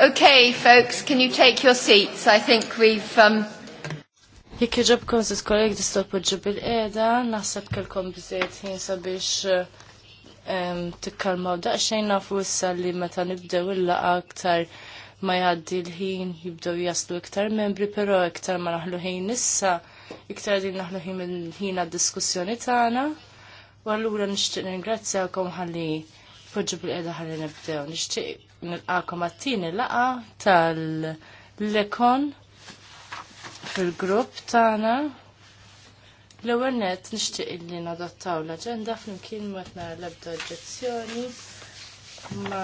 Okay, folks, can you take your seats? I think we've... Um... Jekk iġobkom ziz kollegi tistgħu poġġu bil-qiegħda, naħseb kelkom biżejjed ħin sabiex ehm, tikkalmaw daqsxejn nafu issa li meta nibdew il-laqa aktar ma jgħaddi l-ħin jibdew jaslu iktar membri, però iktar ma naħlu ħin issa, iktar din naħlu ħin ħin għad-diskussjoni tagħna. U allura nixtieq ningrazzjakom ħalli poġġu bil-qiegħda ħalli nibdew. Nixtieq nilqakom għattini laqa tal-lekon fil-grupp tagħna. L-ewwel nett nixtieq illi nadottaw l agenda flimkien ma tnara l-ebda oġġezzjoni ma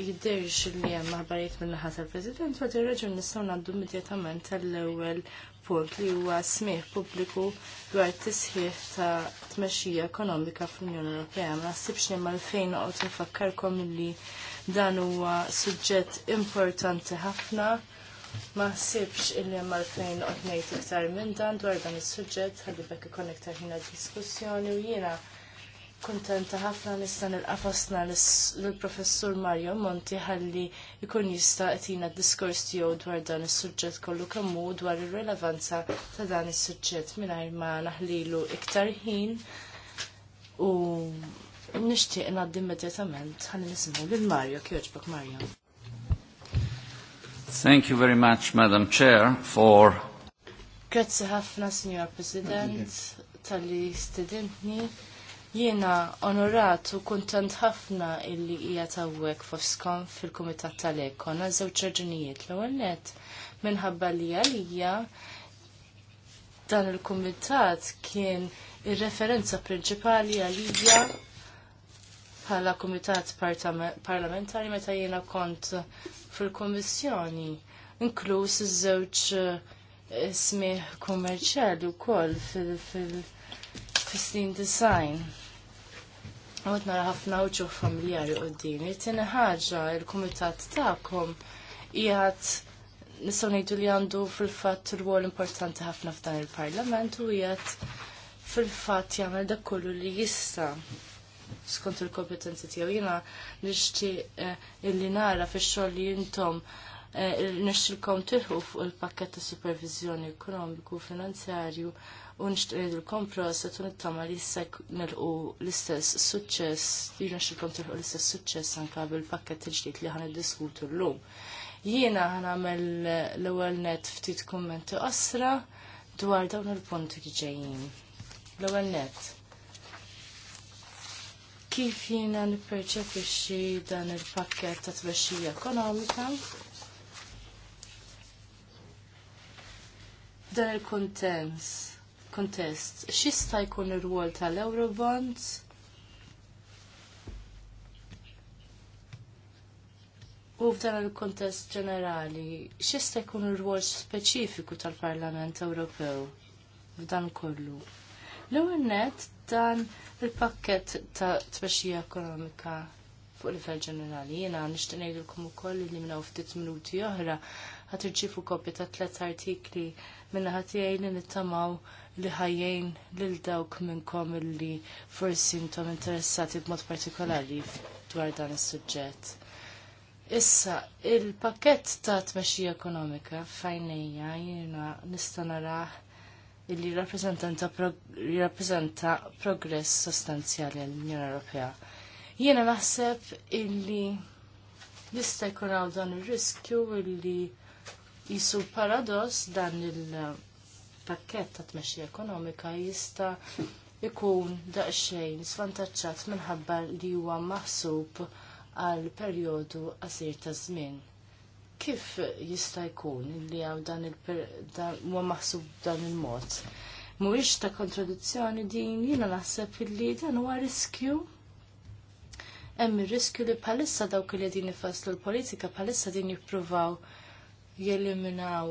jiddejx li hemm aħbarijiet min-naħa tal-President u għadir raġun nistgħu ngħaddu immedjatament tal-ewwel punt li huwa smih pubbliku dwar tisħiħ ta' tmexxija ekonomika fl-Unjoni Ewropea. Ma nasibx li mal-fejn noqgħod nfakkarkom illi Dan huwa suġġett importanti ħafna. Ma ħsibx illi hemm għalfejn qed ngħid iktar minn dan dwar dan is-suġġett ħalli bekk ikun iktar ħina diskussjoni u jiena kuntenta ħafna nista' nilqafasna lill-professur Mario Monti ħalli jkun jista' qtina d-diskors tiegħu dwar dan is-suġġett kollu kemm hu dwar ir relevanza ta' dan is-suġġett mingħajr ma naħlilu iktar ħin u nixtieq ngħaddi immedjatament ħalli nisimgħu lil Mario kjoġbok Mario. Thank you very much, Madam Chair, for... Grazzi ħafna, Signor President, tal-li studentni. Jiena onorat u kuntant ħafna illi hija tawwek foskom fil-Kumitat tal-Ekon għal żewġ raġunijiet l-ewwel nett minħabba li għalija dan il-Kumitat kien ir-referenza prinċipali għalija bħala kumitat parlamentari meta jiena kont fil komissjoni inkluż iż-żewġ eh, smieħ kummerċjali wkoll fil fil design. Għod nara ħafna uġu familjari u din. il ħagġa, il-komitat ta'kom, jgħat nisaw nejdu li għandu fil-fat rwol importanti ħafna f'dan il-parlament u jgħat fil-fat jgħamil da kollu li jista skont il-kompetenzi tiegħu. Jiena nixtieq eh, illi nara fix-xogħol li intom eh, nixtilkom tilħu fuq il-pakket ta' supervizjoni ekonomiku finanzjarju u nixtieq ngħidilkom proset u nittama li issa nilqu l-istess suċċess, li nixtilkom tilħu l-istess suċċess anke bil-pakket il-ġdid li ħan iddiskutu llum. Jiena ħan għamel l-ewwel net ftit kummenti qosra dwar dawn il-punti li ġejjin. L-ewwel net kif jiena nipperċepixxi dan il-pakket ta' tmexxija ekonomika. Dan il-kontens, kontest, xista jkun ir-rwol tal-Eurobonds? U f'dan il-kontest ġenerali, xista jkun ir-rwol speċifiku tal-Parlament Ewropew f'dan kollu? L-ewwel dan il-pakket ta' tmexxija ekonomika fuq livell ġenerali. Jiena nixtieq ngħidilkom ukoll li minn ftit minuti oħra ħad irċievu kopja ta' tliet artikli minna ħadd jgħid li nittamaw li ħajjejn lil dawk minnkom illi forsi intom interessati b'mod partikolari dwar dan is-suġġett. Issa, il-pakket ta' tmexxija ekonomika fajnejja jiena nista' narah illi rappresentanta jirrappreżenta progress sostanzjali għall-Unjoni Ewropea. Jiena naħseb illi jista' jkun hawn dan ir-riskju illi jisu paradoss dan il-pakket ta' tmexxi ekonomika jista' ikun daqsxejn svantaġġat minħabba li huwa maħsub għal perjodu qasir ta' żmien kif jista' jkun li għaw dan il maħsub dan il-mod? Mhuwiex ta' kontradizzjoni din jiena naħseb illi dan huwa riskju hemm ir-riskju li bħalissa dawk li qegħdin ifasslu l-politika bħalissa din jippruvaw jeliminaw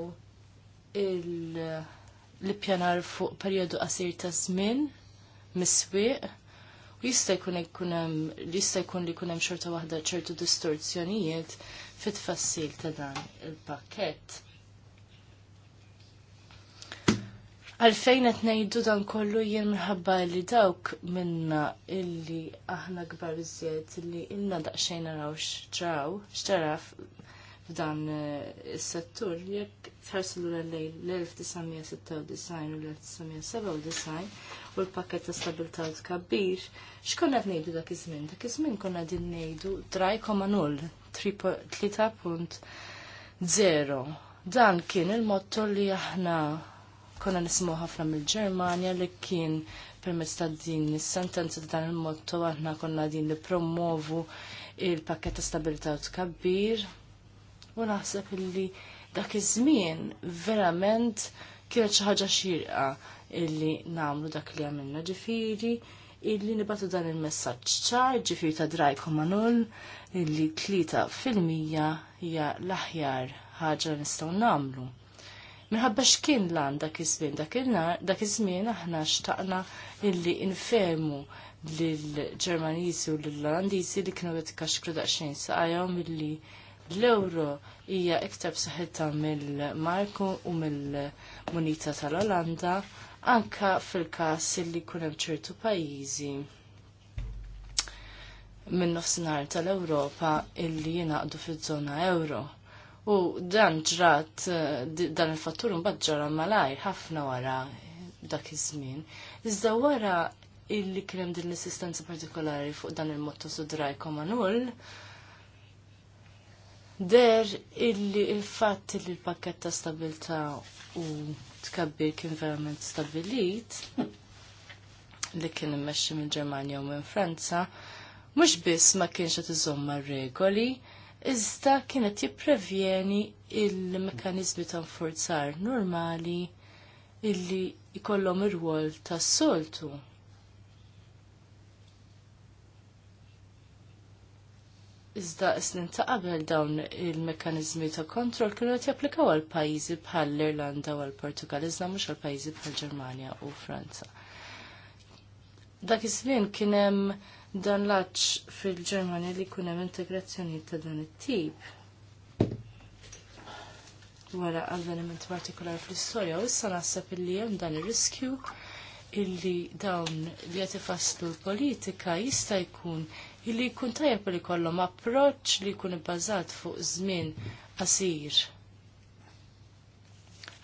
l-ippjanar fuq perjodu qasir ta' żmien miswieq, u jista' jkun jkun hemm jista' jkun li jkun hemm xorta waħda ċertu distorzjonijiet fit-fassil ta' dan il-pakket. Għalfejn qed ngħidu dan kollu jien minħabba li dawk minna illi aħna kbar iżjed illi ilna daqsxejn naraw xtraw, xtaraf f'dan eh, is-settur jekk tħarsilu l l-1996 u l-1997 u l-pakket ta' stabilità kabbir, x'konna qed ngħidu dak iż-żmien? Dak iż-żmien konna din ngħidu draj nul. 3.0. Dan kien il-motto li aħna konna nismu ħafna mill-Ġermanja li kien permezz ta' din is-sentenza ta' dan il-motto aħna konna din li promovu il-pakket ta' stabilità u tkabbir. U naħseb li dak iż-żmien verament kienet xi ħaġa xirqa illi nagħmlu dak li għamilna ġifiri illi nibatu dan il-messaġġ ċar ġifiri ta' drajkom manul illi tlita fil-mija hija l-aħjar ħaġa nistgħu nagħmlu. Minħabba x'kien lan dak iż-żmien dak iż-żmien aħna xtaqna illi infermu lill-Ġermaniżi u lill-Olandiżi li kienu qed ikaxkru daqsxejn saqajhom illi l-euro hija iktar b'saħħitha mill-Marku u mill-Munita tal-Olanda anka fil-kas li kunem ċertu pajizi minn nofsinhar tal-Ewropa illi jingħaqdu fiż-żona euro. U dan ġrat dan il-fattur mbagħad ġara malaj ħafna wara dak iż-żmien. Iżda wara illi kien hemm din l-assistenza partikolari fuq dan il motto sudraj komanul, der illi il-fatt li l pakketta ta' stabilta' u tkabbir kien verament stabilit li kien immexxi minn Ġermanja u minn Franza, mhux biss ma kienx qed iżomma regoli, iżda kienet jipprevjeni il-mekkaniżmi ta' forzar normali illi jkollhom ir-rwol tas-soltu Iżda snin ta' qabel dawn il mekkaniżmi ta' kontrol kienu qed japplikaw għal pajjiżi bħal l-Irlanda u għal Portugal, iżda mhux għal pajjiżi bħal Ġermanja u Franza. Dak iż-żmien kien hemm dan l-aċċ fil-Ġermanja li jkun hemm integrazzjoni ta' dan it-tip wara avveniment partikolari fl-istorja u issa naħseb illi hemm dan ir-riskju illi dawn li qed ifasslu l-politika jista' jkun li jkun tajjeb li kollom approċċ li jkun ibbażat fuq żmien qasir.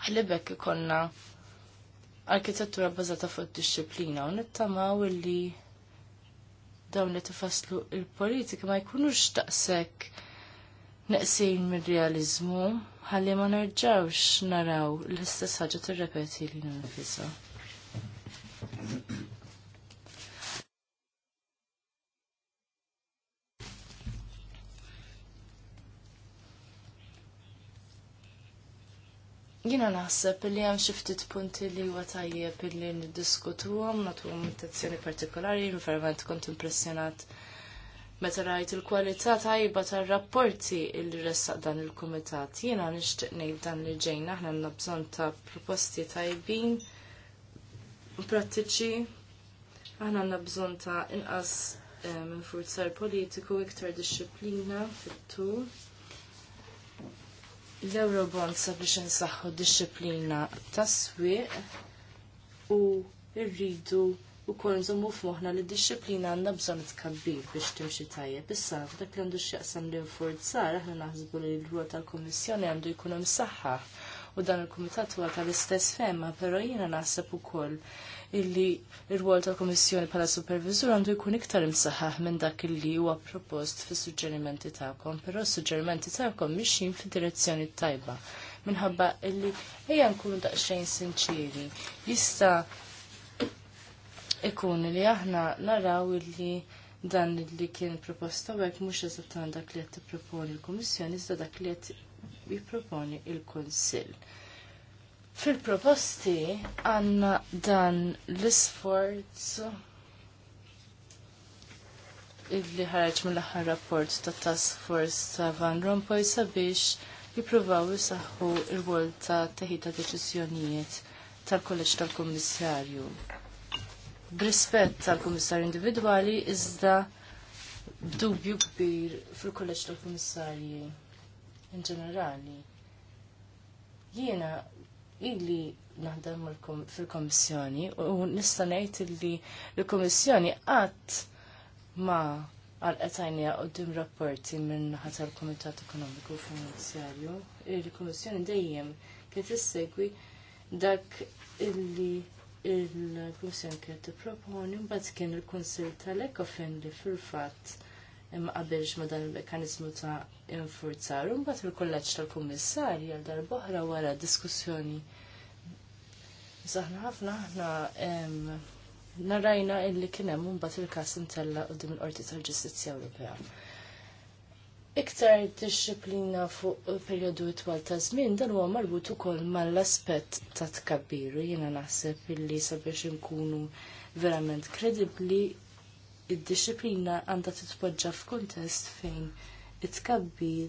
Ħalibek ikollna arkitettura bbażata fuq id-disciplina u nittamaw li dawn li tifasslu il-politika ma jkunux taqsek neqsin mir-realizmu ħalli ma nerġawx naraw l-istess ħaġa tirrepeti li nfisha. Jina naħseb li hemm xi ftit punti li huwa tajjeb li niddiskutuhom nagħtuhom attenzjoni partikolari, verament kont impressjonat meta rajt il-kwalità tajba tar-rapporti li ressaq dan il-kumitat. Jiena nixtieq ngħid dan li ġejna aħna għandna bżonn ta' proposti tajbin prattiċi. Aħna għandna bżonn ta' inqas eh, minn forzar politiku iktar dixxilpina fit-tul l-Eurobond sabiex nsaħħu disċiplina tas-swieq u rridu u kol nżommu f'moħna li d-disciplina għandna bżonn tkabbir biex timxi tajjeb. Issa, dak li għandu x'jaqsam li nfurzar, aħna naħsbu li l-ruol tal-Kommissjoni għandu jkun imsaħħaħ u dan il-Kumitat huwa tal-istess femma, però jiena naħseb ukoll illi il rwol tal-Komissjoni bħala Supervisur għandu jkun iktar imsaħħaħ minn dak illi huwa propost fis-suġġerimenti tagħkom, però s-suġġerimenti tagħkom mixin fid-direzzjoni tajba. Minħabba illi ejja nkunu daqsxejn sinċiri. Jista' ikun li aħna naraw illi dan li kien proposta għek mux eżattan dak li qed proponi l-Komissjoni, iżda dak li qed jiproponi il-Konsil. l-Kunsill. il konsil Fil-proposti għanna dan l-isforz illi ħarġ mill-aħħar rapport ta' Task Force ta' Van Rompuy sabiex jippruvaw jisaħħu r-wol ta' teħita deċiżjonijiet tal-Kolleġġ tal-Kummissarju. Brispett tal-Kummissarju individwali iżda dubju kbir fil-Kolleġġ tal-Kummissarji in ġenerali. Jiena Illi naħdem fil-Komissjoni u nista' ngħid illi l-Komissjoni qatt ma għal-qatajnija dim rapporti minn ħadd il-Kumitat Ekonomiku Finanzjarju. Il-Komissjoni dejjem kiet tissegwi dak illi il-Komissjoni kien proponi mbagħad kien il-Kunsill tal-Ekofin li fil-fatt qabelx ma dan il-mekanizmu ta' infurzar. Mbagħad il kollaċ tal-kummissarji għal darb'oħra wara diskussjoni. Saħna ħafna aħna narajna illi kien hemm mbagħad il-każ intella dim il-Qorti tal-Ġustizzja Ewropea. Iktar disċiplina fuq perjodu twal ta' żmien dan huwa marbut ukoll mal-aspett ta' tkabbir jiena naħseb illi sabiex inkunu verament kredibbli id-disciplina għandha titpoġġa f'kuntest fejn it-tkabbir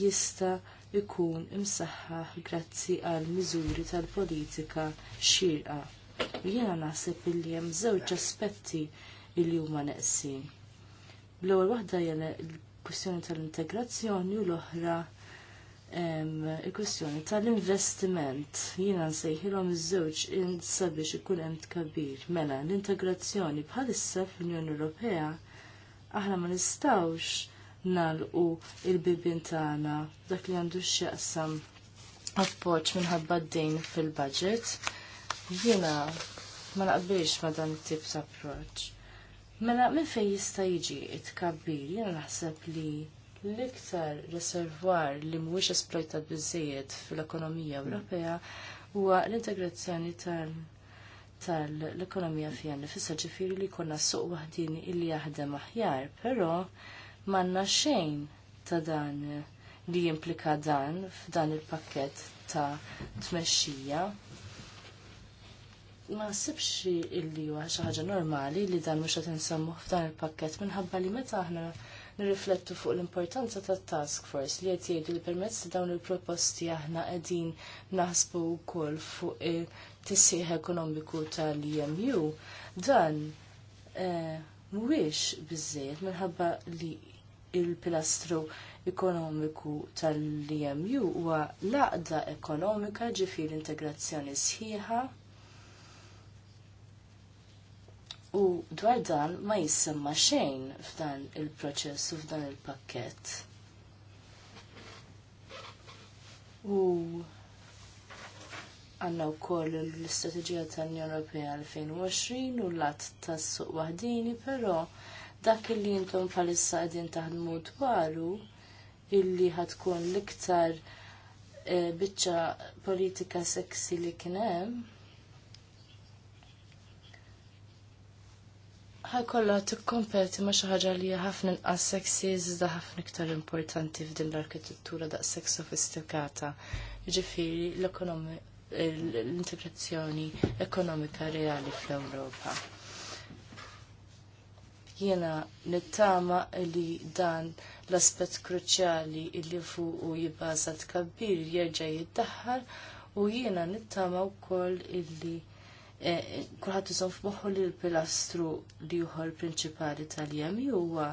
jista' jkun imsaħħaħ grazzi għal miżuri tal-politika xirqa. Jiena naħseb illi hemm żewġ aspetti li huma neqsin. L-ewwel waħda hija l-kwistjoni tal-integrazzjoni u l-oħra il-kwestjoni tal-investiment jiena nsejħilhom iż-żewġ sabiex ikun hemm tkabbir. Mela l-integrazzjoni bħalissa fl-Unjoni Ewropea aħna ma nistgħux nagħlqu il-bibin tagħna dak li għandu x'jaqsam appoġġ minħabba d-dejn fil-budget. Jiena ma naqbilx ma dan it-tip ta' approċċ. Mela minn fejn jista' jiġi t tkabbir jiena naħseb li L-iktar reservwar li mhuwiex esplojtat biżejjed fil ekonomija Ewropea huwa l-integrazzjoni tal-ekonomija tal fija nifissa ġifiri li jkollna suq waħdin illi jaħdem aħjar, però m'għandna xejn ta' dan li jimplika dan f'dan il-pakket ta' tmexxija ma sibx illi huwa xi ħaġa normali li dan mhux qed insemmu f'dan il-pakkett minħabba li meta aħna nirriflettu fuq l-importanza tat task force li qed jgħidu li permezz ta' dawn il-proposti aħna qegħdin naħsbu wkoll fuq it-tissieħ ekonomiku tal-EMU. Dan eh, mhuwiex biżżejjed minħabba li il-pilastru ekonomiku tal-EMU huwa l-għaqda ekonomika l integrazzjoni sħiħa u dwar dan ma jissemma xejn f'dan il-proċess u f'dan il-pakket. U għanna u koll l-istrategija tal-Unjoni Ewropea 2020 u l-att tas-suq waħdini, però dak li jintom palissa għedin taħdmu dwaru illi ħatkun l-iktar eh, biċċa politika seksi li kienem t tikkompeti ma xi ħaġa li ħafna inqas seksi iżda ħafna iktar importanti f'din l-arkitettura daqshekk sofistikata. Ġifiri, l-integrazzjoni ekonomika reali fl-Ewropa. Jiena nittama li dan l-aspett kruċjali li fuq u jibbażat kabbir jerġa' jiddaħħal u jiena nittama wkoll illi Eh, kulħadd iżomm f'moħħu li l-pilastru li ieħor prinċipali tal jem huwa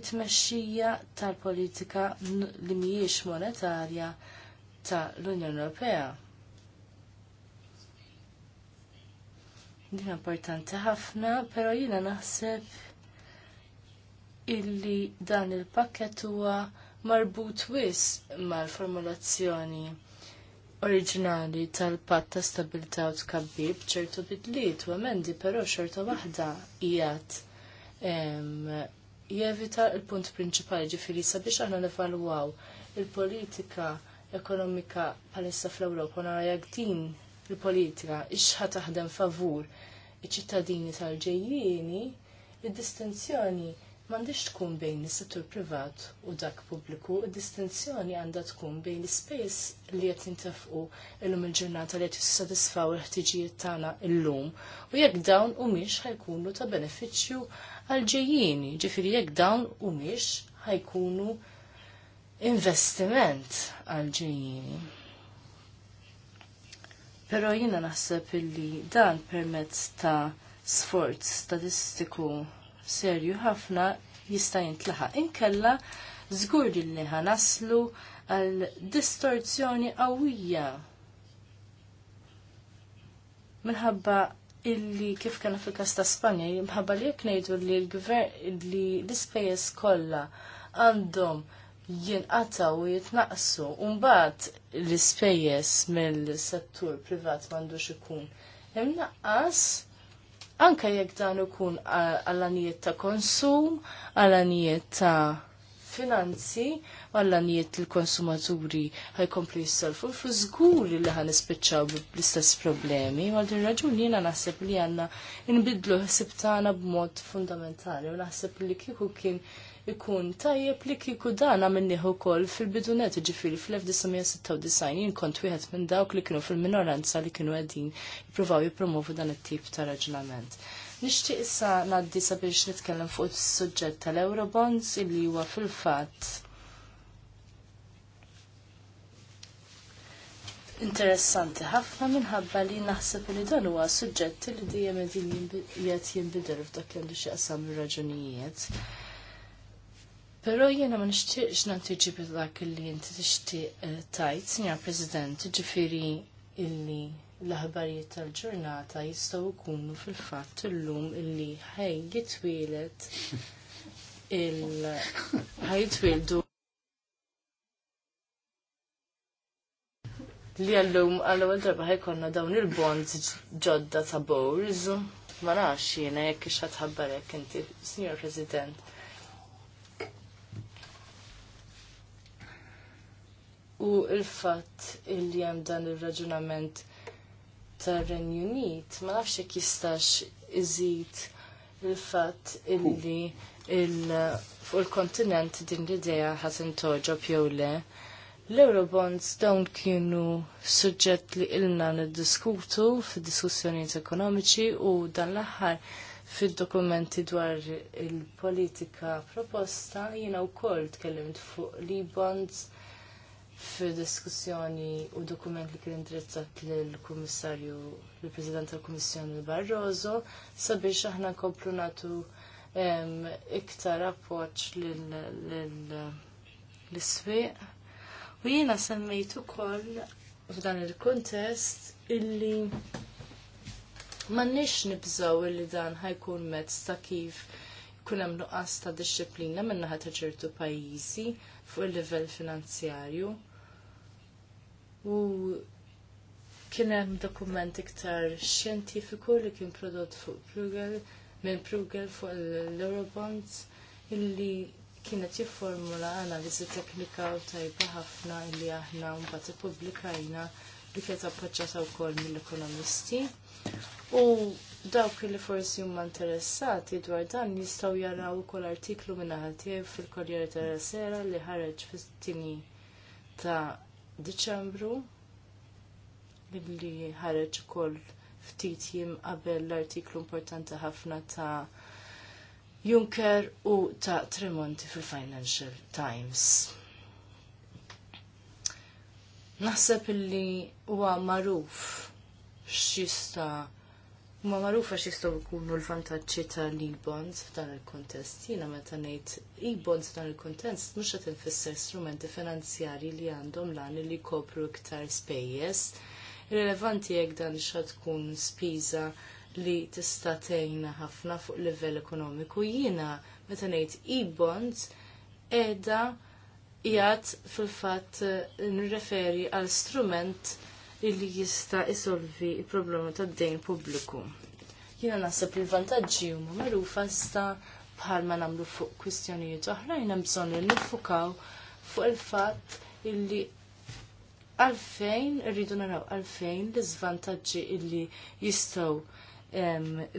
it-tmexxija tal-politika li mhijiex monetarja tal-Unjoni Ewropea. Din importanti ħafna, però jiena naħseb illi dan il-pakket huwa marbut wis mal-formulazzjoni oriġinali tal-patt ta' stabilità u tkabbir b'ċertu bidliet u emendi però xorta waħda qiegħed jevita l-punt prinċipali ġifieri sabiex aħna nevalwaw il-politika ekonomika bħalissa fl-Ewropa nara jekk din il-politika ixħa taħdem favur iċ-ċittadini tal-ġejjieni, id-distinzjoni mandiċ tkun bejn is-settur privat u dak pubbliku, id-distinzjoni għandha tkun bejn l-ispejs li qed nintefqu illum il-ġurnata li qed jissodisfaw il-ħtiġijiet tagħna llum u jekk dawn humiex ħajkunu ta' benefiċċju għal ġejjieni, ġifieri jekk dawn humiex ħajkunu investiment għal ġejjieni. Pero jina naħseb illi dan permezz ta' sforz statistiku serju ħafna jista' jintlaħaq. Inkella żgur li ħanaslu għal distorzjoni qawwija minħabba illi kif kena fil-kas ta' Spanja, minħabba li jekk ngħidu li l-gvern li l-ispejjeż kollha għandhom jinqataw u jitnaqsu, mbagħad l-ispejjeż mill-settur privat m'għandux ikun imnaqqas anke jekk dan ikun għall-anijiet ta' konsum, għall-anijiet ta' finanzi, għall-anijiet l-konsumaturi ħajkomplu jissalfu, fu zgur li ħan ispiċċaw bl-istess problemi, għal din raġuni jiena naħseb li għandna nbidlu ħsibtana b b'mod fundamentali u naħseb li kieku kien ikun tajjeb li kieku dan minniħu kol fil-bidunet ġifiri fil-1996 jien kont wieħed minn dawk li kienu fil-minoranza li kienu għedin jipruvaw jipromovu dan it-tip ta' raġunament. Nixtieq issa ngħaddi sabiex nitkellem fuq is-suġġett tal-Eurobonds illi huwa fil-fatt interessanti ħafna minħabba li naħseb li dan huwa suġġetti li dejjem qegħdin jinbidel f'dak li għandu xi qasam ir-raġunijiet. Pero jiena ma nixtieqx nantiġi bil-dak li inti tixtieq eh, tajt, Sinjar President, ġifiri illi l-aħbarijiet tal-ġurnata jistgħu jkunu fil-fatt illum illi ħaj jitwilet il jitwildu. li għallum għal drabba ħaj ħajkonna dawn il bond ġodda ta' bowls. Ma nafx jiena jekk ix ħatħabbarek inti, Sinjor President. u il-fatt illi hemm dan ir-raġunament tar-Renju Unit ma nafx jekk jistax iżid il-fatt illi il fuq il-kontinent din l-idea ħasin toġo jew le. L-Eurobonds dawn kienu suġġett li ilna niddiskutu fid-diskussjonijiet ekonomiċi u dan l-aħħar fid-dokumenti dwar il-politika proposta kol t tkellimt fuq li bonds fil-diskussjoni u dokument li kien indirizzat lill-Kummissarju l-President tal-Kummissjoni Barroso sabiex aħna nkomplu nagħtu iktar appoġġ l-isfiq. U jiena semmejt ukoll f'dan il-kuntest illi m'għandniex nibżgħu illi dan ħajkun mezz ta' kif kun hemm nuqqas ta' disċiplina min-naħa ta' ċertu pajjiżi fuq il-livell finanzjarju u kien hemm dokument iktar xjentifiku li kien prodott fuq Prugel minn Prugel fuq l-Eurobonds illi kienet jifformula analiżi teknika u tajba ħafna illi aħna mbagħad ippubblikajna li kienet appoġġjata wkoll mill-ekonomisti. U dawk li forsi huma interessati dwar dan jistgħu jaraw ukoll artiklu minn tiegħi fil-Korriere tal-Sera li ħareġ fit-tini ta' Diċembru billi ħareġ ukoll ftit jim qabel l-artiklu importanti ħafna ta' Juncker u ta' Tremonti fil-Financial Times. Naħseb illi huwa magħruf x'jista' Ma marufa xistaw kunu l-vantagġi tal-e-bonds f'dan il-kontest. Jina meta ngħid e-bonds f'dan il-kontest mhux qed infisser strumenti finanzjarji li għandhom lan li kopru iktar spejjeż. Relevanti jekk dan xa tkun spiża li tista' tgħinna ħafna fuq livell ekonomiku. Jiena meta ngħid e-bonds qiegħda jgħat fil-fatt nreferi għal strument illi jista isolvi il-problema tad dejn pubbliku. Jiena naħseb il vantagġi vantaġġi huma magħrufa sta bħal ma nagħmlu fuq kwistjonijiet oħra jiena bżonn li niffukaw fuq il-fatt illi għalfejn rridu naraw għalfejn l-iżvantaġġi illi jistgħu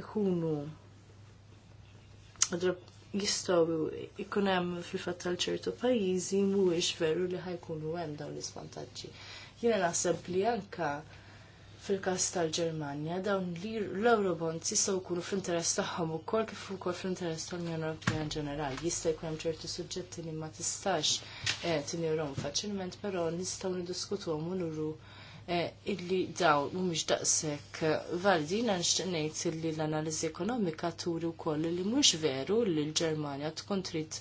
ikunu jistaw ikunem hemm fil fat tal ċertu pajjiżi mhuwiex veru li ħajkunu hemm dawn l-iżvantaġġi. Jiena naħseb li anka fil-każ tal-Ġermanja dawn li l-Eurobonds jistgħu jkunu fl-interess tagħhom ukoll kif ukoll fl-interess tal-Unjoni Ewropea ġenerali. Jista' jkun hemm ċerti suġġetti li ma tistax eh, tinjorhom faċilment, però nistgħu niddiskutuhom u nuru eh, illi dawn mhumiex daqshekk eh, validi jiena nixtieq ngħid illi l-analiżi ekonomika turi wkoll li mhux veru li l-Ġermanja tkun trid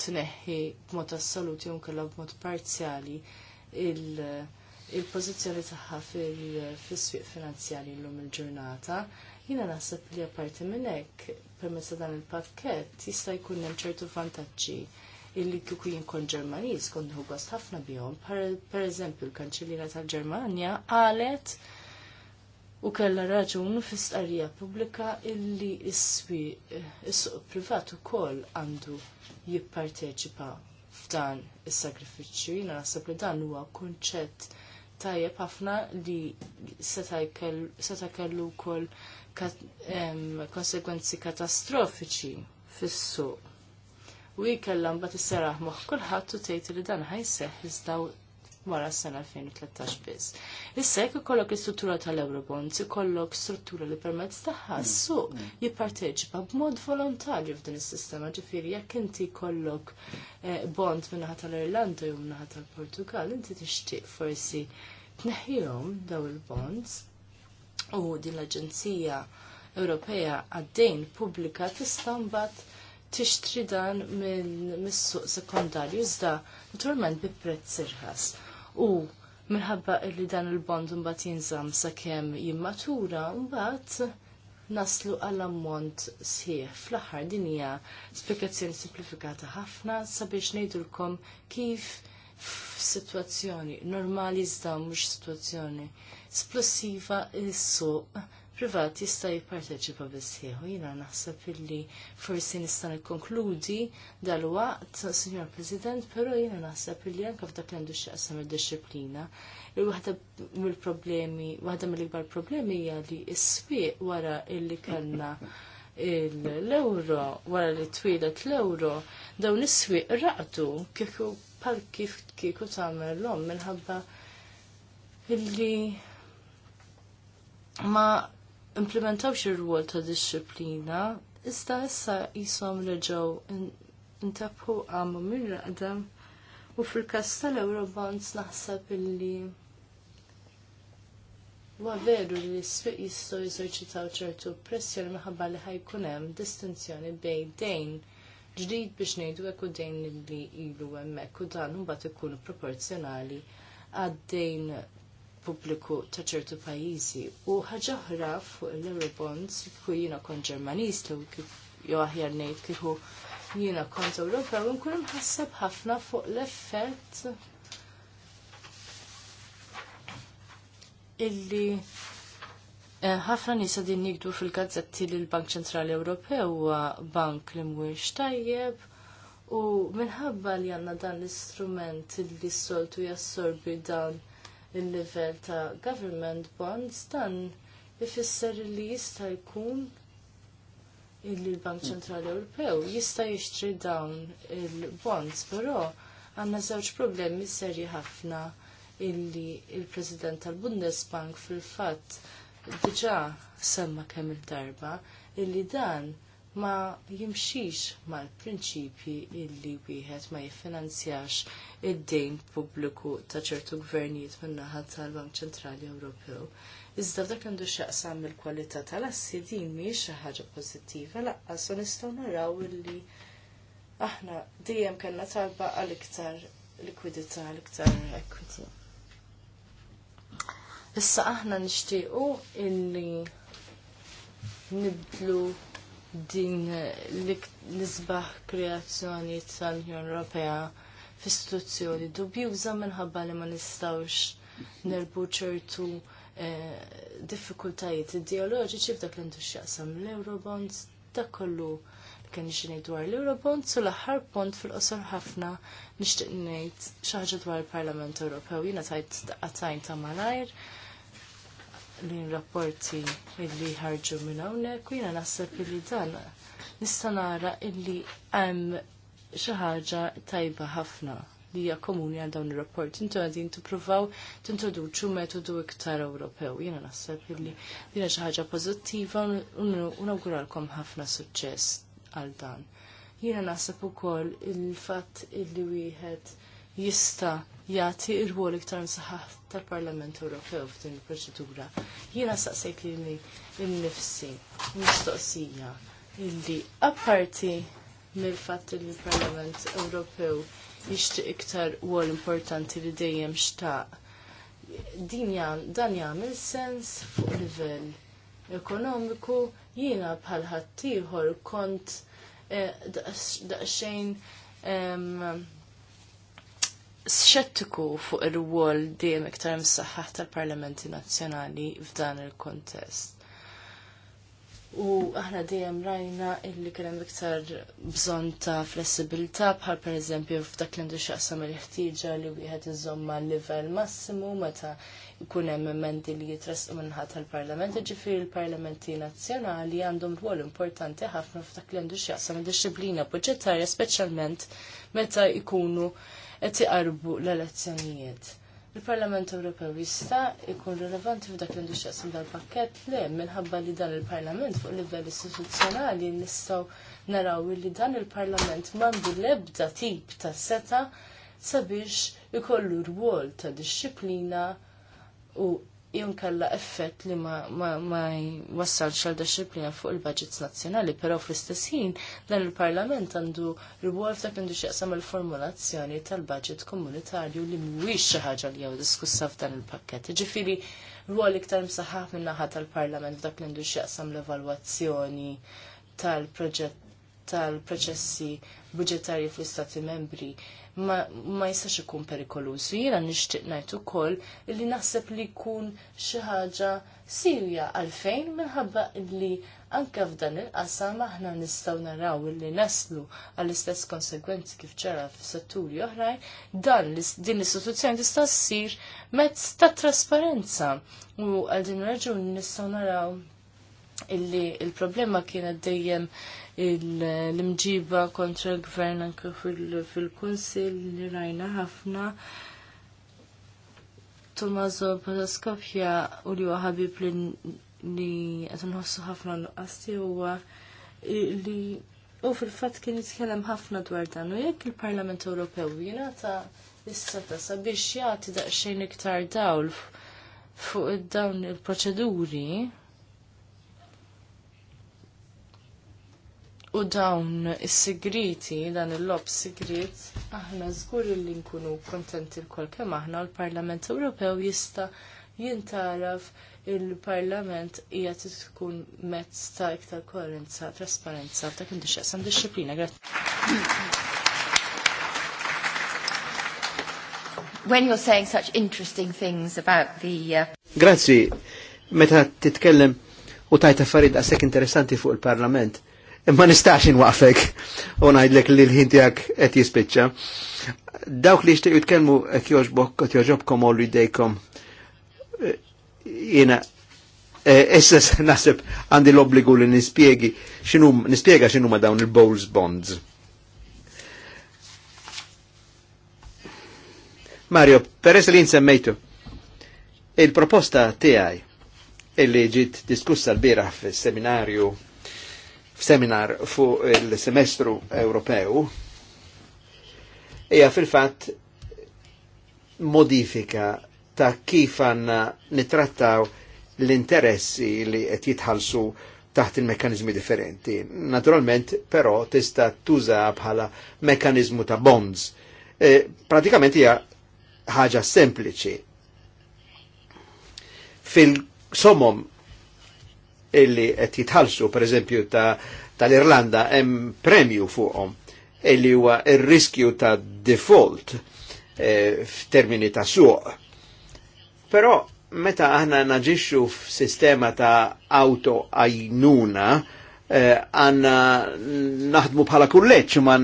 tneħħi b'mod assolut unke kellha b'mod parzjali il-pożizzjoni tagħha fis-swieq finanzjali llum il-ġurnata. Jiena naħseb li apparti minn hekk permezz dan il-pakkett jista' jkun hemm ċertu vantaġġi illi kieku jien kon Ġermaniż kont ħafna bihom. Per l il-Kanċellira tal-Ġermanja qalet u kellha raġun fl-istqarrija pubblika illi s-swieq is-suq privat ukoll għandu jipparteċipa f'dan is-sagrifiċċju. jina naħseb li dan huwa kunċett tajjeb ħafna li seta' kellu wkoll konsegwenzi katastrofiċi fis-suq. U jkellha mbagħad isseraħ moħħ kulħadd u tgħid li dan ħajseħħ iżda wara s-sena 2013 biss. Issa jekk ikollok l-istruttura tal-Eurobonds, ikollok struttura li permezz tagħha mm, suq mm. jipparteċipa b'mod volontarju f'din is-sistema, ġifieri jekk inti jkollok eh, bond minnaħa tal-Irlanda jew minnaħa tal-Portugal, inti tixtieq forsi tneħħihom daw il-bonds u din l-Aġenzija Ewropea għad-dejn pubblika tista' mbagħad tixtri dan minn mis suq sekondarju iżda naturalment bi prezz irħas u minħabba li dan il-bond mbagħad jinżamm sakemm jimmatura mbagħad naslu għall ammont sħiħ fl-aħħar din hija spjegazzjoni simplifikata ħafna sabiex ngħidulkom kif f'sitwazzjoni normali iżda mhux sitwazzjoni splussiva is-suq privat jista' jipparteċipa bissieħu. Jiena naħseb illi forsi nista' nikkonkludi dal-waqt, Signor President, però jiena naħseb illi anke f'dak li għandu x'jaqsam id-disciplina. Il-waħda mill-problemi, waħda mill-ikbar problemi hija li s-swieq wara illi kellna l-euro wara li twilet l-euro dawn is-swieq raqtu kieku pal kif kieku tagħmel l-om minħabba illi ma Implementaw ir-rwol ta' disċiplina, iżda issa jisom reġgħu intabħu għamu minn raqdem u fil-kas tal-Eurobonds naħseb illi Wa veru li s-sfiq jistgħu jeżerċitaw ċertu pressjoni minħabba li ħajkun hemm distinzjoni bejn dejn ġdid biex ngħidu hekk u dejn li ilu hemmhekk u dan mbagħad ikunu proporzjonali għad-dejn pubbliku ta' ċertu pajjiżi. U ħaġa oħra fuq l-Eurobonds, kieku jiena kont Ġermanist, u kif jew aħjar ngħid kieku jiena kont Ewropew, nkun imħasseb ħafna fuq l-effett illi eh, ħafna nies din nikdu fil-gazzetti li l-Bank Ċentrali Ewropew huwa bank li mhuwiex tajjeb u minħabba li għandna dan l-istrument li s-soltu jassorbi dan il-level ta' government bonds dan ifisser li jista' jkun illi l-Bank Ċentrali Ewropew jista' jixtri dawn il-bonds, però għandna żewġ problemi serji ħafna illi il-President tal-Bundesbank fil-fatt diġà semma kemm il-darba illi dan ma jimxix mal-prinċipji illi wieħed ma jiffinanzjax id-dejn pubbliku ta' ċertu gvernijiet min-naħa tal-Bank Ċentrali Ewropew. Iżda dak għandu x'jaqsam il-kwalità tal-assi din mhijiex xi ħaġa pożittiva laqqas u nistgħu naraw illi aħna dejjem kellna talba għal iktar likwidità, għal iktar equity. Issa aħna nixtiequ illi nibdlu din eh, l-isbaħ kreazzjoni tal-Unjoni Ewropea f'istituzzjoni dubjuża minħabba li ma nistawx nerbu ċertu eh, diffikultajiet ideoloġiċi f'dak l-entuxjaqsam l-Eurobonds dak kollu li kien xini dwar l-Eurobonds u l-aħħar pont fil-qosor ħafna nixtieq ngħid xi ħaġa dwar il-Parlament Ewropew. Jiena tajt qatajn ta' malajr l-rapporti illi ħarġu minn hawnhekk u jiena naħseb illi dan nista' nara illi hemm xi ħaġa tajba ħafna li hija komuni għal dawn ir-rapport. Intu għadin tippruvaw tintroduċu metodu iktar Ewropew. Jiena naħseb illi dina xi ħaġa pożittiva u nawguralkom ħafna suċċess għal dan. Jiena naħseb ukoll il-fatt illi wieħed jista' Jati r-rwol iktar msaħħaħ tal-Parlament Ewropew f'din il-proċedura. Jiena staqsejt lili nnifsi mistoqsija illi apparti mill-fatt li l-Parlament Ewropew jixtieq iktar wol importanti li dejjem xtaq. Din dan jagħmel sens fuq livell ekonomiku jiena bħal ħaddieħor kont eh, daqsxejn xettiku fuq ir wol dejjem iktar msaħħaħ tal-Parlamenti Nazzjonali f'dan il-kontest. U aħna dejjem rajna illi kien hemm iktar bżonn ta' flessibilità bħal pereżempju f'dak li għandu x'aqsam il-ħtieġa li wieħed iżomm l livell massimu meta jkun hemm emendi li jitresqu minħat tal-Parlament, ġifieri l-Parlamenti Nazzjonali għandhom rwol importanti ħafna f'dak li għandu x'jaqsam id-disciplina budġetarja speċjalment meta jkunu qed iqarbu l-elezzjonijiet. Il-Parlament Ewropew jista' jkun rilevanti f'dak li ndixxaqsim dal-pakkett li minħabba li dan il-Parlament fuq livell istituzzjonali nistgħu naraw li dan il-Parlament m'għandu l-ebda tip ta' seta' sabiex ikollu rwol ta' disċiplina u jun kalla effett li ma, ma, ma wassal xal disciplina fuq il-budgets nazjonali, pero fl istessin dan il-parlament għandu rwol f'dak għandu xieqsam il-formulazzjoni tal-budget komunitarju li mhuwiex xi ħaġa li jew diskussa f'dan il-pakket. Ġifieri rwol iktar msaħħaf minn naħa tal-parlament f'dak li għandu xieqsam l-evalwazzjoni tal-proġett tal-proċessi budġetarji fl-Istati membri ma, ma jistax ikun perikolusu. Jiena nixtieq ngħid ukoll li naħseb li jkun xi ħaġa sirja għalfejn minħabba li anke f'dan il-qasam aħna nistgħu naraw li naslu għall-istess konsegwenzi kif ġara f'setturi oħrajn dan din l-istituzzjoni tista' ssir mezz ta' trasparenza u għal din raġuni nistgħu naraw illi il-problema kienet dejjem l-imġiba kontra l-gvern anke fil-kunsil li rajna ħafna. Tommaso Pazaskopja u li ħabib li qed nħossu ħafna l-qasti huwa li u fil-fatt kien jitkellem ħafna dwar dan u jekk il-Parlament Ewropew jingħata is-seta sabiex jagħti daqsxejn iktar dawl fuq dawn il-proċeduri U dawn is-sigriti, dan il-lob sigrit, aħna żgur li nkunu kontenti l kemm aħna l-Parlament Ewropew jista' jintaraf il-Parlament hija tkun mezz ta' iktar koerenza, trasparenza, ta' kien dixxaqsam disċiplina. When you're saying such interesting things about the... Uh... Grazzi, meta titkellem u tajt affarijiet għasek interessanti fuq il-Parlament ma nistax inwaqfek u ngħidlek li l-ħin tiegħek qed jispiċċa. Dawk li jixtiequ jitkellmu qed jogħġbok qed jogħġobkom ollu jdejkom. Jiena eh, issa naħseb għandi l-obbligu li nispiegi x'inhum nispjega x'inhuma dawn il-bowls bonds. Mario, peress li nsemmejtu, il-proposta tijaj il-li ġit diskussa l-biraħ fis-seminarju seminar fuq il-semestru Ewropew hija fil-fatt modifika ta' kif għanna nitrattaw l-interessi li qed jitħallsu taħt il-mekkanizmi differenti. Naturalment, però, tista' tuża bħala mekkanizmu ta' bonds. E, pratikament hija ħaġa sempliċi. Fil-somom illi qed jitħallsu pereżempju tal-Irlanda ta hemm premju fuqhom illi huwa ir-riskju ta' default e, f'termini ta' suq. Però meta aħna naġixxu f'sistema ta' auto għajnuna eh, għanna e, naħdmu bħala kulleċ ma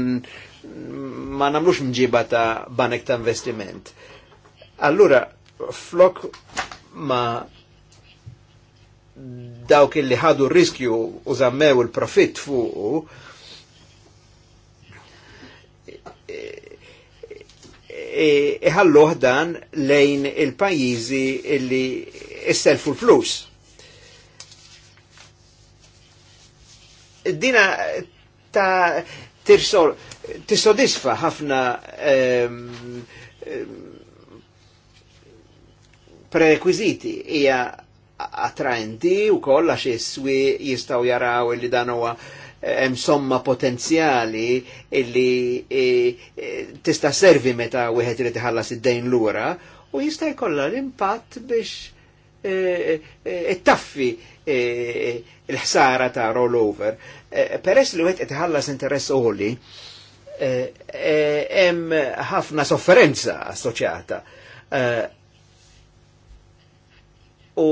ma namlux mġiba ta' banek ta' investiment. Allura, flok ma dawk illi ħadu riskju u zammew il profit fuq iħalluħ dan lejn il-pajizi illi isselfu l-flus. Dina ta' tirsol, tissodisfa ħafna ehm, ehm, prerequisiti hija attraenti u kolla għax swi jistaw jaraw illi dan huwa eh, hemm somma potenzjali illi eh, eh, tista' servi meta wieħed irid iħallas id-dejn lura u jista' jkollha l-impatt biex taffi il-ħsara ta' rollover. Peress li wieħed qed iħallas interess oli, hemm ħafna sofferenza assoċjata. U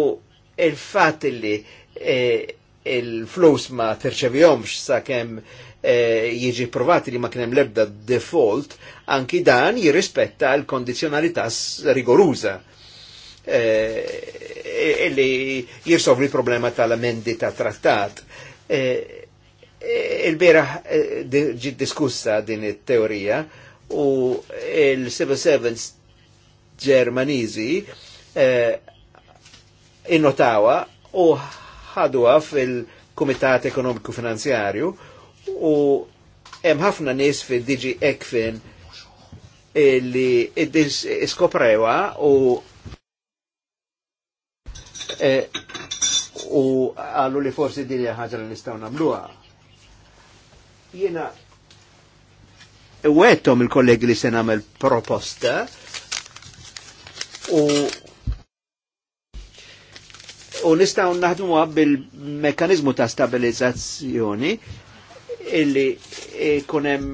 il-fat li eh, il-flus ma terċevjomx sa' kem eh, jieġi provati li ma kienem lebda default, anki dan jirrispetta l-kondizjonalità rigoruza eh, li jirsovri il-problema tal-amendi ta' trattat. Il-beraħ ġid diskussa din il teorija u il 77 ġermanizi innotawa u ħadwa fil-Kumitat Ekonomiku Finanzjarju u hemm ħafna nies fi DG Ekfin li iskoprewa u e, u għallu li forsi din ħaġa li nistgħu nagħmluha. Jiena wettom il-kollegi li se nagħmel proposta u u nistaw naħdmu bil-mekanizmu ta' stabilizzazzjoni illi kunem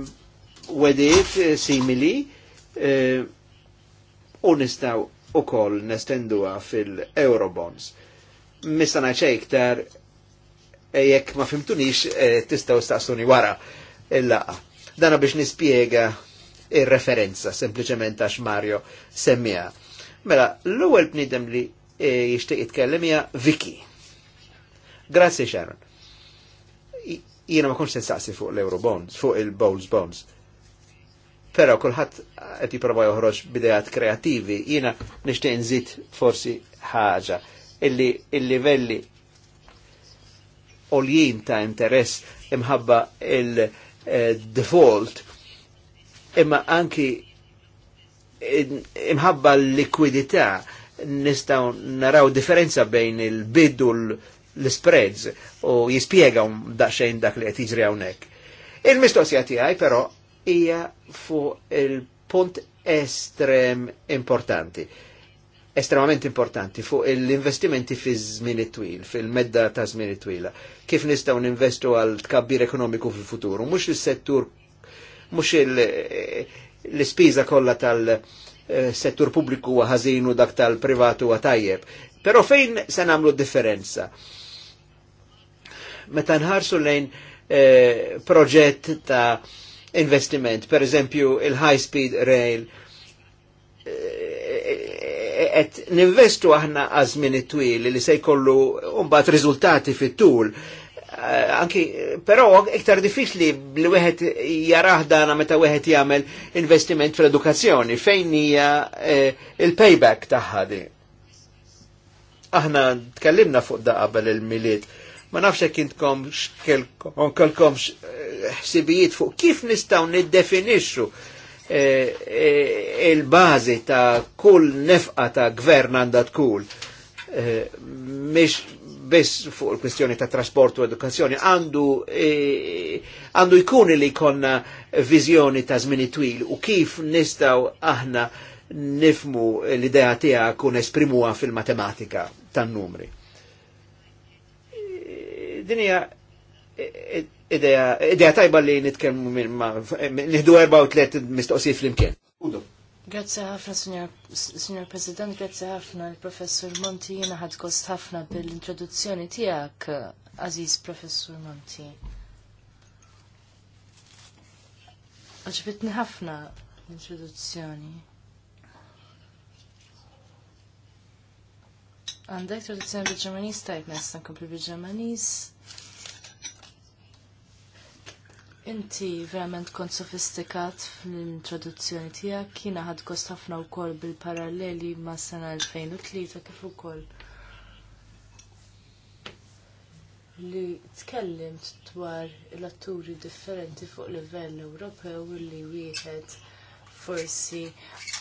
wedif simili eh, u nistaw u koll nestenduwa fil-Eurobonds. Mistana ċejktar eh, jekk ma fimtunix eh, tistaw staqsuni wara il-laqa. Dana biex nispiega il-referenza sempliciment għax Mario semmija. Mela, l-ewwel bnidem li E, jishtiq jitkellem hija Viki. Grazzi Sharon. Jiena ma konx sensaqsi fuq l Bonds, fuq il-Bowls Bonds. Però kulħadd qed jipprova joħroġ bidejat kreativi, jiena nixtieq nżid forsi ħaġa illi il-livelli oljien ta' interess imħabba il-default imma anki imħabba l likwidita nistaw naraw differenza bejn il-bid u l-spreads u un um daċxajn dak li għetijġri għawnek. Il-mistoqsija tiegħi però ija fu il-punt estrem importanti estremament importanti fuq l-investimenti fi żmien twil, fil-medda ta' żmien twila. Kif nistgħu ninvestu għal tkabbir ekonomiku fil-futuru, mhux is-settur mhux l-ispiża kollha tal- Eh, settur publiku wa ħażin u dak tal-privatu wa tajjeb. Però fejn se nagħmlu differenza? Meta nħarsu lejn eh, proġett ta' investiment, per eżempju il-high speed rail, eh, et ninvestu aħna għażmin it-twil li se jkollu umbat riżultati fit-tul Eh, anki, però iktar diffiċli li wieħed jarah dana meta wieħed jagħmel investiment fl-edukazzjoni, fejn hija eh, il-payback tagħha di. Aħna tkellimna fuq da qabel il-miliet. Ma nafx hekk intkom eh, ħsibijiet fuq kif nistgħu niddefinixxu il-bażi ta' kull nefqa ta' gvern għandha tkun biss fuq il-kwestjoni ta' trasport u edukazzjoni, għandu e, għandu e, jkun li konna viżjoni ta' zmini twil u kif nistaw aħna nifmu l-idea tija kun esprimuha fil-matematika tan-numri. Din hija idea, idea tajba li nitkellmu minn ma nieħdu erba' u tliet mistoqsijiet flimkien. Grazzi ħafna, Signor President, grazzi ħafna l-Professur Monti, jena ħad kost ħafna bil-introduzzjoni tijak, Aziz Professur Monti. Oġbitni ħafna l-introduzzjoni. Għandek traduzzjoni bil-ġermanis, tajt nesta nkompli bil-ġermanis. Inti verament kont sofistikat fl-introduzzjoni tiegħek kiena ħad kost ħafna wkoll bil-paralleli ma' sena 2003 kif ukoll li tkellimt dwar l-atturi differenti fuq livell Ewropew li wieħed forsi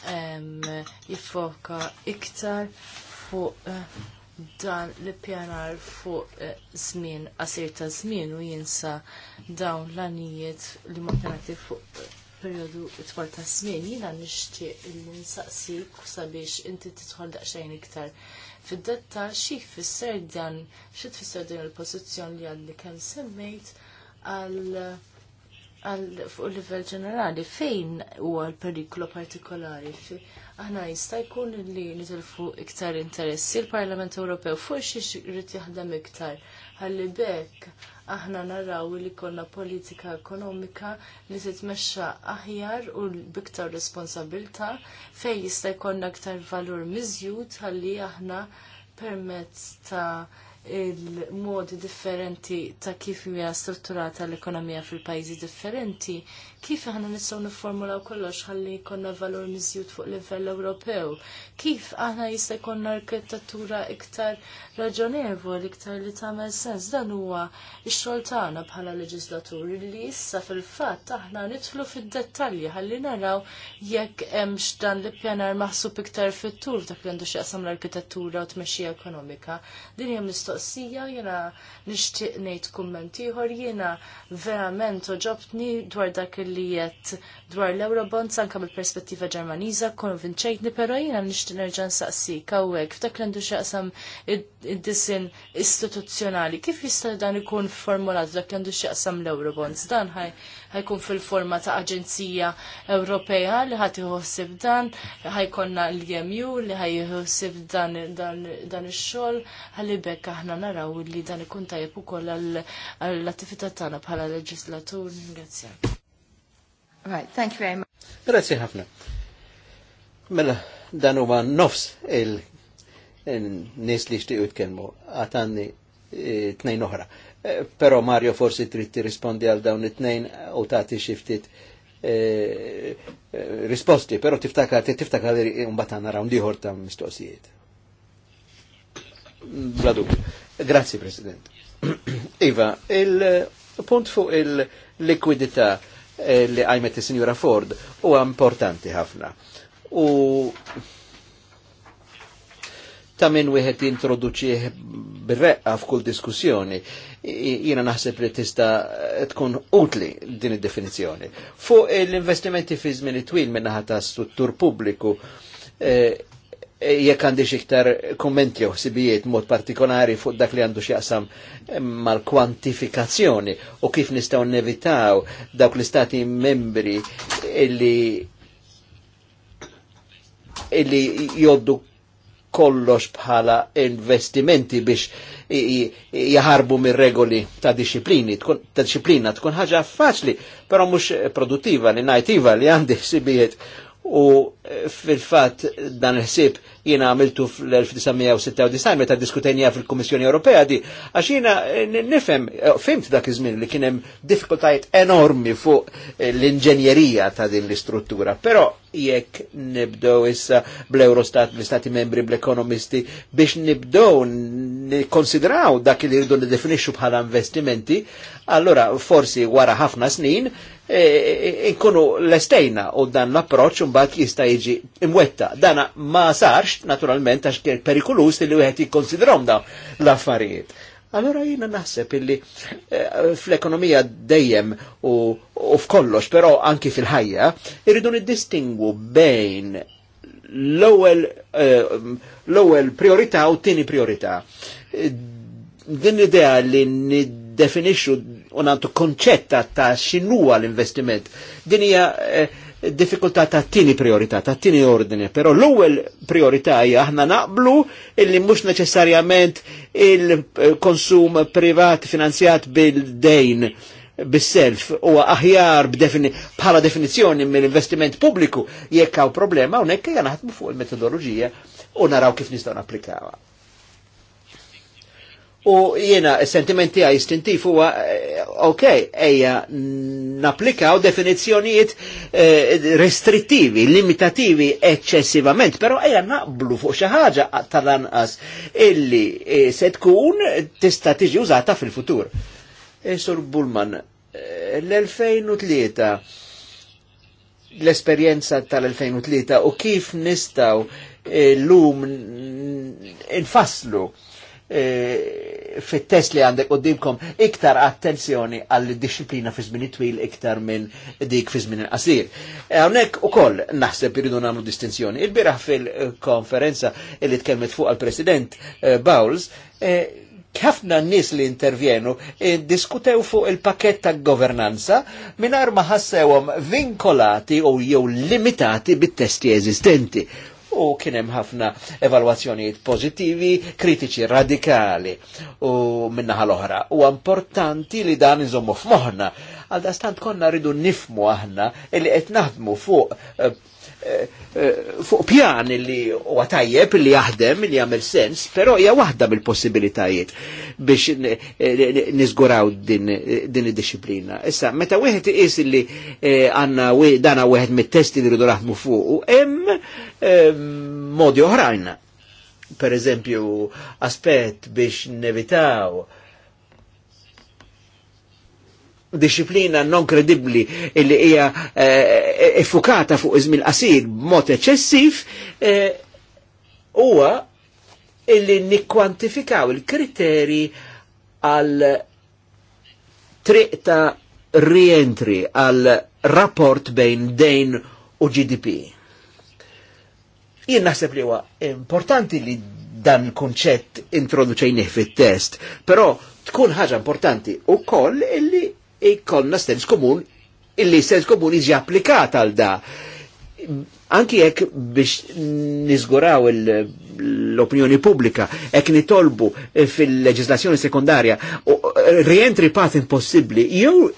jiffoka iktar fuq eh, dan li pjanar fuq żmien eh, qasir ta' żmien u jinsa dawn l-anijiet li ma pjanati fuq eh, periodu twal ta' żmien jiena l-insaqsi kusa sabiex inti tidħol daqsxejn iktar fid detta xi jfisser dan xi tfisser din il pozizjon li għalli kem semmejt għal għal fuq livell ġenerali fejn huwa l-periklu partikolari aħna jista' jkun li nitilfu iktar interessi l-Parlament Ewropew fuq xi rid jaħdem iktar ħalli bekk aħna naraw li konna politika ekonomika li titmexxa aħjar u biktar responsabilta fejn jista' jkollna aktar valur miżjud ħalli aħna permezz ta' il-modi differenti ta' kif hija strutturata l-ekonomija fil-pajjiżi differenti Kif aħna nistgħu nifformulaw kollox ħalli jkollna valur miżjud fuq livell Ewropew? Kif aħna jista' jkollna arkitettura iktar raġonevol, iktar li tagħmel sens? Dan huwa x-xogħol tagħna bħala leġislaturi li issa fil-fatt aħna nidħlu fid-dettalji ħalli naraw jekk hemmx dan l-ippjanar maħsub iktar fit-tul dak li għandu x'jaqsam l-arkitettura u tmexxija ekonomika. Din hija mistoqsija jiena nixtieq ngħid kumment ieħor jiena verament oġobtni dwar dak li jett dwar l-Eurobonds anka mill-perspettiva ġermaniża konvinċejtni, pero jina nishti nerġa' nsaqsik hawnhekk f'dak l-għandu x'jaqsam id-disin istituzzjonali. Kif jista' dan ikun formulat dak l-għandu l-Eurobonds? Dan ħajkun fil-forma ta' aġenzija Ewropea li ħadd iħossib dan, ħajkonna l-EMU li ħajħossib dan ix-xogħol ħalli bekk aħna naraw li dan ikun tajjeb ukoll għall-attività tagħna bħala leġislatur. Grazie. Right, thank you very much. Grazie ħafna. Mela, dan huwa nofs il nies li xtiqu jitkellmu għatanni eh, tnejn oħra. Eh, però Mario forsi trid tirrispondi għal dawn it-tnejn u tagħti xi ftit eh, risposti, però tiftakar tiftakar li mbagħad naraw ieħor ta' mistoqsijiet. Bladu. Grazzi President. Iva, il-punt fuq il-likwidità Eh, li għajmet il-Sinjura Ford u importanti ħafna. U ta' minn wieħed jintroduċih bir-reqqa f'kull diskussjoni, jiena naħseb li tista tkun utli din id-definizzjoni. Fuq l-investimenti fi żmien twil minn naħa ta' struttur pubbliku, eh, jekk għandix iktar kommenti u sibijiet mod partikolari fuq dak li għandu xjaqsam mal-kwantifikazzjoni u kif nistaw nevitaw dawk l-istati membri illi illi joddu kollox bħala investimenti biex jaharbu mir regoli ta' disciplini, ta' disciplina tkun ħaġa faċli, però mhux produttiva li najtiva li għandi sibijiet u eh, fil-fat dan il-ħsib jina għamiltu fl-1996 meta diskutenja fil-Komissjoni Ewropea di għax jina eh, nifem, eh, fimt dak iż-żmien li kienem diffikultajiet enormi fuq l-inġenjerija ta' din l-istruttura, però jekk nibdow issa bl-Eurostat, bl-Stati membri, bl-ekonomisti biex nibdow konsidraw dak li rridu nidefinixxu bħala investimenti, allora forsi wara ħafna snin E, e, inkunu l-estejna u dan l-approċ mbagħad jista' jiġi imwetta. Dana ma sarx naturalment għax kien perikulus li wieħed jikkonsidrom dawn l-affarijiet. Allora jina naħseb illi e, fl-ekonomija dejjem u, f'kollox, però anki fil-ħajja, irridu niddistingu bejn l-ewwel l-ewwel priorità u t-tieni priorità. Din l-idea li nid definixxu u nagħtu konċetta ta' x'inhuwa l-investiment. Din hija eh, diffikultà ta' tini priorità, ta' tini ordine, però l-ewwel priorità hija aħna naqblu illi mhux neċessarjament il-konsum privat finanzjat bil-dejn bis-self u aħjar bħala definizzjoni mill-investiment pubbliku jekk hawn problema hawnhekk hija naħdmu fuq il-metodoloġija u naraw kif nistgħu napplikawha. U jiena sentimenti għaj istintif huwa eh, ok, eja naplikaw definizjonijiet eh, restrittivi, limitativi eccessivament, pero eja naqblu fuq xi ħaġa tal-anqas illi e, se tkun tista' tiġi użata fil-futur. E, Sur Bullman, l-2003 l-esperienza tal-2003 u kif nistaw e, l-lum infaslu fit-test li għandek għoddimkom iktar attenzjoni għall disciplina fi żmien twil iktar minn dik fi żmien qasir. Hawnhekk ukoll naħseb iridu nagħmlu distinzjoni. Il-biraħ fil-konferenza li tkellmet fuq għal-President eh, Bowles eh, ħafna nis li intervjenu eh, diskutew fuq il-pakket ta' governanza minn ma ħassewhom vinkolati u jew limitati bit-testi eżistenti u kienem ħafna evalwazzjonijiet pozittivi, kritiċi radikali u minnaħa l-oħra. U importanti li dan nżommu f'moħna, għal stant konna rridu nifmu aħna li qed naħdmu fuq eh, Eh, eh, fuq pjan li huwa tajjeb li jaħdem li jagħmel sens, però hija waħda mill-possibilitajiet biex niżguraw din id-disciplina. Issa, meta wieħed is li eh, għandna dana wieħed mit-testi li rridu naħdmu fuq, hemm modi oħrajn. Per eżempju, aspett biex nevitaw disciplina non kredibbli illi hija eh, effukata fuq iżmin qasir mod eċessiv eh, huwa illi nikkwantifikaw il-kriteri għal triq ta' rientri għal rapport bejn dejn u GDP. Jien naħseb li huwa importanti li dan il-konċett introduċejnih fit-test, però tkun ħaġa importanti u koll illi ikkonna sens komun illi sens komun iġi applikat għal da. Anki jekk biex nizguraw l-opinjoni pubblika, jekk nitolbu fil-leġislazzjoni sekundarja rientri patent impossibli, jew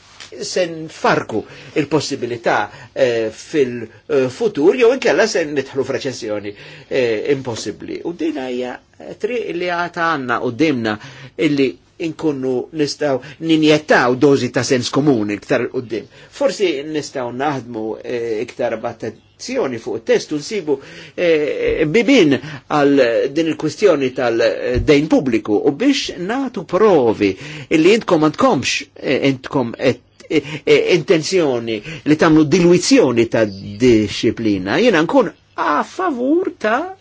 sen farku il-possibilità eh, fil-futur jew inkella sen nitħlu f'reċessjoni eh, impossibli. U dinajja tri triq li għata għanna u dimna illi inkunnu nistaw ninjettaw dozi ta' sens komuni iktar qoddim. Forsi nistaw naħdmu eh, iktar battazzjoni fuq testu nsibu eh, bibin għal din il-kwistjoni tal-dejn publiku u biex natu provi illi jintkom għandkomx eh, intkom et intenzjoni li tamlu dilwizzjoni ta' disciplina, jena nkun a favur ta'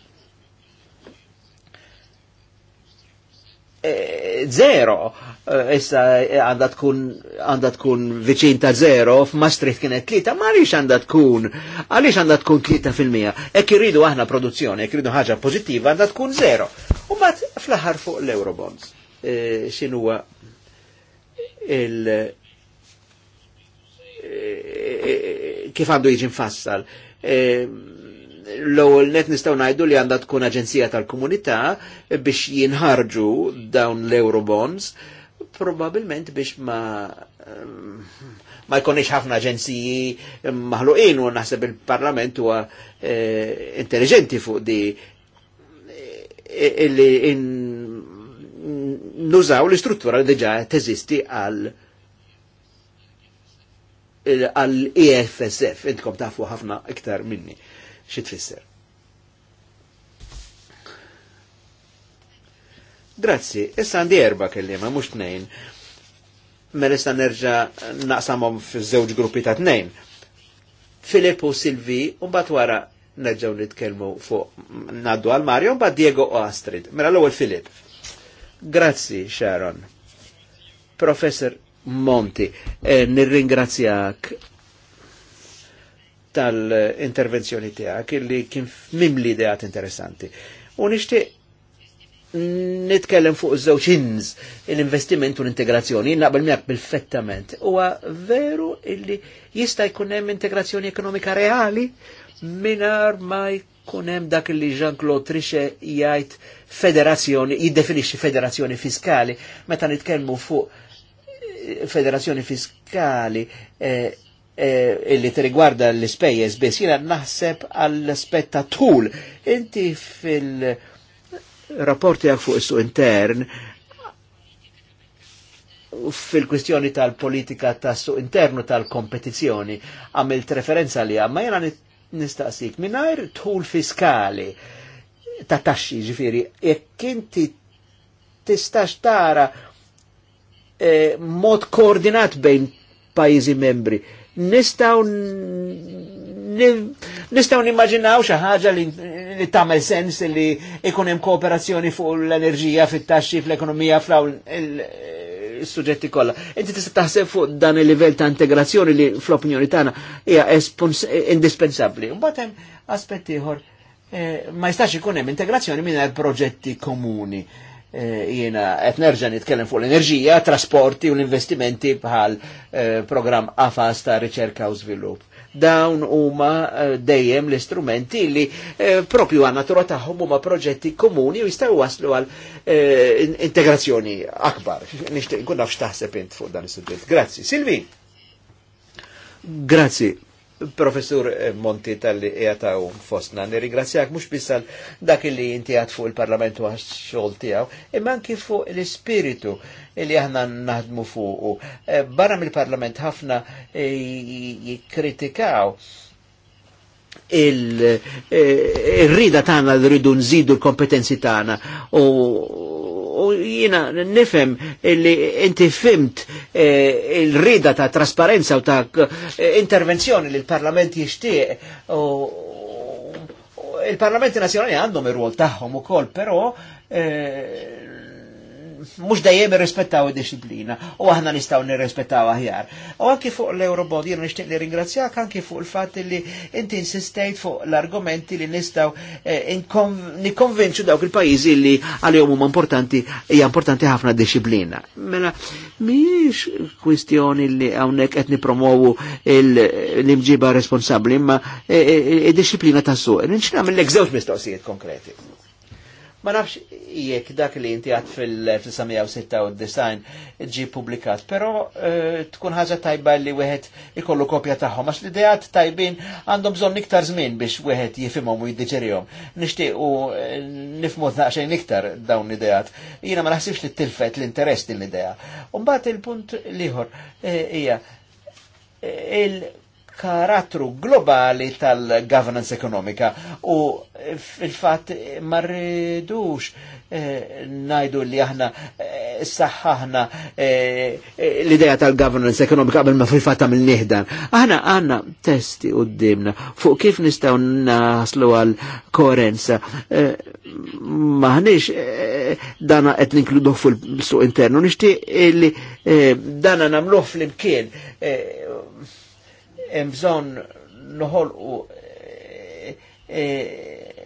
Eh, zero. Eh, issa eh, għanda tkun għanda tkun viċin ta' zero, f'Maastricht kienet tlita, ma għaliex għanda tkun, għaliex għanda tkun tlita fil-mija. Ek irridu aħna produzzjoni, ek irridu ħaġa pozittiva, għanda tkun zero. U mat fl-aħar fuq l-Eurobonds. xin Xinuwa il kif għandu jiġi mfassal l-ewwel net nistgħu ngħidu li għandha tkun aġenzija tal-komunità biex jinħarġu dawn l-Eurobonds probabbilment biex ma ma jkunniex ħafna aġenziji maħluqin u naħseb il-Parlament huwa eh, intelligenti fuq di eh, illi nużaw l-istruttura li diġa teżisti għal għal EFSF, intkom tafu ħafna iktar minni xi tfisser. Grazzi, issa għandi erba kellima, mux tnejn. Mela issa nerġa naqsamhom fiż-żewġ gruppi ta' tnejn. Filippo Silvi, u bat wara nerġgħu nitkellmu fuq naddu għal Mario, bat Diego u Astrid. Mela l-ewwel Filip. Grazzi, Sharon. Professor Monti, eh, nirringrazzjak tal-intervenzjoni tijak illi kien mimli ideat interessanti. U nixtieq nitkellem fuq żewġ inz l-investiment u l-integrazzjoni, naqbel miegħek bil-fettament. Huwa veru illi jista' jkun hemm integrazzjoni ekonomika reali minar ma jkun hemm dak li Jean-Claude Trichet jgħid federazzjoni, jiddefinixi federazzjoni fiskali, meta nitkellmu fuq federazzjoni fiskali eh, Eh, illi tirigwarda l-ispejjeż biss jiena naħseb għall-aspett tul. Inti fil-rapporti għak fuq is intern fil-kwistjoni tal-politika tas-suq internu tal-kompetizzjoni għamilt referenza li għamma jena nistaqsik minnajr tul fiskali ta' taxxi ġifiri, jekk inti tistax tara eh, mod koordinat bejn pajizi membri nistaw nistaw nimmaġinaw xi ħaġa li, li tagħmel sens li ikun hemm kooperazzjoni fuq l-enerġija fit-taxxi fl-ekonomija fl suġġetti kollha. Inti tista' taħseb fuq dan il-livell ta' integrazzjoni li fl-opinjoni tagħna hija indispensabbli. Mbagħad hemm aspett ieħor eh, ma jistax ikun hemm integrazzjoni mingħajr proġetti komuni. Eh, jiena qed nerġa' nitkellem fuq l-enerġija, trasporti u l-investimenti bħal eh, programm AFAS ta' riċerka u żvilupp. Dawn huma eh, dejjem l-istrumenti li propju għan natura tagħhom huma proġetti komuni u jistgħu waslu għal integrazzjoni akbar. Nixtieq nkun nafx taħseb int fuq dan is-suġġett. Grazzi. Silvi. Grazzi professur eh, Monti tal-li jgħataw fosna. Nirringrazzjak mux bissal dak li jinti għat fuq il-parlamentu għax tijaw, imma anki fuq l-spiritu li aħna naħdmu fuq. Eh, barra mill-parlament ħafna eh, jikritikaw il-rida il tagħna li rridu nżidu l-kompetenzi tagħna u u jina nifem li inti fimt eh, il-rida ta' trasparenza u ta' eh, intervenzjoni li l-Parlament jishtiq il-Parlamenti Nazjonali għandhom ir-rol tagħhom ukoll, però eh, mux dajem irrespettaw id-disciplina u għahna nistaw nirrespettaw aħjar. U għanki fuq l-Eurobond, jena nishtiq li ringrazzjak għanki fuq l fat li inti insistejt fuq l-argumenti li nistaw eh, nikonvinċu dawk il-pajizi li għal jomu ma' importanti, hija importanti ħafna disciplina. Mela, miex kwistjoni li għawnek etni promovu l-imġiba responsabli, ma' eh, eh, eh, id-disciplina tassu. Nċinam l-egżewġ mistoqsijiet konkreti. Ma nafx jek dak li inti għad fil-1996 ġi publikat, pero eh, tkun ħaġa tajba li wieħed ikollu kopja tagħhom għax l-ideat tajbin għandhom bżonn iktar żmien biex wieħed jifimom u jiddiġerihom. Nishti u eh, nifmu xejn iktar dawn l-ideat. Jiena ma naħsibx li tilfet l-interess din l-idea. Umbat il-punt liħor eh, hija il- karattru globali tal-governance ekonomika u fil fat marridux eh, najdu li aħna eh, saħħaħna eh, l-ideja tal-governance ekonomika għabel ma fil-fat l nihdan. Aħna għanna testi u d-dimna fuq kif nistaw naslu għal koerenza. Maħnix maħniex eh, dana qed ninkluduh fil-suq internu, nixtieq li dana namluh fl-imkien hemm bżonn u eh, eh,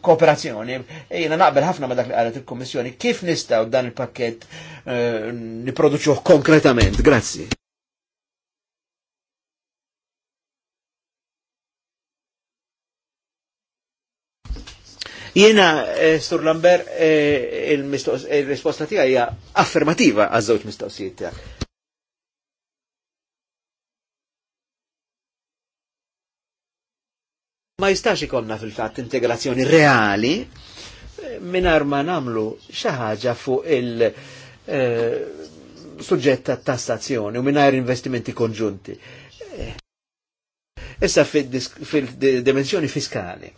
kooperazzjoni. Eh, Jena naqbel ħafna ma dak li għalet il-Kommissjoni. Kif nistaw dan il-pakket niproduċuħ konkretament? Grazzi. Jena, Sur Lambert, il-risposta tija hija affermativa għaż-żewġ mistoqsijiet tiegħek. Ma jistax ikonna fil-fatt integrazzjoni reali eh, minar ma namlu xaħġa fuq il- eh, suġġett ta' tassazzjoni u minar investimenti konġunti. Eh, issa fil-dimensjoni fiskali.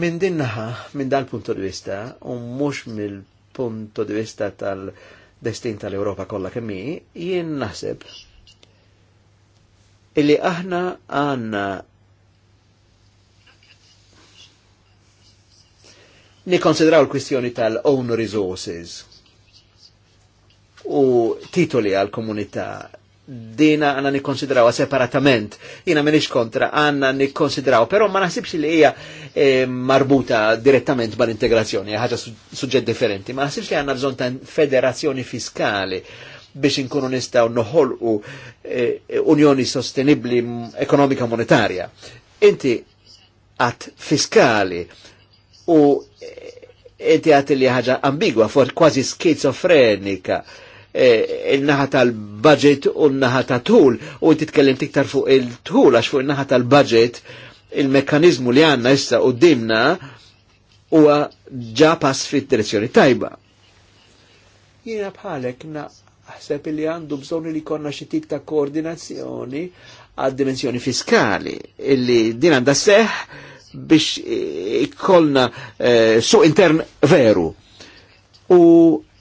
Minn din naħa, minn dal-punto di vista, u mux mill-punto di vista tal-destin tal-Europa kollha kemmi, jien naħseb illi aħna għanna nikonsidraw l-kwistjoni tal-own resources u titoli għal-komunità dina għanna nikonsidrawa separatament. Jina minix kontra, għanna nikonsidraw, pero ma naħsibx li hija e, marbuta direttament l integrazzjoni ħaġa suġġet differenti. Ma naħsibx li għanna bżon ta' federazzjoni fiskali biex inkunu nistaw noħolqu e, unjoni sostenibli ekonomika monetarja. Inti għat fiskali u inti għati li ħaġa ambigwa, for kważi skizofrenika e, il-naħa tal-budget u n-naħa ta' tul u titkellim tiktar fuq il-tul għax fuq il-naħa tal-budget il mekanizmu li għanna issa u dimna u ġa pass fit direzzjoni tajba. Jina bħalek naħseb li għandu bżonni li konna xitik ta' koordinazzjoni għad dimensjoni fiskali illi din għanda seħ biex ikkolna eh, su intern veru. U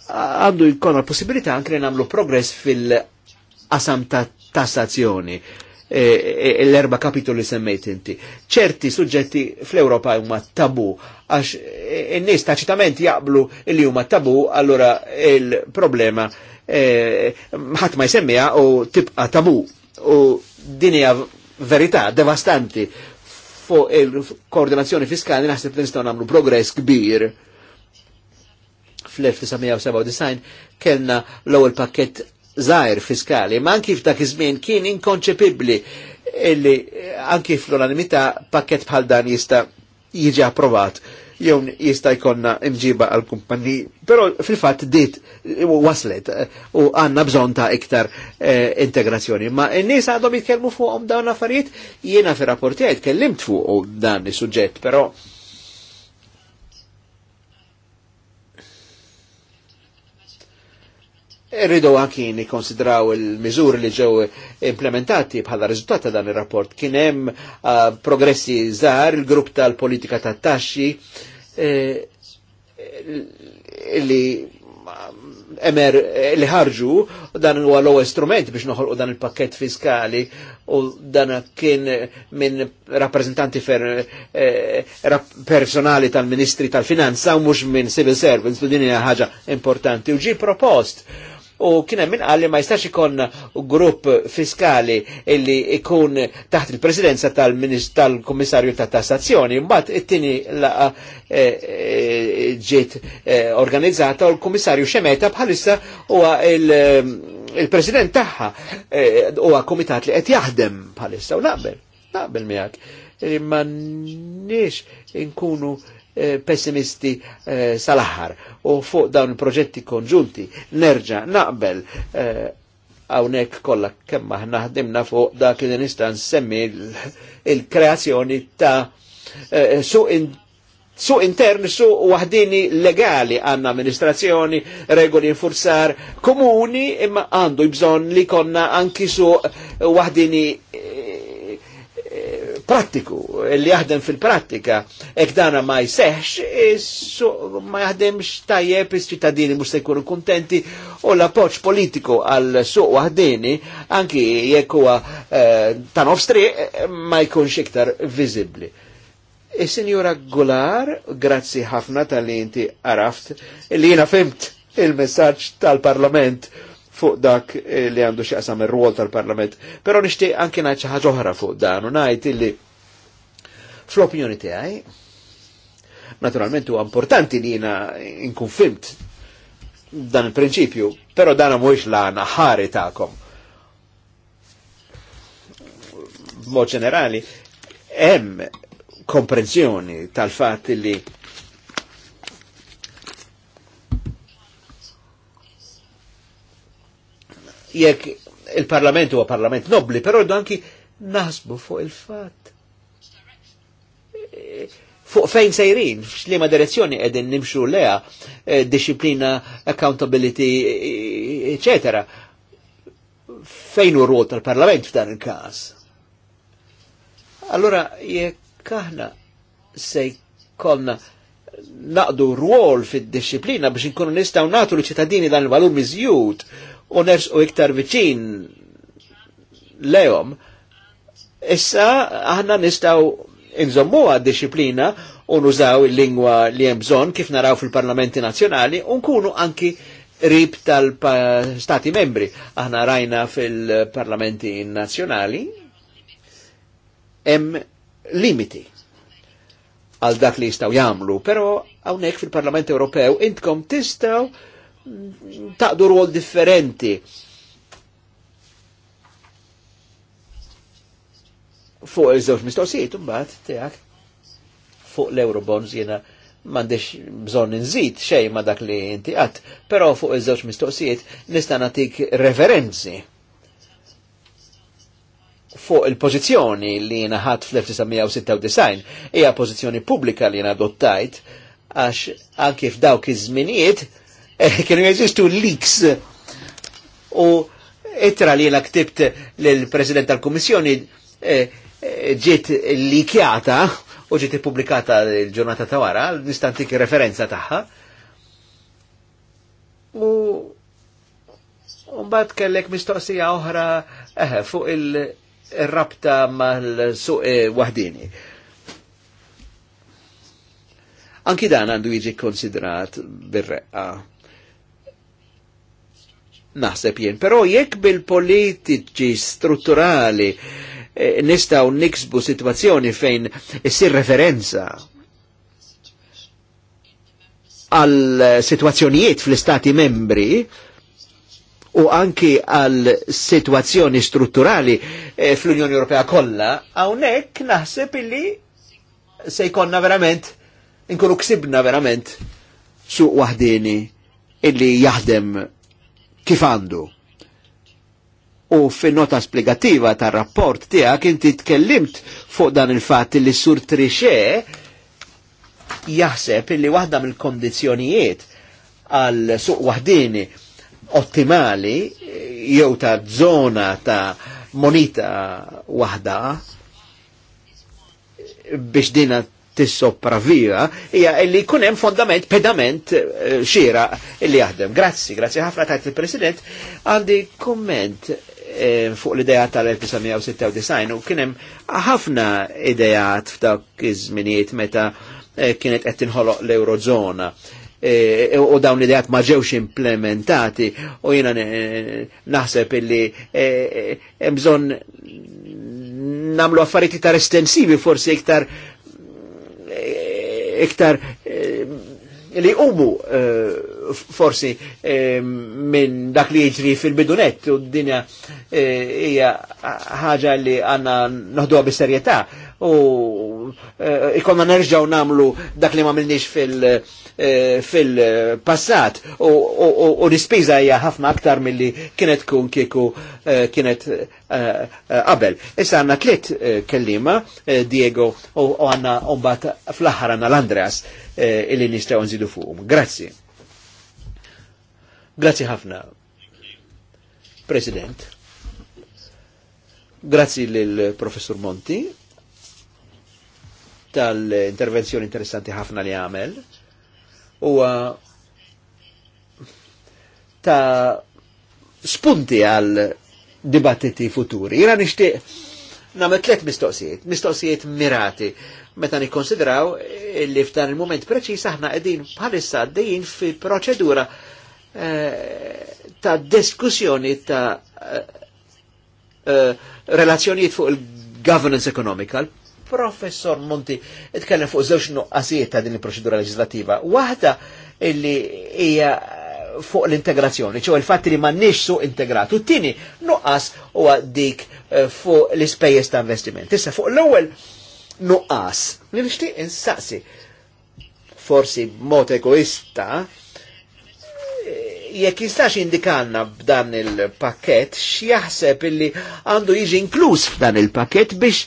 għandu jkollna possibilità anke li nagħmlu progress fil-qasam ta' tassazzjoni. E, e, l-erba kapitoli semmejt inti. ċerti suġġetti fl-Europa huma tabu, għax eh, n-nies taċitament jaqblu li huma tabu, allora il-problema ħadd ma jsemmiha u tibqa tabu. U din verità devastanti fuq il-koordinazzjoni fiskali naħseb li nistgħu nagħmlu progress kbir. Fl-1997 kellna l-ewwel pakkett żgħir fiskali, ma anki f'dak iż-żmien kien inkonċepibbli illi anki fl-unanimità pakkett bħal dan jista' jiġi approvat jew jista' jkollna imġiba għal kumpanni però fil-fatt dit waslet eh, u għandna bżonn ta' iktar eh, integrazzjoni. Ma n-nies għadhom jitkellmu fuqhom dawn affarijiet, jiena fir-rapporti kellimt fuq dan is-suġġett, però Rridu anki nikkonsidraw il-miżuri li ġew implementati bħala riżultat ta' dan ir-rapport. Kien hemm uh, progressi żgħar il-grupp tal-politika tat-taxxi eh, li eh, emer eh, li ħarġu dan huwa l strument biex noħolqu dan il-pakket fiskali u dan kien minn rappresentanti fer, eh, rap personali tal-Ministri tal-Finanza u mhux minn civil servants u din hija ħaġa importanti u ġi propost u kien hemm li ma jistax ikon grupp fiskali illi ikun taħt il-presidenza tal-Kummissarju tal ta' Tassazzjoni. Mbagħad it-tieni laqa eh, eh, ġiet eh, organizzata u l-Kummissarju Xemeta bħalissa huwa il-President tagħha huwa komitat li qed jaħdem bħalissa u naqbel, naqbel miegħek. Imma nix inkunu Eh, pessimisti eh, sal-aħħar u fuq dawn il-proġetti konġunti nerġa' naqbel eh, hawnhekk eh, kollha kemm aħna ħdimna fuq dak li nista' nsemmi il-kreazzjoni ta' eh, suq in su intern, su wahdini legali għanna amministrazzjoni, regoli infurzar komuni imma għandu jibżon li konna anki su wahdini prattiku, li jaħdem fil-prattika, ek dana ma jseħx, ma jaħdemx tajjeb is-ċittadini mhux se jkunu kuntenti u l-appoġġ politiku għal suq waħdini anki jekk huwa eh, ta' nofstri ma jkunx iktar viżibbli. Is-Sinjura e, Gular, grazzi ħafna tal-li inti għaraft li jiena fimt il-messaġġ tal-Parlament. tal parlament fuq dak eh, li għandu xieqsam ir ruol tal-Parlament. Però nixtieq anke ngħid xi ħaġa oħra fuq dan u ngħid illi fl-opinjoni tiegħi naturalment huwa importanti li jina inkun fimt dan il-prinċipju, però dan mhuwiex l-għana ħari tagħkom. Mod ġenerali, hemm komprensjoni tal-fatt li jekk il-parlament huwa parlament nobli, però rridu anki naħsbu fuq il-fatt. Fuq fejn sejrin, f'xliema direzzjoni qegħdin nimxu leha, eh, disciplina, accountability, eccetera. Fejn hu rwol tal-parlament f'dan il-każ? Allora, jekk aħna se jkollna naqdu rwol fid-disciplina biex inkunu nistgħu nagħtu l-ċittadini dan il-valur miżjud u ners u iktar viċin lejom, issa aħna nistaw inżommu għad-disciplina u nużaw il-lingwa li hemm bżonn kif naraw fil-parlamenti nazzjonali u nkunu anki rib tal-stati membri. Aħna rajna fil-parlamenti nazzjonali hemm limiti għal dak li jistaw jamlu, pero hawnhekk fil-Parlament Ewropew intkom tistaw taqdu rwol differenti. Fuq il-żewġ mistoqsijiet, mbagħad tiegħek fuq l-Eurobonds jiena m'għandix bżonn inżid xejn ma dak li inti qatt, però fuq iż-żewġ mistoqsijiet nista' nagħtik referenzi fuq il-pożizzjoni li jiena ħadd fl-1996 hija pożizzjoni pubblika li jiena adottajt għax anke f'dawk iż-żminijiet Eh, kienu jeżistu leaks u etra li jena ktibt l-President tal komissjoni eh, eh, ġiet likjata u ġiet publikata l-ġurnata ta' wara, nistantik referenza tagħha. U mbagħad kellek mistoqsija oħra fuq il-rabta mal-suq wahdini. Anki dan għandu jiġi konsidrat bir-reqqa naħseb jien. Però jekk bil-politiċi strutturali eh, nistaw niksbu situazzjoni fejn issir referenza għal situazzjonijiet fl-istati membri u anki għal situazzjoni strutturali eh, fl-Unjoni Ewropea kollha, hawnhekk naħseb illi se jkollna verament inkunu ksibna verament suq waħdini illi jaħdem kif għandu. U fin-nota spiegativa tar-rapport tiegħek inti tkellimt fuq dan il-fatt li sur trixe jaħseb li waħda mill-kondizzjonijiet għal suq waħdini ottimali jew ta' zona ta' monita waħda biex dinat tissopravviva hija li jkun hemm fondament pedament eh, xira li jaħdem. Grazzi, grazzi ħafna tajt il-President. Għandi komment eh, fuq l-ideja tal-1996 u kien hemm ħafna idejat f'dak iż-żminijiet meta eh, kienet qed tinħoloq l-Eurozona u dawn l-idejat ma ġewx implementati u jina naħseb illi bżonn namlu affarijiet iktar estensivi forsi iktar iktar eh, li umu eh, forsi eh, minn dak li jiġri fil-bidunet u d-dinja hija ħaġa li għanna noħduha bis-serjetà u Eh, eh, ikonna nerġaw namlu dak li ma milniex fil-passat eh, u l-ispiża hija ħafna aktar milli kienet kun kieku kienet qabel. Issa għanna tliet kellima, Diego u għanna umbat fl-aħħar għanna l-Andreas illi nistaw nżidu fuqum. Grazzi. Grazzi ħafna. President. Grazzi lill professor Monti tal-intervenzjoni interessanti ħafna li għamel. U ta' spunti għal dibattiti futuri. Jira nishtiq namet tlet mistoqsijiet, mistoqsijiet mirati, meta nikkonsidraw li f'dan il-moment preċis aħna qegħdin bħalissa għaddejjin fi proċedura eh, ta' diskussjoni ta' eh, eh, relazzjonijiet fuq il-governance ekonomika professor Monti itkellem fuq żewġ nuqqasijiet ta' din il-proċedura leġislativa. Waħda illi hija fuq l-integrazzjoni, ċew il fatti li m'għandniex suq integrat. U t-tieni nuqqas huwa dik eh, fuq l-ispejjeż ta' investiment. Issa fuq l-ewwel nuqqas. Nixtieq insaqsi forsi mod egoista eh, jekk jistax indikanna b'dan il-pakket x'jaħseb illi għandu jiġi inkluż f'dan il-pakket biex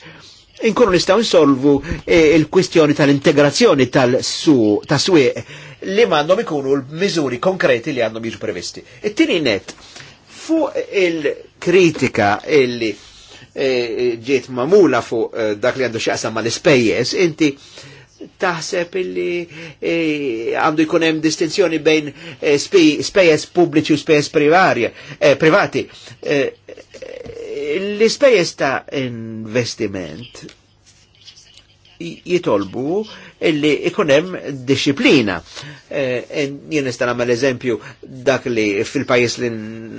inkunu nistaw insolvu e, il-kwistjoni tal-integrazzjoni tal suq ta' swieq li mandom ikunu l-miżuri konkreti li għandhom jiġu previsti. It-tieni net, fuq il-kritika illi e, ġiet mamula fuq e, dak li għandu xaqsam mal ispejjeż inti taħseb illi e, għandu e, jkun hemm distinzjoni bejn e, spejjeż pubbliċi u spejjeż e, privati. Eh, L-ispejjeż ta' investiment jitolbu illi ikun hemm disciplina. Eh, jien nista' nagħmel eżempju dak li fil-pajjiż li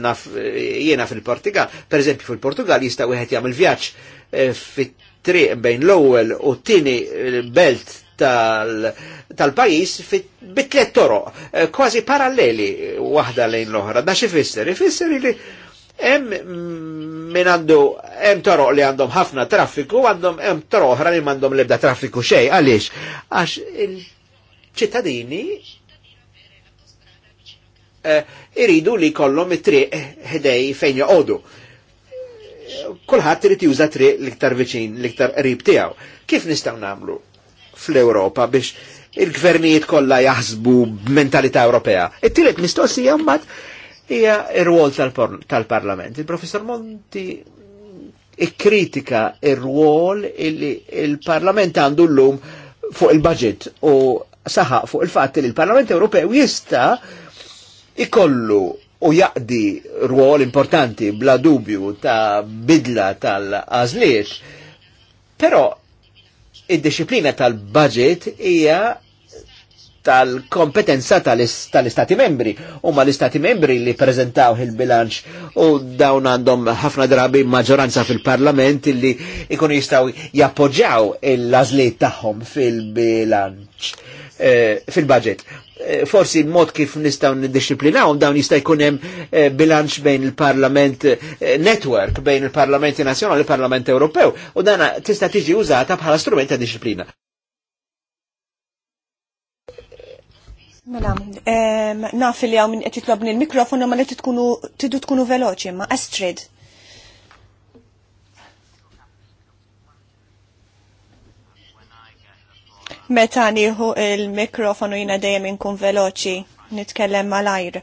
naf jiena fil-Portugal, pereżempju fil-Portugal jista' wieħed jagħmel vjaġġ fit-triq bejn l-ewwel u t-tieni belt tal-pajis tal bit-tlet toroq, eh, kważi paralleli waħda lejn l-oħra. Da xifisser? Ifisser li hemm min għandu hemm toroq li għandhom ħafna traffiku, għandhom hemm toro oħra li m'għandhom l-ebda traffiku xej, għaliex għax il-ċittadini eh, iridu li kollhom it-triq ħdej fejn joqogħdu kulħadd trid juża triq l-iktar viċin, l-iktar qrib tiegħu. Kif nistgħu nagħmlu? fl-Europa biex il-gvernijiet kollha jaħsbu b'mentalità Ewropea. It-tielet mistoqsija mbagħad hija r-rwol tal-Parlament. Tal parlament il professor Monti ikkritika r rwol illi il-Parlament għandu llum fuq il-budget u saħaq fuq il-fatt li l-Parlament Ewropew jista' ikollu u jaqdi rwol importanti bla dubju ta' bidla tal-għażliet, però id-disciplina tal-budget hija tal-kompetenza tal-istati membri. U ma l-istati membri li prezentaw il-bilanċ u dawn għandhom ħafna drabi maġoranza fil-parlament li ikun jistaw jappoġġaw l lażliet tagħhom fil-bilanċ eh, fil-budget. Eh, forsi mod kif nistaw nidisciplinaw dawn jista' jkun hemm eh, bilanċ bejn il-Parlament eh, network bejn il parlament Nazzjonali u il-Parlament Ewropew u dana tista' tiġi użata bħala strument ta' disciplina. Mela, naf li għaw minn għetit titlobni l-mikrofonu ma li tidu tkunu veloċi, ma Astrid. Meta nieħu il-mikrofonu jina dejjem inkun veloċi nitkellem mal-ajr.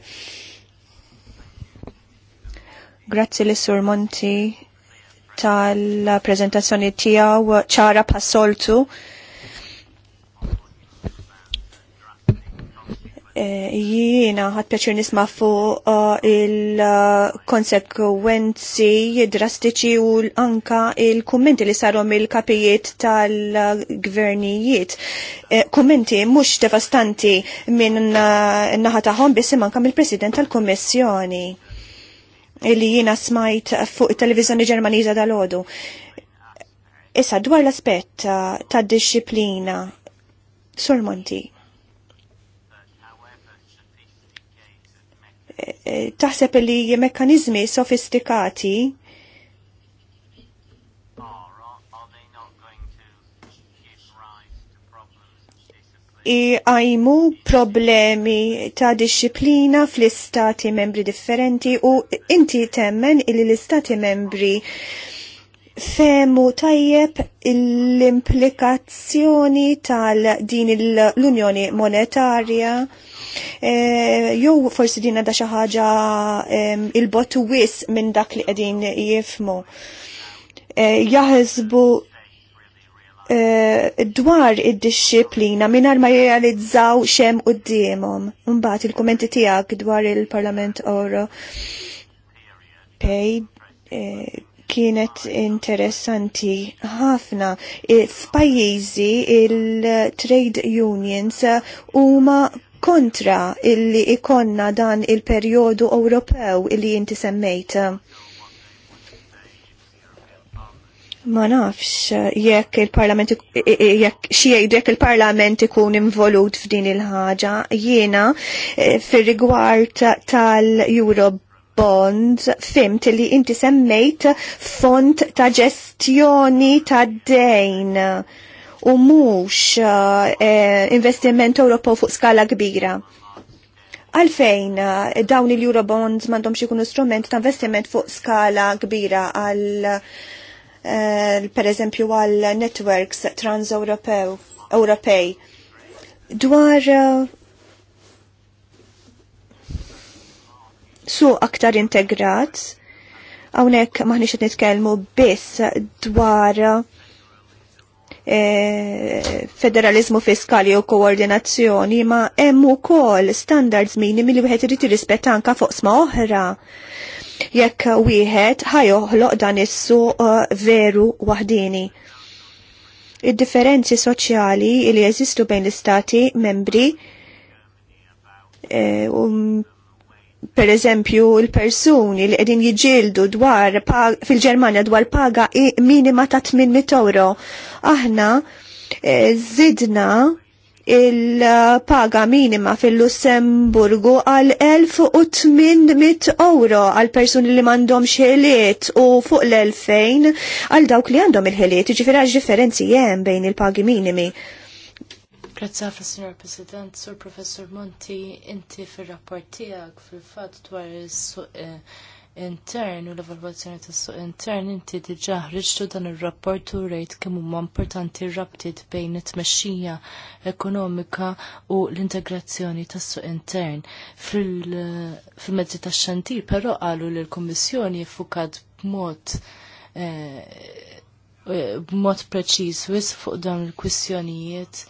Grazzi li Sur Monti tal-prezentazzjoni tiegħu ċara passoltu. soltu Eh, jiena ħad pjaċir nisma fuq uh, il-konsekwenzi drastiċi u anka il-kommenti li sarom il-kapijiet tal-gvernijiet. Eh, Kommenti mux devastanti minn uh, naħa taħom bisim anka mill-president tal-kommissjoni li jiena smajt fuq il-televizjoni ġermaniza dal-ħodu. Issa, dwar l-aspet uh, ta' disċiplina, Sur Monti, taħseb li mekkanizmi sofistikati għajmu problemi ta' disċiplina fl-istati membri differenti u inti temmen illi l-istati membri femu tajjeb l-implikazzjoni tal-din l-Unjoni Monetarja e, jew forsi dinna da xi ħaġa e, il-bot wis minn dak li qegħdin jifmu. E, e, dwar id-disciplina mingħajr ma jirrealizzaw xem qudiemhom. Mbagħad il kommenti tiegħek dwar il-Parlament Oro. Pej kienet interessanti ħafna. F'pajjiżi il-trade unions huma kontra illi ikonna dan il-perjodu Ewropew illi inti semmejt. Ma nafx jekk il-parlament jekk xi jekk il-parlament ikun involut f'din il-ħaġa. Jiena eh, fir-rigward tal-Europe bonds fimt li inti semmejt font ta' ġestjoni ta' dejn u mux eh, investiment Ewropew fuq skala kbira. Għalfejn eh, dawn il-Eurobonds mandom ikunu strument ta' investiment fuq skala kbira għal eh, per eżempju għal networks trans-Ewropej. Dwar eh, su aktar integrat. Hawnhekk maħniex qed nitkellmu biss dwar eh, federalizmu fiskali u koordinazzjoni ma hemm ukoll standards minimi li wieħed irid jirrispetta anka fuq sma oħra jekk wieħed ħajoħloq dan is-suq eh, veru waħdini. Id-differenzi soċjali li jeżistu bejn l-istati membri eh, u per eżempju l-persuni li qegħdin jġildu dwar fil-Ġermanja dwar paga minima ta' 800 euro. Aħna eh, zidna il-paga minima fil-Lussemburgu għal 1800 euro għal persuni li mandom xeliet u fuq l-2000 għal dawk li għandhom il-ħeliet, ġifira differenzi jem bejn il-pagi minimi. Grazzi ħafna Signor President, Sur Professor Monti, inti fir-rapport tiegħek fil-fatt dwar is-suq eh, intern u l-evalwazzjoni tas-suq intern inti diġà ħriġtu dan ir-rapport u rejt kemm huma importanti rabtiet bejn it-tmexxija ekonomika u l-integrazzjoni tas-suq intern. Fil-mezzi tax-xandir però qalu li l-Kummissjoni ffukat b'mod eh, b'mod preċiż wis fuq dawn il-kwistjonijiet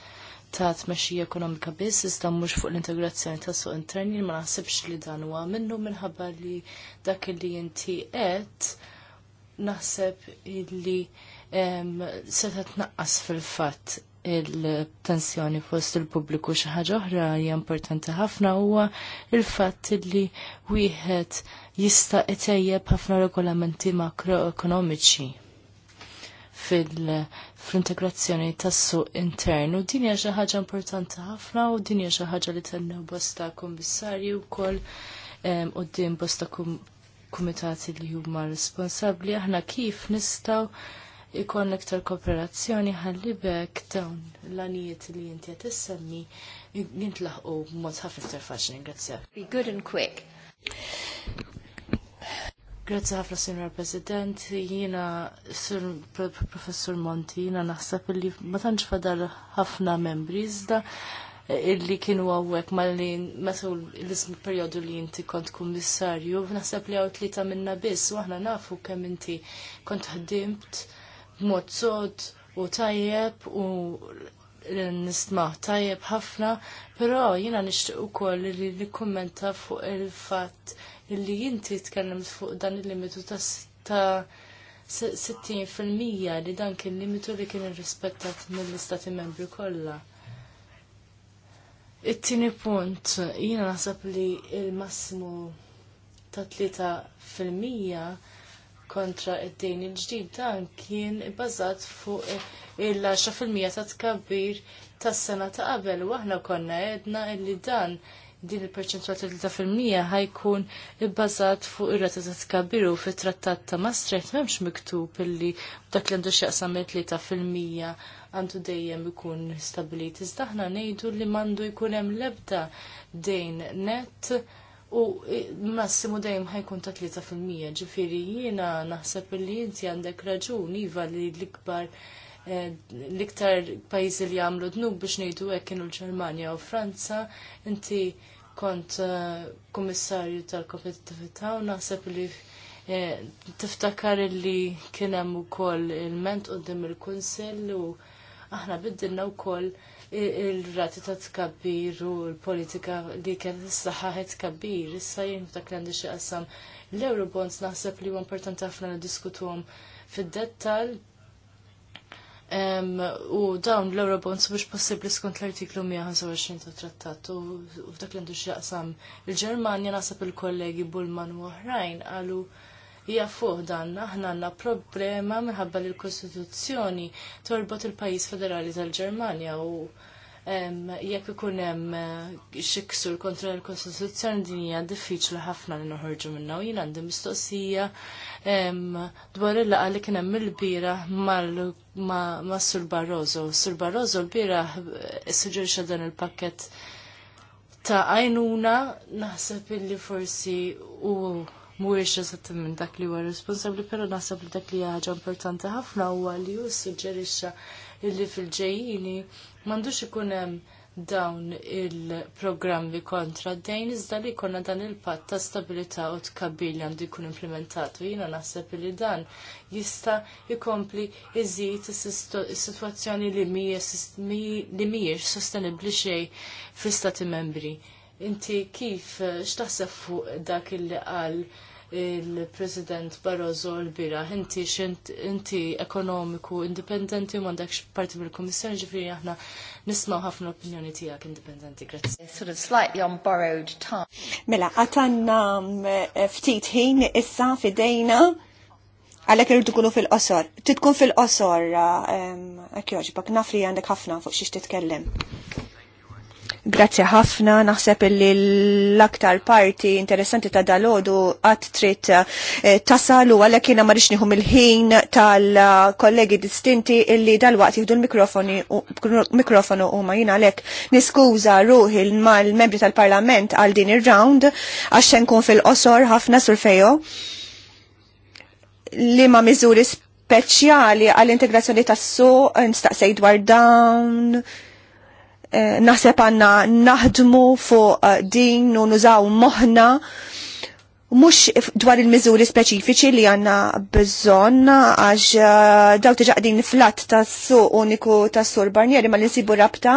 ta' tmexxija ekonomika biss iżda mhux fuq l-integrazzjoni ta' suq interni ma naħsibx li dan huwa minnu minħabba li dak li inti qed naħseb illi se tnaqqas fil-fatt il-tensjoni fost il-pubbliku xi ħaġa oħra hija importanti ħafna huwa il-fatt li wieħed jista' itejjeb ħafna regolamenti makroekonomiċi fil- fl-integrazzjoni tas-suq internu. Din hija xi ħaġa importanti ħafna u din hija xi ħaġa li tennew bosta kummissarju wkoll qudiem bosta kumitati li huma responsabbli aħna kif nistgħu ikon iktar kooperazzjoni ħalli bekk dawn l-anijiet li inti qed issemmi jintlaħqu b'mod ħafna iktar faċli, ingrazzjak. Be good and quick. Grazzi ħafna, Sinjor President. Jiena, Sir Professor Monti, jiena naħseb li ma tantx fadal ħafna membri iżda eh, illi kienu għawek mal-li l-ism periodu li jinti kont kummissarju, naħseb li għaw tlita minna biss, u aħna nafu kemm inti kont ħdimt b'mod sod u tajjeb u nisma tajjeb ħafna, però jina nishtiq ukoll li nikkummenta fuq il-fatt illi inti tkellimt fuq dan il-limitu ta' 60% li dan kien limitu li kien irrispettat mill-istati membri kollha. It-tieni punt, jiena naħseb li il-massimu ta' 3% kontra id-dejn il-ġdid dan kien bbażat fuq il-10% ta' tkabbir tas sena ta' qabel u aħna konna edna illi dan din il-perċentwal ta' fil-mija ħajkun ibbażat fuq ir-rata ta' tkabiru fit-trattat ta' Maastricht m'hemmx miktub illi dak li għandu x'jaqsam fil mija għandu dejjem ikun stabilit. Iżda aħna ngħidu li m'għandu jkun hemm lebda dejn net U massimu dejjem ħajkun ta' tlieta' fil-mija. ġifieri jiena naħseb li inti għandek raġun iva li l-ikbar Eh, l-iktar pajjiżi li għamlu dnub biex ngħidu hekk kienu l-Ġermanja u Franza, inti kont eh, kummissarju tal kompetitività u naħseb li eh, tiftakar li kien hemm ukoll il-ment qudiem il-Kunsill u aħna biddilna wkoll il-rati ta' tkabbir u l-politika li kienet s-saħħaħet kabbir, issa jien dak li għandi xi qasam l-Eurobonds naħseb li huwa importanti ħafna niddiskutuhom fid-dettal u dawn l-Eurobonds biex possibbli skont l-artiklu 125 e ta' trattat u f'dak li għandu x'jaqsam il-Ġermanja naħseb il-kollegi Bullman u oħrajn qalu hija fuq dan aħna għandna problema minħabba li l-Kostituzzjoni torbot il-pajjiż federali tal-Ġermanja u jekk ikun hemm eh, xi ksur kontra l-Kostituzzjoni din hija diffiċli ħafna li noħorġu minnha u jien għandi mistoqsija dwar il-laqgħa li kien hemm il bieraħ ma' Sur Barroso. Sur Barroso l bieraħ eh, suġġerixxa dan il-pakkett ta' għajnuna naħseb illi forsi u mhuwiex eżattament dak li huwa responsabbli, però naħseb li dak li ħaġa importanti ħafna huwa li hu suġġerixxa illi fil-ġejjini M'għandux ikun hemm dawn il-programmi kontra dejn iżda li jkollna dan il-patt ta' stabilità u tkabbir li għandu jkun implementat u jiena naħseb li dan jista' jkompli iżid is-sitwazzjoni li mhijiex sostenibbli xejn fl-istati membri. Inti kif eh, x'taħseb fuq dak il-li qal il-President Barroso l-bira, inti inti ekonomiku independenti u mandekx parti mill-Komissjoni ġifiri aħna nismaw ħafna opinjoni tijak indipendenti. Grazie. Sort of slightly on borrowed time. Mela, għatanna eh, ftit ħin issa fidejna għalek irridu kunu fil-qosor. Titkun fil-qosor, eh, bak nafri għandek ħafna fuq xiex titkellem. Grazzi ħafna, naħseb li l-aktar parti interessanti ta' dalodu għat trid eh, tasalu għalhekk jiena ma nixniħum il-ħin tal-kollegi distinti illi dal-waqt jieħdu l-mikrofonu u ma jina għalhekk niskuża ruħi mal-membri tal-Parlament għal din ir-round għax kun nkun fil-qosor ħafna surfejo li ma miżuri speċjali għall-integrazzjoni tas-suq nistaqsej dwar dawn Eh, naħseb għanna naħdmu fuq eh, din u nużaw moħna mux dwar il-mizuri speċifiċi li għanna bżon għax eh, daw tiġaqdin flat tas-su uniku tas-sur barnieri ma l-insibu rabta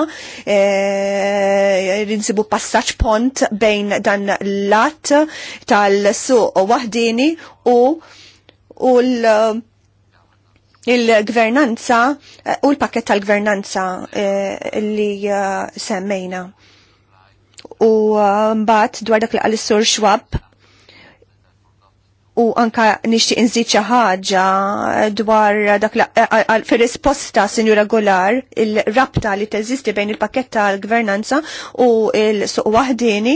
l-insibu passaċ pont bejn dan l-lat tal-su wahdini u u l- il-gvernanza eh, u l-pakket tal-gvernanza eh, li eh, semmejna. U mbagħad dwar dak li qal sur Schwab u anka nixtieq inżid xi ħaġa dwar dak fir-risposta Sinjura Golar il-rabta li teżisti bejn il-pakket tal-gvernanza u l-suq waħdini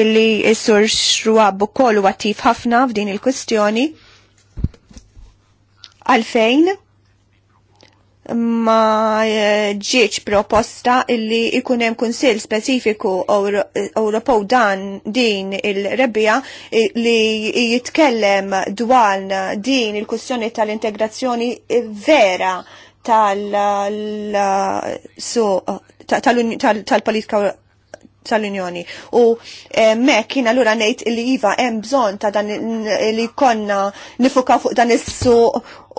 illi s-sur Schwab ukoll huwa għattif ħafna f'din il-kwistjoni Għalfejn? ma ġieċ proposta illi ikunem kunsil specifiku Ewropew dan din il-rebbija li jitkellem dwar din il-kussjoni tal-integrazzjoni vera tal-politika tal, tal, tal, tal tal-Unjoni. U eh, mek kien allura nejt li jiva hemm bżonn ta' dan li konna nifuka fuq dan is-suq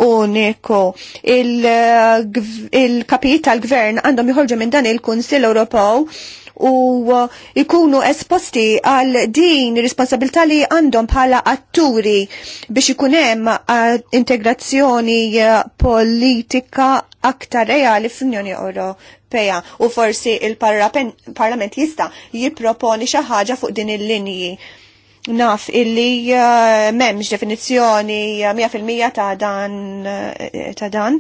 uniku. Il-kapijiet tal-gvern għandhom joħorġu minn dan il-Kunsill Ewropew u eh, ikunu esposti għal din responsabilità li għandhom bħala atturi biex ikun hemm eh, integrazzjoni politika aktar reali fl-Unjoni Ewropea Ewropea u forsi il-Parlament jista jipproponi xi ħaġa fuq din il-linji. Naf illi eh, memx definizzjoni 100% eh, ta' dan eh, ta' dan.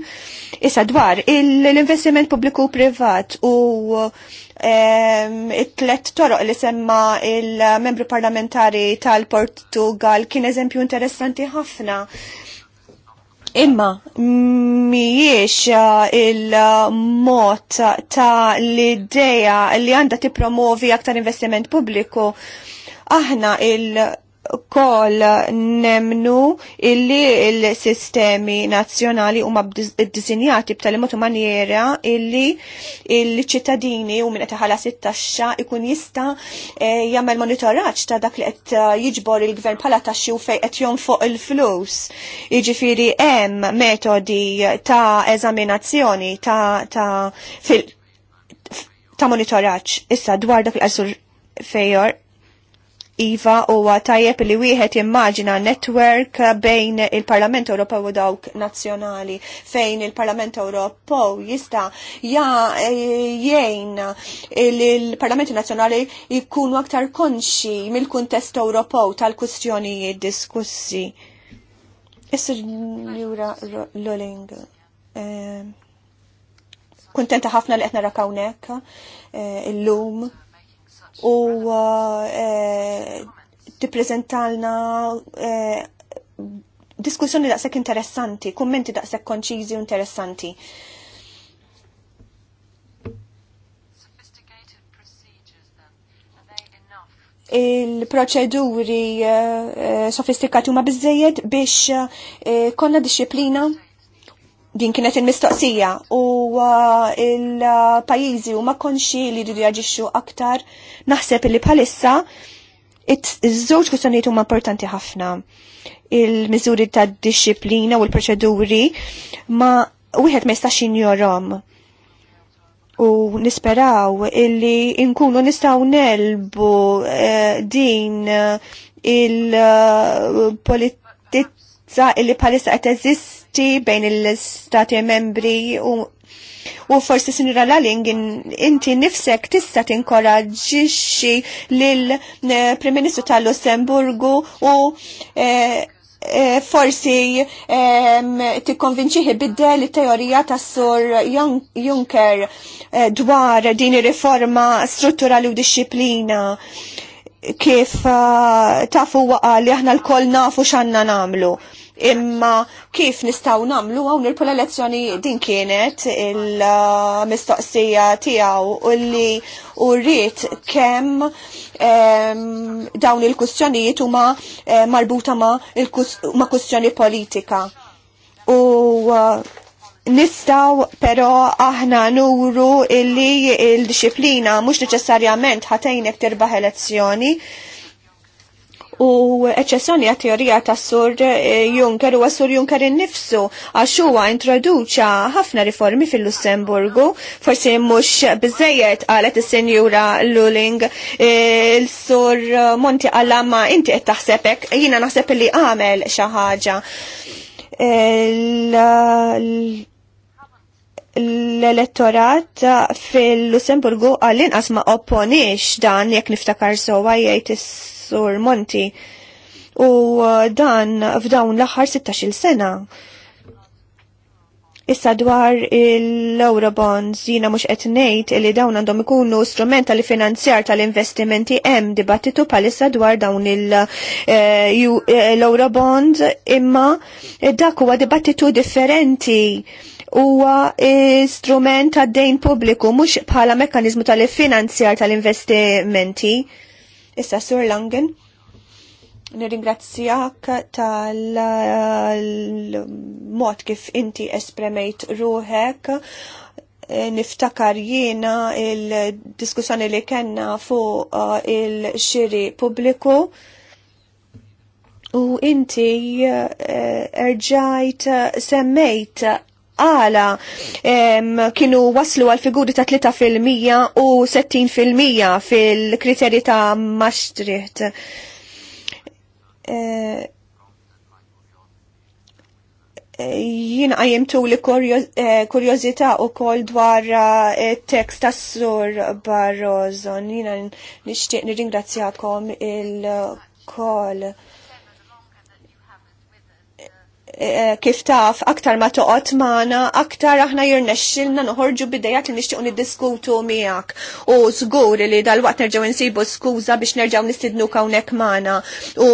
Issa dwar l-investiment pubbliku privat u it-tlet toroq li semma il-membru parlamentari tal-Portugal kien eżempju interessanti ħafna Imma miex uh, il-mod ta' l-ideja li għanda tipromovi aktar investiment pubbliku aħna il- kol nemnu illi il-sistemi nazzjonali huma ddisinjati b'tali mod manjera illi il-ċittadini u minna taħala iħallas taxxa ikun jista' eh, jagħmel monitoraġġ ta' dak li qed eh, jiġbor il-gvern bħala taxxi u fejn qed fuq il-flus. Jiġifieri hemm metodi ta' eżaminazzjoni ta', ta fil ta' monitoraċ issa dwar dak l-qasur Fejor. Iva huwa tajjeb li wieħed immaġina netwerk bejn il-Parlament Ewropew u dawk nazzjonali fejn il-Parlament Ewropew jista' ja jgħin il l-Parlamenti Nazzjonali jkunu aktar konxi mill-kuntest Ewropew tal-kwistjonijiet diskussi. Isir Jura Loling. Eh, kuntenta ħafna li qed narakawnek eh, illum u eh, tippreżentalna eh, diskussjoni daqshekk interessanti, kummenti daqshekk konċiżi u interessanti. il-proċeduri eh, sofistikati huma biżejjed biex konna disċiplina din kienet il-mistoqsija u uh, il-pajizi u ma konxi li ridu jaġixxu aktar naħseb li bħalissa iż-żewġ kwistjonijiet huma importanti ħafna. Il-miżuri ta' disċiplina u l-proċeduri ma wieħed ma jistax jinjorhom. U nisperaw illi nkunu nistgħu nelbu eh, din eh, il-politizza eh, illi bħalissa qed konflitti bejn il-stati membri u U forsi sinra Laling inti nifsek tista' tinkoraġġixxi lil eh, Prim Ministru tal-Lussemburgu u eh, eh, forsi e, tikkonvinċiħi biddel it-teorija tas sur Juncker dwar din ir-riforma strutturali u disċiplina kif tafu waqa li aħna l-koll nafu x'għandna nagħmlu imma kif nistaw namlu għaw nirpu l-elezzjoni din kienet il-mistoqsija tijaw u li u rrit kem dawn il-kustjonijiet u ma eh, marbuta ma, ma kustjoni politika. U eh, nistaw pero aħna nuru illi il-disciplina mux neċessarjament ħatejnek terbaħ elezzjoni u eċessjoni għat teorija ta' Sur eh, Juncker u Sur Juncker innifsu għax huwa introduċa ħafna riformi fil-Lussemburgu, forsi mhux biżejjed qalet is-Senjura Luling eh, il-Sur Monti Alama inti qed taħsebek, jiena naħseb li għamel xi ħaġa eh, l-elettorat fil-Lussemburgu għallin asma opponix dan jek niftakar sowa jgħid Sur Monti. U uh, dan f'dawn l-aħħar 16-il sena. Issa dwar il-Eurobonds jina mux etnejt li dawn għandhom ikunu strument tal-finanzjar tal-investimenti hemm dibattitu palissa dwar dawn il-Eurobond eh, eh, imma dak huwa dibattitu differenti huwa eh, strument tad-dejn pubbliku mhux bħala mekkaniżmu tal-finanzjar tal-investimenti. tal finanzjar tal investimenti Issa Sur Langen, nirringrazzjak tal-mod eh, kif inti espremejt ruħek eh, niftakar jiena il-diskussjoni li kena fuq eh, il-xiri pubbliku u inti erġajt semmejt għala kienu waslu għal figuri ta' 3% u 60% fil-kriterji ta' Maastricht. Eh, Jien għajemtu li eh, kurjozita u kol dwar eh, tekst ta' sur Barroso. Jina nishtiq nirringrazzjakom il-kol. Eh, eh, kif taf aktar ma toqgħod magħna, aktar aħna jirnexxilna nuħorġu bidejat li nixtiequ niddiskutu miegħek. U zgur li dalwaqt nerġgħu nsibu skuża biex nerġgħu nistidnu hawnhekk magħna. U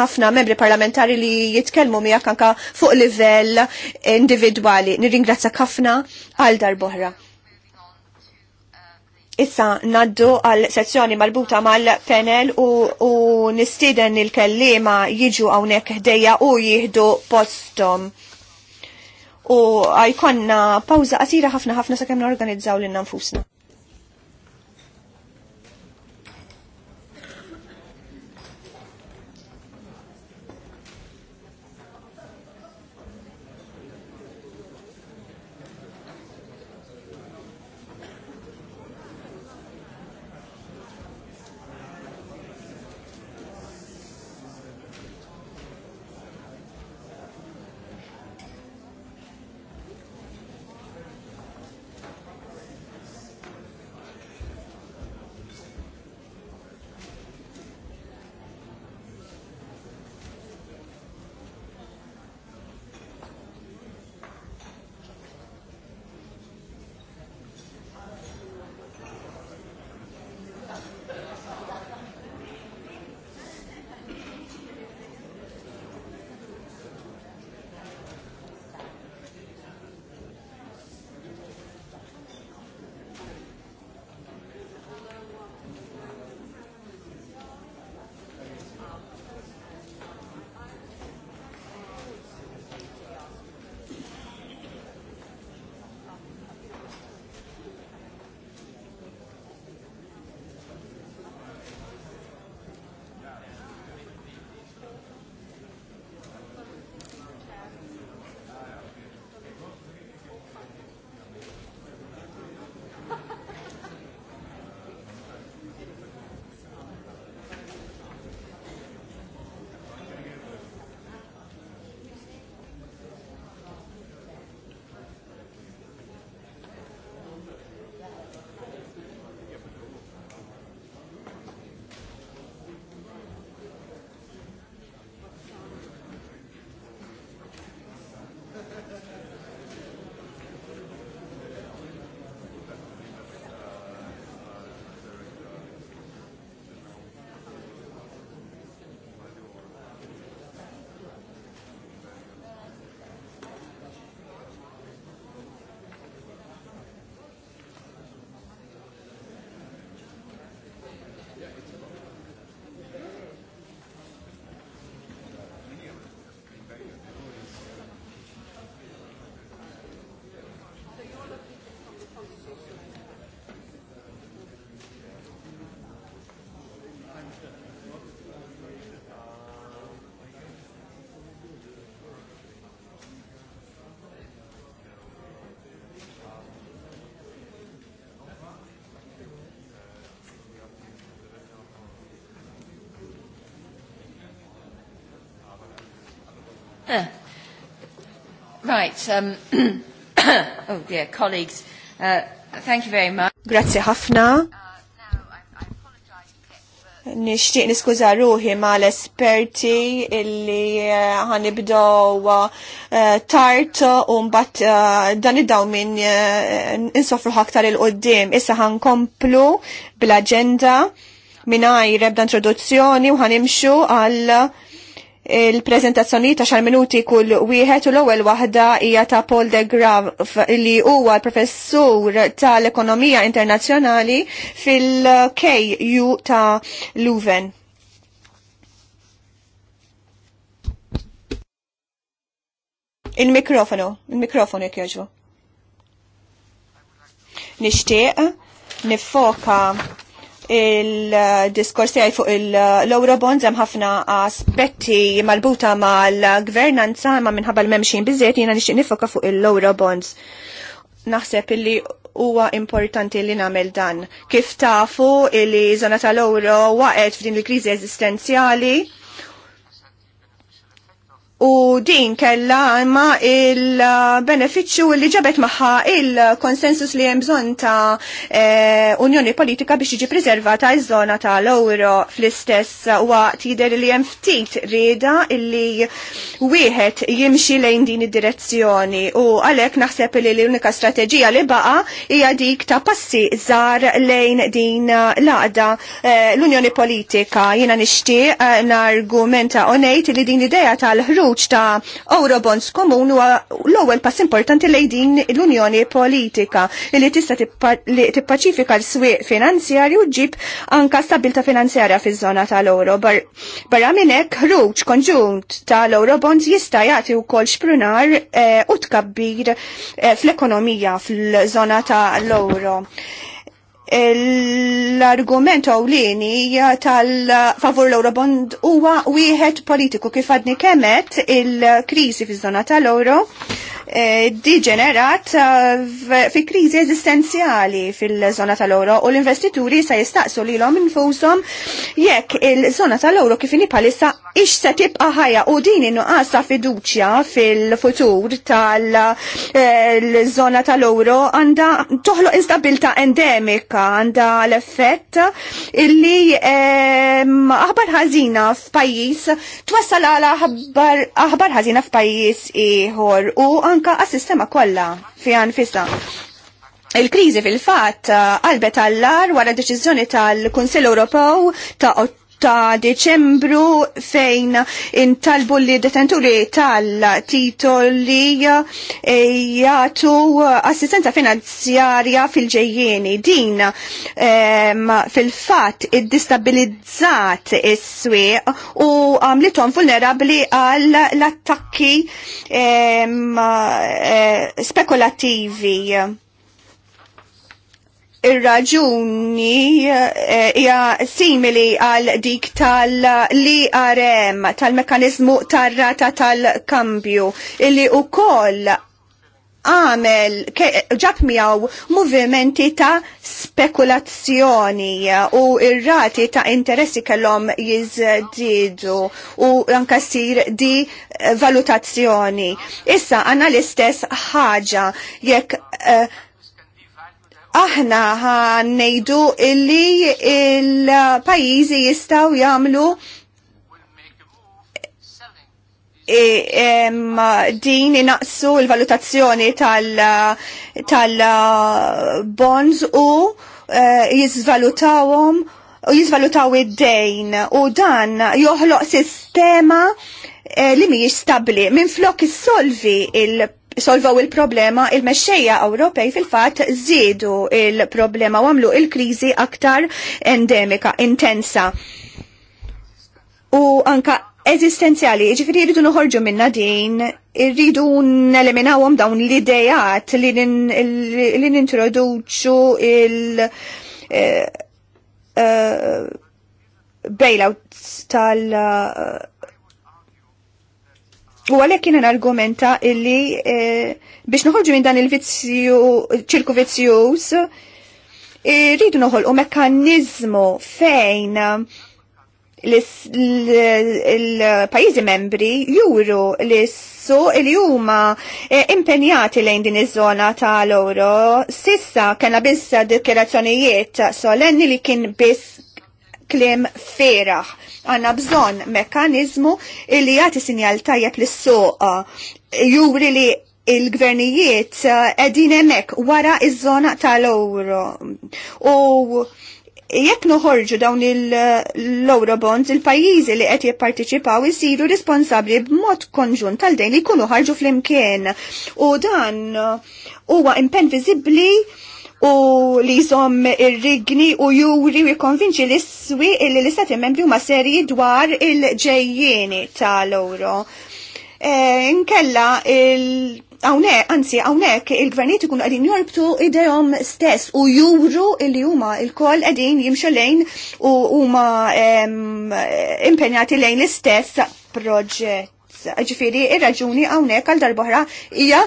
ħafna membri parlamentari li jitkellmu miegħek anka fuq livell individwali. Nirringrazzak ħafna għal boħra. Issa naddu għal sezzjoni marbuta mal-panel u, u nistiden il-kellima jiġu għawnek ħdejja u jihdu postom. U għajkonna pawza qasira ħafna ħafna sa' kemm organizzaw l-innanfusna. Right, um, oh dear, colleagues, uh, thank you very much. Grazie ħafna. Uh, Nishtiq niskuża ruħi l esperti illi uh, ħanibdow uh, tart u um, mbagħad uh, dan id-daw minn uh, insofru ħaktar il-qoddim. Issa komplu bil-agenda mingħajr ebda introduzzjoni u ħanimxu għal uh, il-prezentazzjoni ta' xar minuti kull wieħed u l-ewwel waħda hija ta' Paul de Graaf li huwa l professur tal-ekonomija internazzjonali fil-KU ta' Leuven. Il-mikrofonu, il-mikrofonu jek joġbu. Nishtiq, nifoka il-diskorsi għaj fuq il eurobonds hemm ħafna aspetti malbuta mal-gvernanza ma minħabba l-memxin biżiet jiena nixtieq nifoka fuq il eurobonds Naħseb illi huwa importanti li nagħmel dan. Kif tafu illi żona tal-Euro waqgħet f'din il-kriżi eżistenzjali U din kella imma il-beneficju li ġabet maħħa il-konsensus li hemm bżonn ta' e, unjoni politika biex jiġi preservata iż-żona tal-euro fl-istess waqt jidher li hemm ftit rieda illi wieħed jimxi lejn din id-direzzjoni u għalhekk naħseb li l-unika strateġija li baqa' hija dik ta' passi żgħar lejn din laqda. e, eh, l-unjoni politika. Jiena nixtieq eh, nargumenta u ngħid li din l idea tal-ħruġ ħruġ ta' Eurobonds komun huwa l-ewwel pass importanti lejn din l-Unjoni Politika li tista' tippaċifika l-swieq finanzjarju ġib anka stabilta finanzjarja fiż-żona tal-euro. Barra minn hekk ħruġ konġunt tal-Eurobonds jista' jagħti wkoll xprunar eh, u tkabbir eh, fl-ekonomija fl-żona tal-euro l-argument awlini tal-favur l-Eurobond huwa wieħed politiku kif għadni kemet il-kriżi fiż-żona tal-Euro E, diġenerat e, fi krizi eżistenzjali fil-zona tal oro u l-investituri sa jistaqsu li l-om infusom jekk il-zona tal oro kifini palissa ix se tibqa ħajja u din innuqqas ta' fiduċja fil-futur tal-zona tal e, oro għanda toħloq instabilta endemika għanda l-effett illi aħbar ħażina f'pajjiż twassal għala aħbar ħażina f'pajjiż ieħor u anka għas-sistema kollha fiha nfisha. Il-kriżi fil-fatt għalbet uh, għallar wara deċiżjoni tal konsil Ewropew ta' ta' Deċembru fejn intalbu li detenturi tal-titoli eh, jgħatu eh, assistenza finanzjarja fil-ġejjeni. Din eh, fil-fat id-distabilizzat is-swieq u għamlitom vulnerabli għal l-attakki spekulativi ir-raġuni eh, hija simili għal dik tal-IRM, tal-mekanizmu tar-rata tal-kambju, illi wkoll għamel, ġab miaw movimenti ta' spekulazzjoni u irrati rati ta' interessi kellhom jizdidu u ankassir di valutazzjoni. Issa għanna l-istess ħaġa jekk uh, aħna ħannejdu illi il-pajizi jistaw jamlu din inaqsu l-valutazzjoni tal-bonds u eh, jizvalutawom u jizvalutaw id-dejn u dan joħloq sistema eh, li mi stabbli. Minn flok issolvi il- solvaw il-problema, il-mexxejja Ewropej fil-fatt żiedu il-problema u għamlu il-kriżi aktar endemika, intensa. U anka eżistenzjali, ġifiri rridu noħorġu minna din, rridu neleminawom dawn l-idejat li nintroduċu il- eh, eh, bailouts tal- U għalhekk kien argumenta illi eh, biex noħolġu minn dan il-vizzju ċirku vizzjus, eh, rridu noħolqu mekkaniżmu fejn il-pajizi membri juru li su li huma eh, impenjati lejn din iż-żona tal loro. Sissa kena biss dikjerazzjonijiet solenni li kien biss klim feraħ. Għanna bżon mekanizmu li jagħti sinjal tajjeb lis soqa juri li il-gvernijiet eh, edin emek wara iż-żona tal-euro. U jekk noħorġu dawn l bonds, il-pajjiżi li qed jipparteċipaw isiru responsabbli b'mod konġunt tal-dejn li jkunu ħarġu flimkien. U dan huwa impenn viżibbli u li jżomm ir-rigni u juri u jikonvinċi l-iswi li l-istati membri huma serji dwar il-ġejjieni ta' loro. E, Nkella il- Għawnek, anzi, għawnek, il-gvernijiet ikun għadin jorbtu idejom stess u juru li huma il-koll għadin jimxu lejn u huma impenjati lejn l-istess proġett Ġifiri, ir-raġuni hawnhekk għal darbohra hija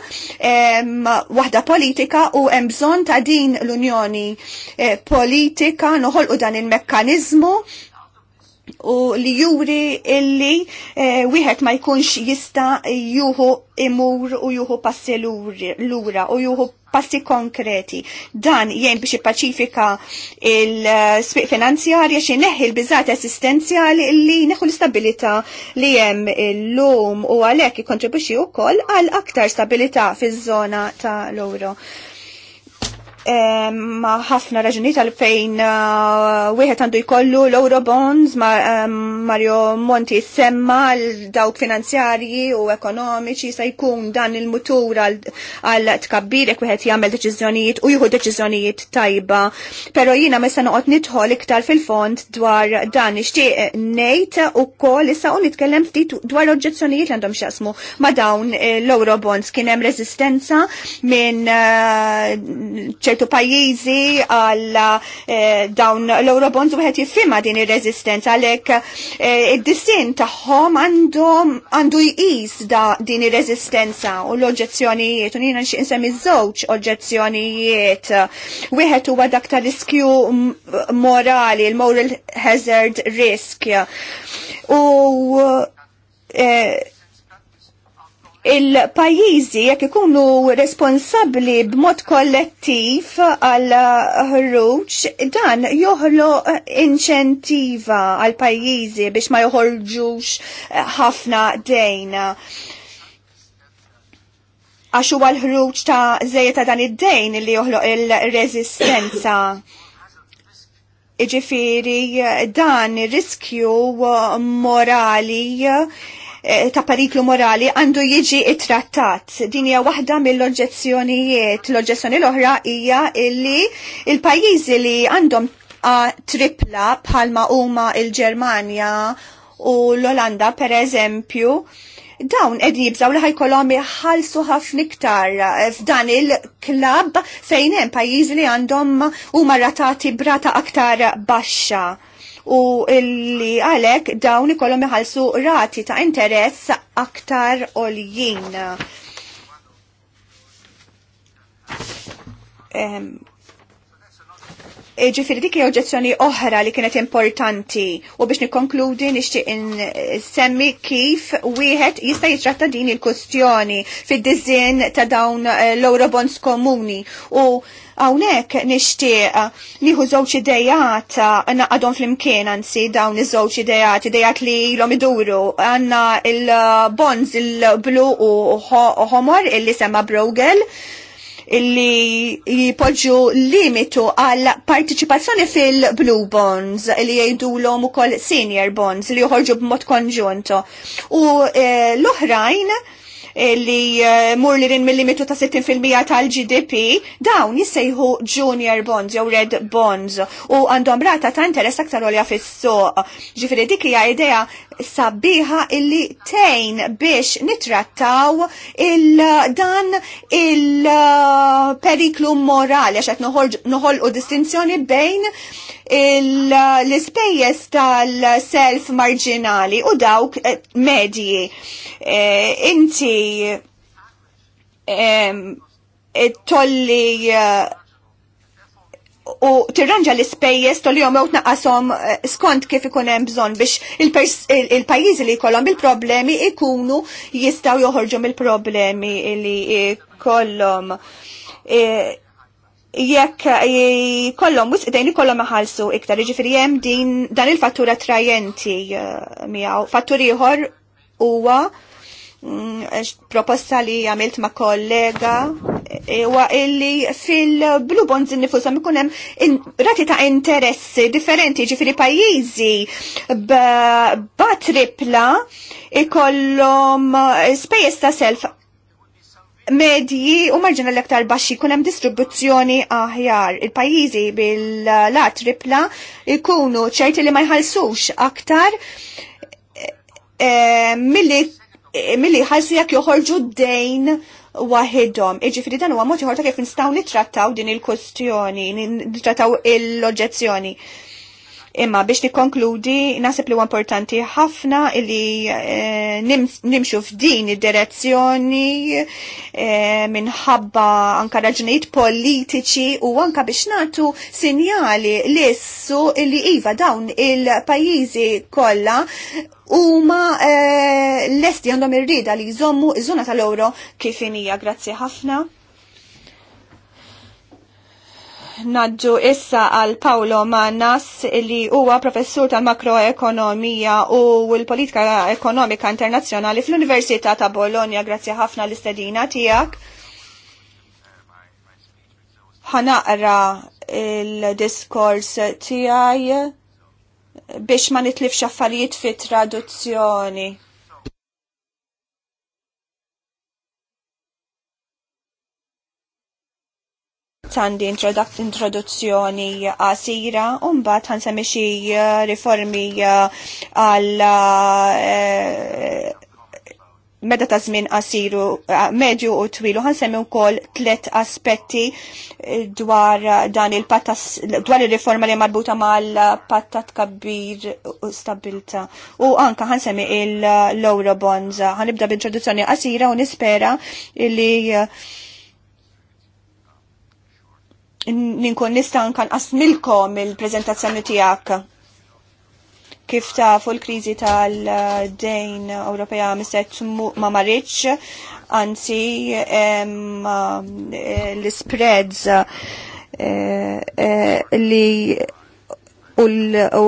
waħda politika u hemm bżonn ta' din l-Unjoni eh, politika noħolqu dan il-mekkaniżmu u li juri illi eh, wieħed ma jkunx jista juhu imur u juhu passi lura u juhu passi konkreti. Dan jien biex ipaċifika il-sbiq finanzjarja xie neħi l-biżat assistenzjali li neħu l-istabilità li hemm lum u għalhekk u wkoll għal aktar stabilità fiż-żona ta' l uro ma ħafna raġuni tal-fejn uh, wieħed għandu jkollu l-Eurobonds, Mario Monti semma dawk finanzjarji u ekonomiċi se jkun dan il-mutur għal tkabbir jekk wieħed jagħmel deċiżjonijiet u jieħu deċiżjonijiet tajba. Però jiena ma se noqgħod nidħol iktar fil-fond dwar dan nixtieq ngħid ukoll issa u nitkellem ftit dwar oġġezzjonijiet li għandhom x'jaqsmu ma dawn eh, l-Eurobonds kien hemm reżistenza minn eh, ċertu pajjiżi għal eh, dawn l-Eurobonds u għet jifima din ir rezistenza għalhekk eh, id-dissin tagħhom għandu jqis din ir rezistenza u l-oġġezzjonijiet u jiena nsemmi zoċ żewġ oġġezzjonijiet. Wieħed huwa dak ta' riskju morali, il-moral hazard risk. U eh, il-pajjiżi jekk ikunu responsabbli b'mod kollettiv għal ħruġ, dan joħlo inċentiva għal pajjiżi biex ma joħorġux ħafna dejna għax huwa l-ħruġ ta' żejja ta' dan id-dejn li joħloq il-reżistenza. Iġifiri dan riskju morali Eh, ta' periklu morali għandu jiġi it-trattat. Din hija waħda mill-oġġezzjonijiet. L-oġġezzjoni l-oħra hija illi il-pajjiżi li għandhom tripla bħalma huma il-Ġermanja u l-Olanda per eżempju, dawn qed jibżaw li ħajkolhom iħallsu ħafna iktar f'dan il-klabb fejn hemm pajjiżi li għandhom huma ratati brata aktar baxxa u illi għalek dawn ikollhom iħallsu rati ta' interess aktar oljin. Um, E, ġifiri dik oġġezzjoni oħra li kienet importanti u biex nikkonkludi nixtieq insemmi kif wieħed jista' jitratta din il-kustjoni fid disinn ta' dawn eh, l bonds komuni u hawnhekk nixtieq eh, nieħu żewġ idejat eh, naqadhom flimkien anzi dawn iż-żewġ idejat, idejat li ilhom iduru għandna il-bonds il-blu u homor illi semma' Brogel illi jipoġġu limitu għal partiċipazzjoni fil-blue bonds li jgħidu l-om ukoll senior bonds li joħorġu b'mod konġunto. U eh, l-oħrajn li eh, mur li rin mill-limitu ta' 60% tal-GDP, dawn jissejħu junior bonds jew red bonds u għandhom rata ta' interess aktar għolja fis soq Ġifieri dik hija idea sabiħa illi tejn biex nitrattaw il-dan il-periklu morali għax qed noħolqu distinzjoni bejn l-ispejjeż tal-self marginali u dawk eh, medji. Eh, inti tolli uh, u tirranġa l tolli tollihom jew tnaqqashom uh, skont kif ikun hemm bżonn biex il-pajjiżi li jkollhom bil problemi ikunu jistgħu joħorġu mill-problemi li jkollhom. E, jekk kollhom wisq dejn kollom maħalsu iktar, jiġifieri hemm din dan il-fattura trajenti uh, miegħu. fatturi ieħor huwa Mm, proposta li għamilt ma' kollega e, wa illi fil-blue bonds nifushom ikun hemm rati ta' interessi differenti ġifieri pajjiżi ba' tripla ikollhom e, spejjeż ta' self medji u marġinal aktar baxxi kun hemm distribuzzjoni aħjar. Il-pajjiżi bil-la tripla ikunu ċerti li ma jħallsux aktar e, milli Eh, milli ħajsu jekk joħorġu dejn waħedhom. Iġifieri dan huwa għamot ieħor kif nistgħu nittrattaw din il-kwestjoni, nittrattaw il-oġġezzjoni. il kustjoni nittrattaw il oġġezzjoni Imma biex nikkonkludi, nasib li importanti ħafna illi eh, nimxu f'din id-direzzjoni eh, minħabba anka raġunijiet politiċi u anka biex natu sinjali l-issu illi iva dawn il-pajizi kolla huma eh, lesti għandhom irrida li jżommu iż-żona tal-ewro kif inija. Grazzi ħafna naġġu issa għal Paolo Manas li huwa professur tal-makroekonomija u l-politika ekonomika internazzjonali fl-Università ta' Bologna. Grazzi ħafna l-istedina tiegħek. Ħanaqra il-diskors tiegħi biex ma nitlifx affarijiet fit traduzzjoni. għandi introduzzjoni għasira unbat għan samiexi eh, riformi eh, għal eh, meda ta' żmien qasiru medju u twilu ħan semmi wkoll tliet aspetti dwar dan il-patas dwar ir-riforma li marbuta mal patat kabbir u stabilta. U anka għan semmi il-Eurobonds. ibda b'introduzzjoni qasira u nispera li ninkun nista' nkan asmilkom il-preżentazzjoni tiegħek kif ta' l il-kriżi tal-dejn Ewropea miset ma marriċ, anzi eh, l-spreads eh, eh, li u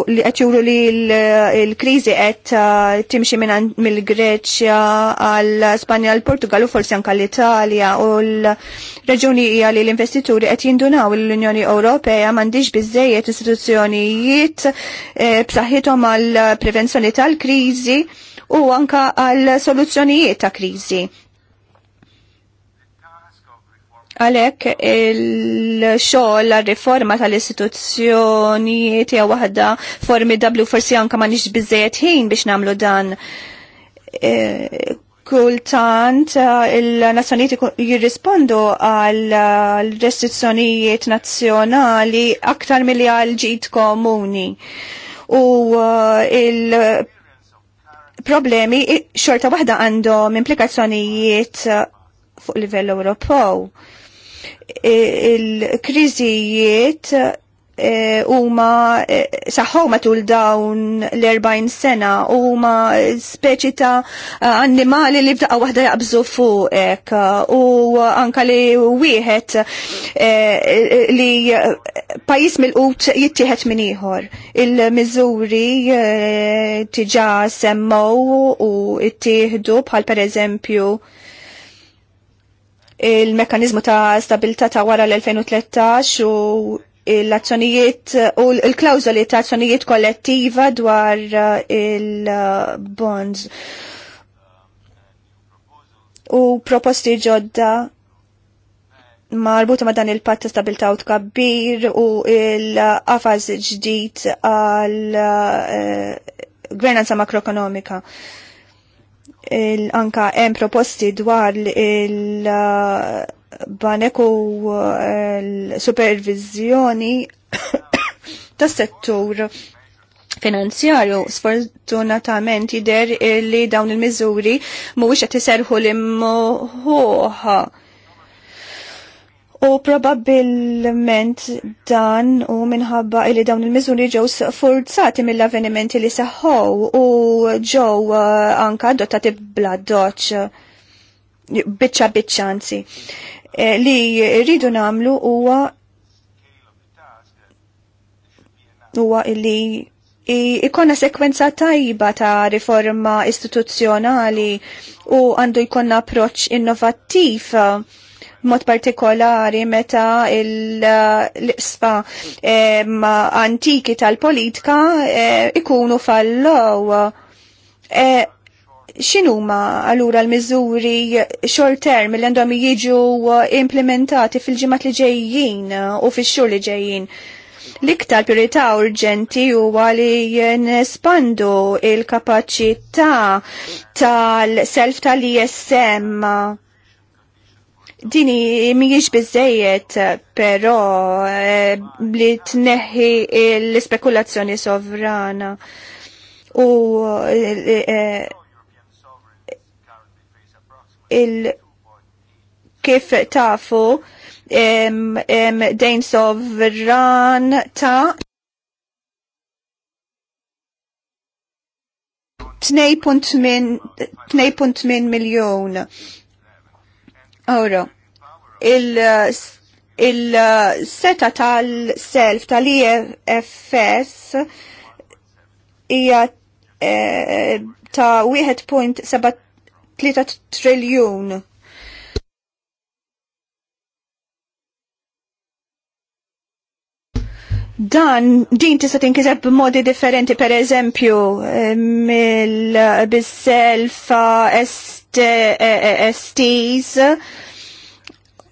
li qed juru li l-kriżi qed uh, timxi minn mill-Greċja għal Spanja għal Portugal u forsi anke l-Italja u l-raġuni hija li l-investituri qed jindunaw l-Unjoni Ewropea m'għandix biżejjed istituzzjonijiet eh, b'saħħithom għal prevenzjoni tal-kriżi u anka għal soluzzjonijiet ta' kriżi Għalek, il-xol, la riforma tal-istituzzjoni tija wahda formi dablu forsi anka ma nix bizzejet ħin biex namlu dan. E, kultant, il-nazzjoniet jirrispondu għal restrizzjonijiet nazzjonali aktar mill għal ġid komuni. U e, il-problemi xorta wahda għandhom implikazzjonijiet fuq livell Ewropew il-kriżijiet eh, huma e, saħħu matul dawn l-40 sena huma speċi ta' annimali li f'daqqa waħda jaqbżu fuqek u anka li wieħed eh, li pajjiż mill-qut jittieħed minn ieħor. Il-miżuri e, tiġa semmow u ttieħdu bħal pereżempju il-mekanizmu ta' stabilta ta' wara l-2013 u l-azzjonijiet u l-klawżoli ta' azzjonijiet kollettiva dwar eh, il-bonds. U proposti ġodda marbuta ma' dan il-patt stabilta u tkabbir u il afaz ġdid għal eh, gvernanza makroekonomika anka hemm proposti dwar il-banek u eh, l-supervizjoni tas settur finanzjarju. Sfortunatament jider li dawn il-miżuri mhuwiex qed iserħu l-imħuħa U probabbilment dan u minħabba li dawn il-miżuri ġew forzati mill-avvenimenti li seħħow u ġew uh, anka dotati bla doċ biċċa biċċanzi. Eh, li rridu namlu huwa huwa illi ikonna sekwenza tajba ta' riforma istituzzjonali u għandu jkonna approċ innovattiv mod partikolari meta l-isfa eh, antiki tal-politika eh, ikunu fallow. Eh, X'inhuma allura l-miżuri short term li għandhom jiġu implementati fil-ġimgħat li ġejjin u fix-xhur li ġejjin? L-iktar priorità urġenti huwa li nespandu il-kapaċità tal-self tal-ISM dini miġ bizzejiet, pero eh, li tneħi l-spekulazzjoni sovrana u eh, eh, il kif tafu dejn sovran ta' min miljon no il-seta il tal-self tal-EFS hija eh, ta' 1.73 triljun. Dan din tista' tinkiseb b'modi differenti, per eżempju, eh, mill-biself eh, STs,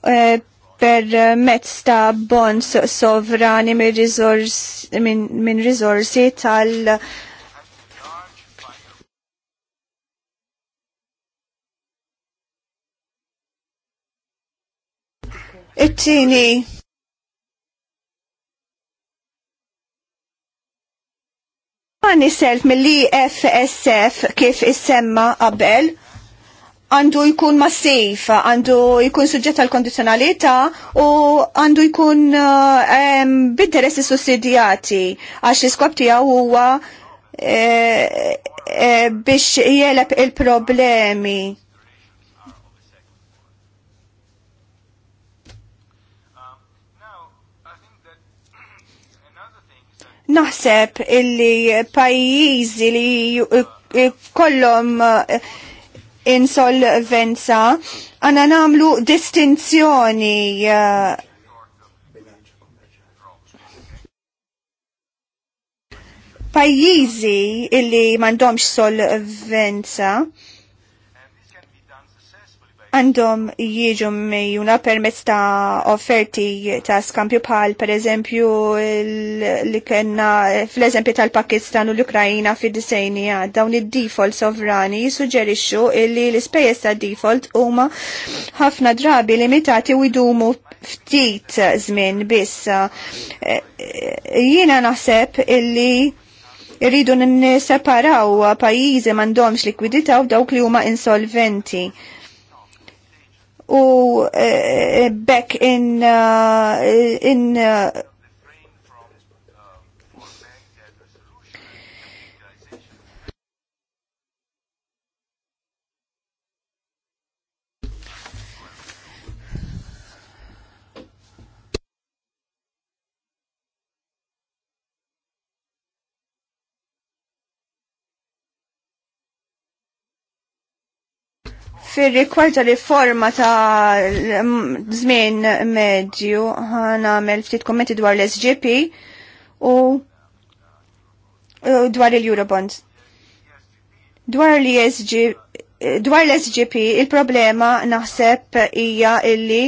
Eh, per mezz ta' bonds sovrani minn risorsi min, min tal- it-tini Għani self mill ifsf FSF kif issemma qabel għandu jkun ma' sejf, għandu jkun suġġet għal kondizjonalita u għandu jkun um, eh, bid sussidjati għax iskop tiegħu huwa eh, eh, biex jeleb il-problemi. Naħseb illi pajjiżi li kollom uh, insolvenza, għana namlu distinzjoni uh, pajjiżi illi mandomx solvenza għandhom jieġu mejjuna permezz ta' offerti ta' skampju pal, per eżempju, li kena fl-eżempju tal-Pakistan u l-Ukrajina fi disenja, dawn id-default sovrani suġġerixxu li l-ispejjeż ta' default huma ħafna drabi limitati u jdumu ftit żmien biss. Eh, jiena naħseb illi rridu n-separaw pajizi mandomx likwidita u dawk li huma insolventi u uh, back in uh, in uh, Fir-rigward riforma ta' żmien medju għamil ftit kommenti dwar l-SGP u dwar il-Eurobonds. Dwar li sgp dwar l-SGP il-problema naħseb hija illi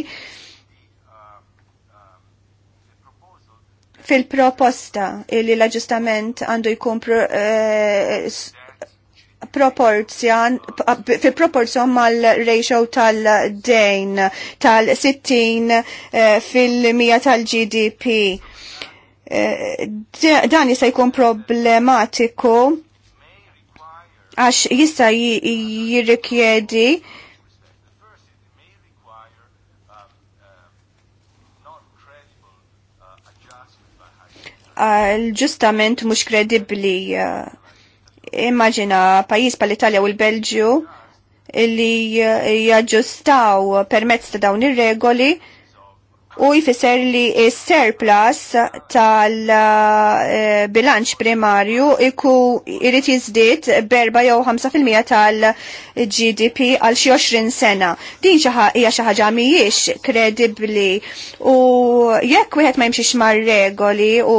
fil-proposta illi l-aġustament għandu jkun eh, proporzjon fi proporzjon mal-ratio tal-dejn tal-60 eh, fil-100 tal-GDP. Eh, dan jista' jkun problematiku għax jista' jirrikjedi l-ġustament mhux kredibbli eh immaġina pajjiż pal-Italja u l-Belġju li eh, jaġġustaw permezz ta' dawn ir-regoli u jfisser li s-surplus tal-bilanċ eh, primarju iku irrit jizdit berba jew 5% tal-GDP għal xi 20 sena. Din hija xi ħaġa mhijiex kredibbli u jekk wieħed ma jimxiex mar-regoli u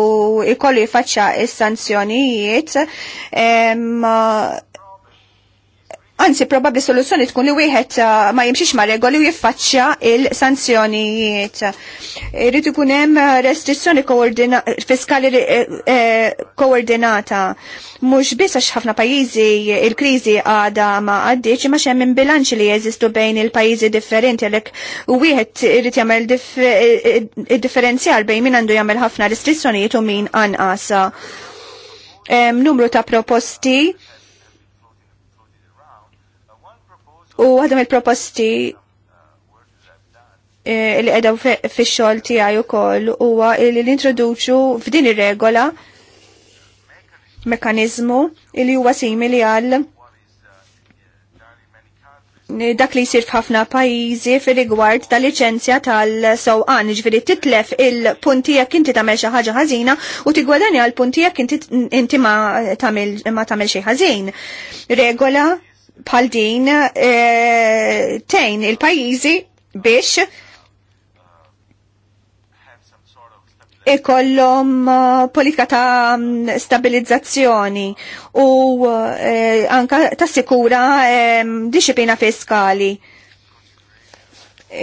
jkollu jfaċċa s-sanzjonijiet Anzi, probabli soluzzjoni tkun li wieħed eh, ma jimxiex ma regoli u jiffaċċja il-sanzjonijiet. Irrid ikun hemm restrizzjoni fiskali eh, eh, koordinata. Mhux biss għax ħafna pajjiżi il-kriżi għadha ma għaddiex imma xemm minn bilanċ li jeżistu bejn il-pajjiżi differenti għalhekk u wieħed irid jagħmel differenzjal bejn min għandu jagħmel ħafna restrizzjonijiet u min anqas. Numru ta' proposti U għadhom il-proposti eh, li għedaw fi xol tijaj u koll u li l-introduċu f'din ir-regola mekanizmu li huwa simili għal dak li jisir f'ħafna pajizi fil rigward ta' licenzja tal-sewqan, ġviri titlef il-punti jekk inti tagħmel xi ħaġa ħażina u tigwadanja għal punti jekk inti ma tagħmel xi ħażin. Regola bħal din e, tejn il-pajizi biex ikollhom e, politika ta' stabilizzazzjoni u e, anka ta' sikura e, disciplina fiskali.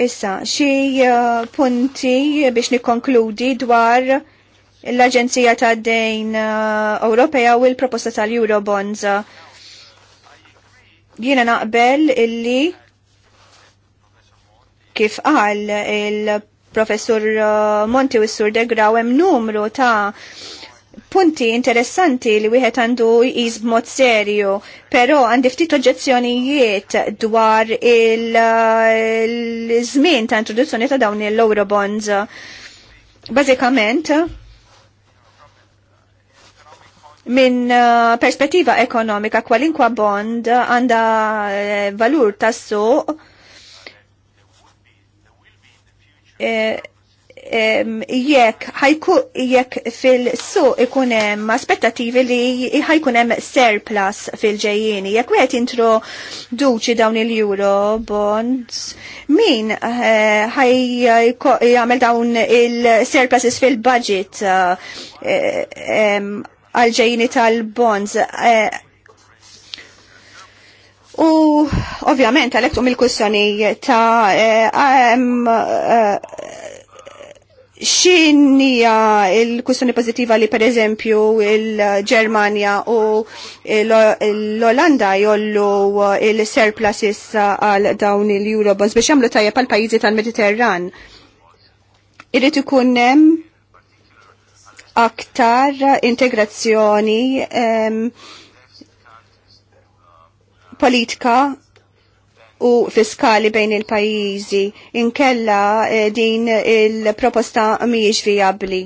Issa, xi e, punti biex nikkonkludi dwar l-Aġenzija ta' Dejn Ewropea u l-proposta tal-Eurobonds Jiena naqbel illi kif qal il-professur uh, Monti u s-sur de Graw hemm numru ta' punti interessanti li wieħed għandu jqis b'mod serju, però għandi ftit oġġezzjonijiet dwar il-żmien uh, ta' introduzzjoni ta' dawn il-Eurobonds. Bażikament, Min uh, perspettiva ekonomika, kwalinkwa bond għanda eh, valur tas-suq eh, jekk ħajku jekk fil-suq ikun hemm aspettativi li ħajkun hemm surplus fil ġejjini Jekk wieħed introduċi dawn il-euro bonds, min eh, ħaj jagħmel dawn il-surpluses fil-budget għalġejni tal-bonds. Eh, u ovvjament għalek tu il-kussjoni ta' eh, eh, xinnija il-kussjoni pozitiva li per eżempju il-Germania u l-Olanda jollu il-surplus issa għal dawn il-Eurobonds biex jamlu tajja pal-pajizi tal-Mediterran. Irrit ikun hemm aktar integrazzjoni politika u fiskali bejn il-pajizi inkella eh, din il-proposta miex viabli.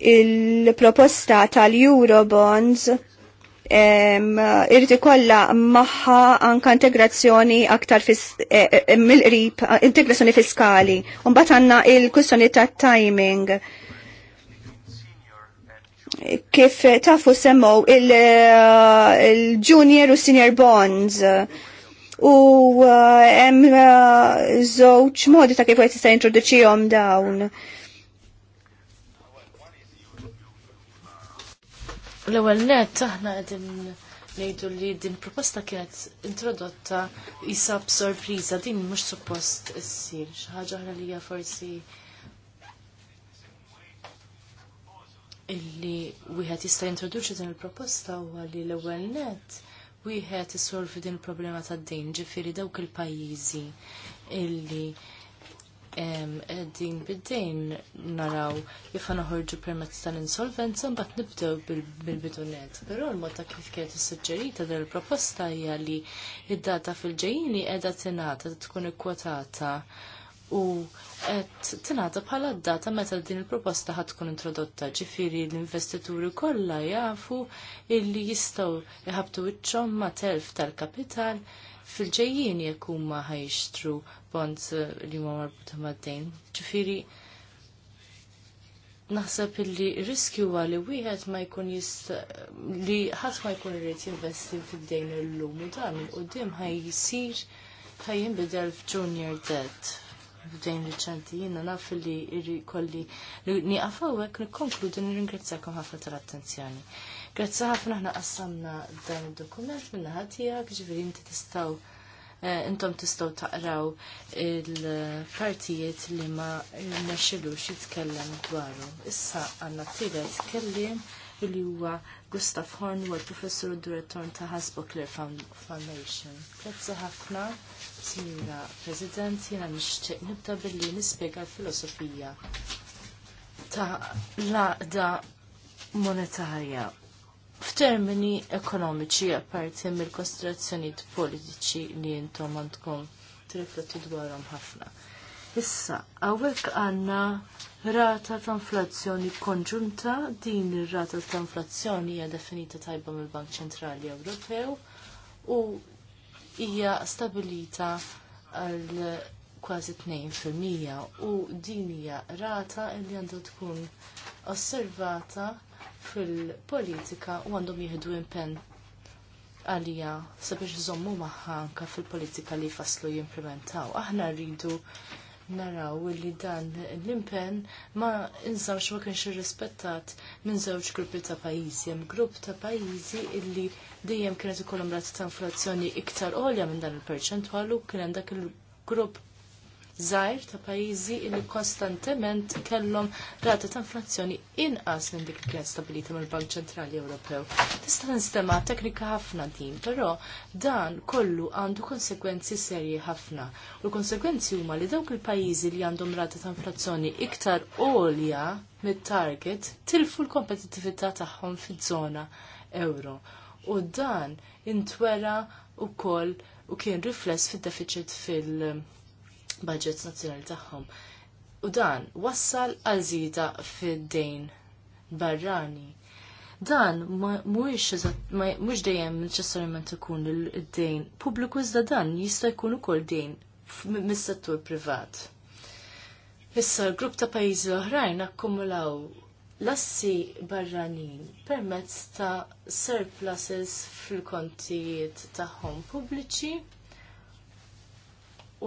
Il-proposta tal-Eurobonds irrid ikollha magħha anka integrazzjoni aktar eh, eh, mill-qrib, integrazzjoni fiskali. Mbagħad għandna il-kwistjoni tat-timing kif tafu semmow il-junior il eh, u senior bonds u eh, hemm eh, żewġ modi ta' kif qed tista' introduċihom dawn. L-ewwel net aħna qegħdin ngħidu li din proposta kienet introdotta isa b'sorpriża din mhux suppost issir xi ħaġa li hija forsi illi wieħed jista' jintroduċi din il-proposta huwa li l-ewwel net wieħed isolvi din il-problema tad-dejn, ġifieri dawk il-pajjiżi illi din bid-dejn naraw kif noħorġu permezz tal-insolvenza mbagħad nibdew bil-bidunet. Però l-mod ta' kif kienet issuġġerita din il-proposta hija li id-data fil-ġejjini qiegħda tingħata tkun ikkwotata u qed tingħata bħala data meta din il-proposta ħad tkun introdotta, ġifieri l-investituri kollha jafu illi jistgħu jħabtu wiċċhom ma' telf tal-kapital fil-ġejjien jekk huma ħajxtru bonds eh, li huma marbuta mad-dejn. Ġifiri naħseb illi riskju huwa li wieħed ma jkun jista li ħadd ma jkun irid jinvesti fid-dejn illum u dan il-qudiem ħaj jisir ħaj jinbidel f'junior debt f'dejn riċenti jina naf li kolli li niqafawek nikkonkludi nirringrazzjakom ħafna tal-attenzjoni. Grazzi ħafna ħna qassamna dan id-dokument minna ħatijak, ġifieri inti tistaw eh, intom tistgħu taqraw il-partijiet li ma nexxilux jitkellem dwaru. Issa għandna tielet kellim li huwa Gustaf Horn huwa l-professur u direttur ta' Clear Foundation. Grazzi ħafna. Signora President, jena nixtieq nibda billi nispjega l-filosofija ta' laqda monetarja f'termini ekonomiċi apparti mill kostrazzjonijiet politiċi li intom għandkom trifletti dwarhom ħafna. Issa, għawek għanna rata ta' inflazzjoni konġunta, din ir-rata ta' inflazzjoni hija definita tajba mill-Bank Ċentrali Ewropew u hija stabilita għal kważi 2% u din hija rata li għandha tkun osservata fil-politika u għandhom jieħdu impenn għalija sabiex żommu magħha anke fil-politika li faslu jimplementaw. Aħna rridu naraw li dan l-impen ma nżawx ma kienx irrispettat minn żewġ gruppi ta' pajjiżi. Hemm grupp ta' pajjiżi illi dejjem kienet ikollhom rati ta' inflazzjoni iktar għolja minn dan il-perċentwal u kien hemm dak il-grupp żgħir ta' pajjiżi li kostantement kellhom rata ta' inflazzjoni inqas minn dik li kienet stabilita mill-Bank Ċentrali Ewropew. Tista' tinstema' teknika ħafna din, però dan kollu għandu konsekwenzi serji ħafna. U l konsekwenzi huma li dawk il-pajjiżi li għandhom rata ta' inflazzjoni iktar għolja mit-target tilfu l-kompetittività tagħhom fiż-żona euro. U dan intwera wkoll u kien rifless fil-deficit fid -deficit fil budgets nazjonali tagħhom. U dan wassal għal żieda fid-dejn barrani. Dan mhux dejjem neċessarjament ikun id-dejn pubbliku iżda dan jista' jkun ukoll dejn mis-settur privat. Issa l-grupp ta' pajjiżi oħrajn akkumulaw lassi barranin permezz ta' surpluses fil-kontijiet tagħhom pubbliċi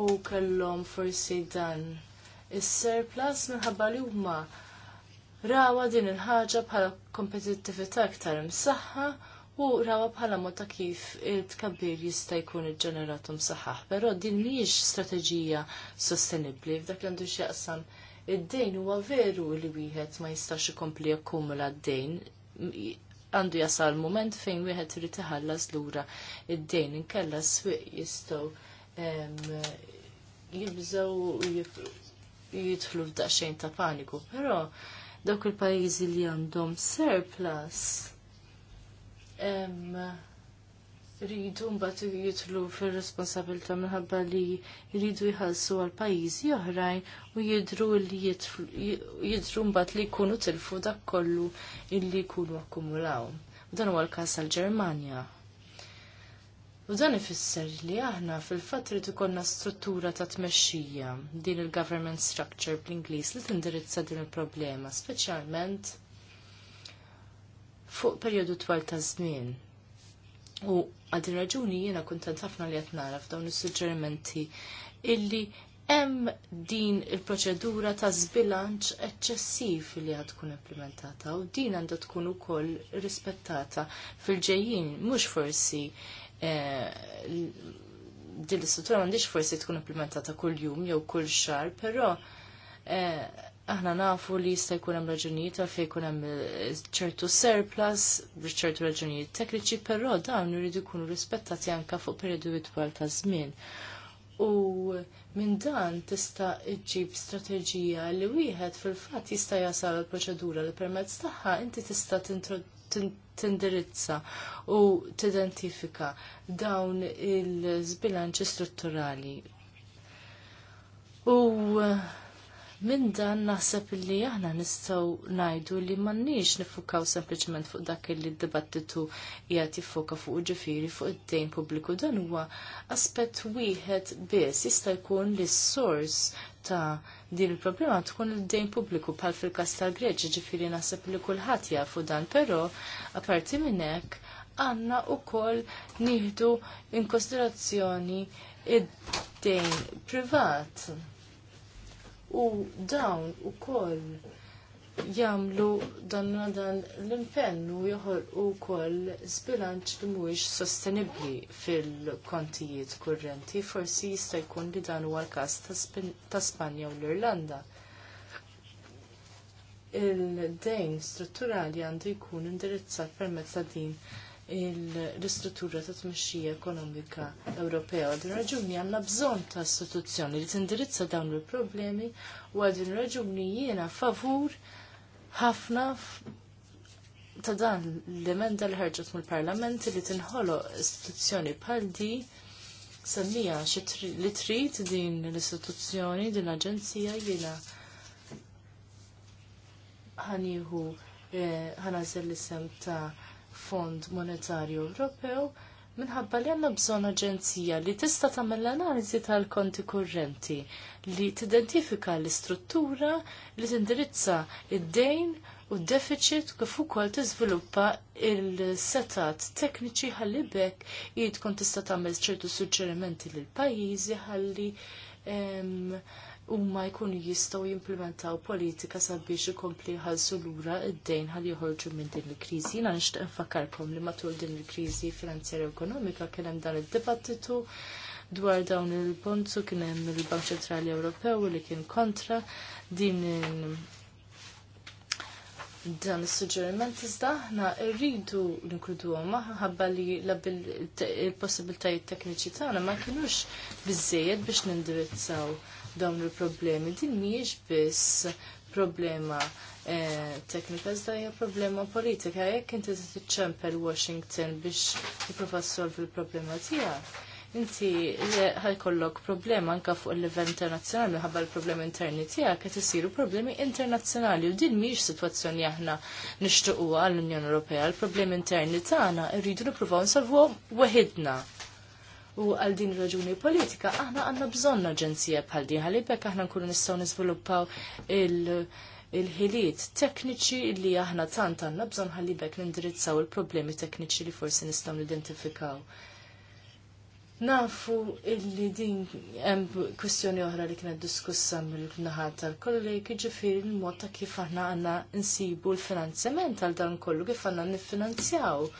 u kellhom forsi dan is-surplus minħabba li huma rawa din il-ħaġa bħala kompetittività iktar imsaħħa u rawa bħala mod ta' kif il-tkabbir jista' jkun iġġeneratu msaħħaħ, però din mhijiex strateġija sostenibbli f'dak li għandu x'jaqsam id-dejn huwa veru li wieħed ma jistax ikompli jakkumula d-dejn għandu jasal moment fejn wieħed irid iħallas lura id-dejn inkella s-swieq jistgħu jibżaw jidħlu f'daqsxejn ta' paniku. Però dawk il-pajjiżi li għandhom surplus rridu mbagħad jidħlu fir-responsabilità minħabba li jridu jħallsu għal pajjiżi oħrajn u jidhru li jidru mbagħad li jkunu tilfu dak kollu illi jkunu akkumulaw. U dan huwa l-każ għall-Ġermanja U dan ifisser li aħna fil-fatt li ikollna struttura ta' tmexxija din il-government structure bl-Ingliż li tindirizza din il-problema, speċjalment fuq perjodu twal ta' żmien. U għadin raġuni jiena kuntent ħafna li qed nara f'dawn is-suġġerimenti illi hemm din il-proċedura ta' zbilanċ eċċessiv li għad tkun implementata u din għandha tkun ukoll rispettata fil-ġejjin mhux forsi Eh, din l-istruttura m'għandix forsi tkun implementata kull jum jew kull xar, però eh, aħna nafu li jista' jkun hemm raġunijiet għalfej jkun hemm eh, ċertu surplus, ċertu raġunijiet tekniċi, però dawn iridu jkunu rispettati anke fuq periodu itwal ta' żmien. U minn dan tista' ġib strateġija li wieħed fil-fatt jista' jasal il-proċedura li permezz tagħha inti tista' tindirizza u tidentifika dawn il-zbilanċi strutturali. U eh, Minn dan naħseb li aħna nistgħu ngħidu li m'għandniex nifukaw sempliċement fuq dak li d-dibattitu qiegħed jiffoka fuq ġifieri fuq id-dejn pubbliku dan huwa aspett wieħed biss jista' jkun l s-sors ta' din il-problema tkun il-dejn pubbliku bħal fil-kas tal-Greċ, ġifiri naħseb li kulħadd jafu dan, però aparti minn hekk għandna wkoll nieħdu in konsiderazzjoni id-dejn privat. U dawn ukoll Jamlu dan dan l-impenn u u wkoll zbilanċ li mhuwiex sostenibbli fil-kontijiet kurrenti, forsi jista' jkun li dan huwa l-każ ta' Spanja u l-Irlanda. Il-dejn strutturali għandu jkun indirizzat per mezza din l-istruttura ta' tmexxija ekonomika Ewropea. Għadin din raġuni għandna bżonn ta' istituzzjoni li tindirizza dawn il-problemi u għal din raġuni jiena favur ħafna ta' dan l-emenda li ħarġet mill-parlament li tinħolo istituzzjoni bħal di semmija li trid din l-istituzzjoni, din l-aġenzija jiena ħaniħu eh, ħanażel l-isem ta' Fond Monetarju Ewropew minħabba li għanna bżon aġenzija li tista' tagħmel l-analiżi tal-konti kurrenti li tidentifika l-istruttura li tindirizza id-dejn u d-deficit kif ukoll tiżviluppa il-setat tekniċi ħalli bekk jid tkun tista' tagħmel ċertu suġġerimenti lil pajjiżi ħalli huma jkun jistgħu jimplementaw politika sabiex ikompli jħallsu lura id-dejn ħalli joħorġu minn din il-kriżi. Jiena nixtieq nfakkarkom li matul din il-kriżi finanzjarja ekonomika kien hemm dan id-dibattitu dwar dawn il-bonzu kien hemm il-Bank Ċentrali Ewropew li kien kontra din dan is-suġġeriment iżda aħna rridu ninkluduhom ħabba li il-possibilitajiet tekniċi tagħna ma kinux biżejjed biex nindirizzaw dawn il-problemi. Din mhijiex biss problema eh, teknika, iżda hija problema politika. Jekk inti tiċċempel Washington biex tipprova solvi l-problema tiegħek, inti ħajkollok problema anka fuq il-livell internazzjonali minħabba l-problemi interni tiegħek qed isiru problemi internazzjonali u din mhijiex sitwazzjoni aħna nixtiequha għall-Unjoni Ewropea. L-problemi interni tagħna rridu nippruvaw nsolvuhom weħidna u għal din raġuni politika aħna għandna bżonn aġenzija bħal din ħalibek aħna nkunu nistgħu niżviluppaw il- il-ħiliet tekniċi li aħna tant għandna bżonn ħallibek nindirizzaw il-problemi tekniċi li forsi nistgħu nidentifikaw. Nafu illi din hemm kwistjoni oħra li kienet diskussa mill-naħa tal-kollegi ġifieri l-mod ta' kif aħna għandna nsibu l-finanzjament għal dan kollu kif għandna niffinanzjaw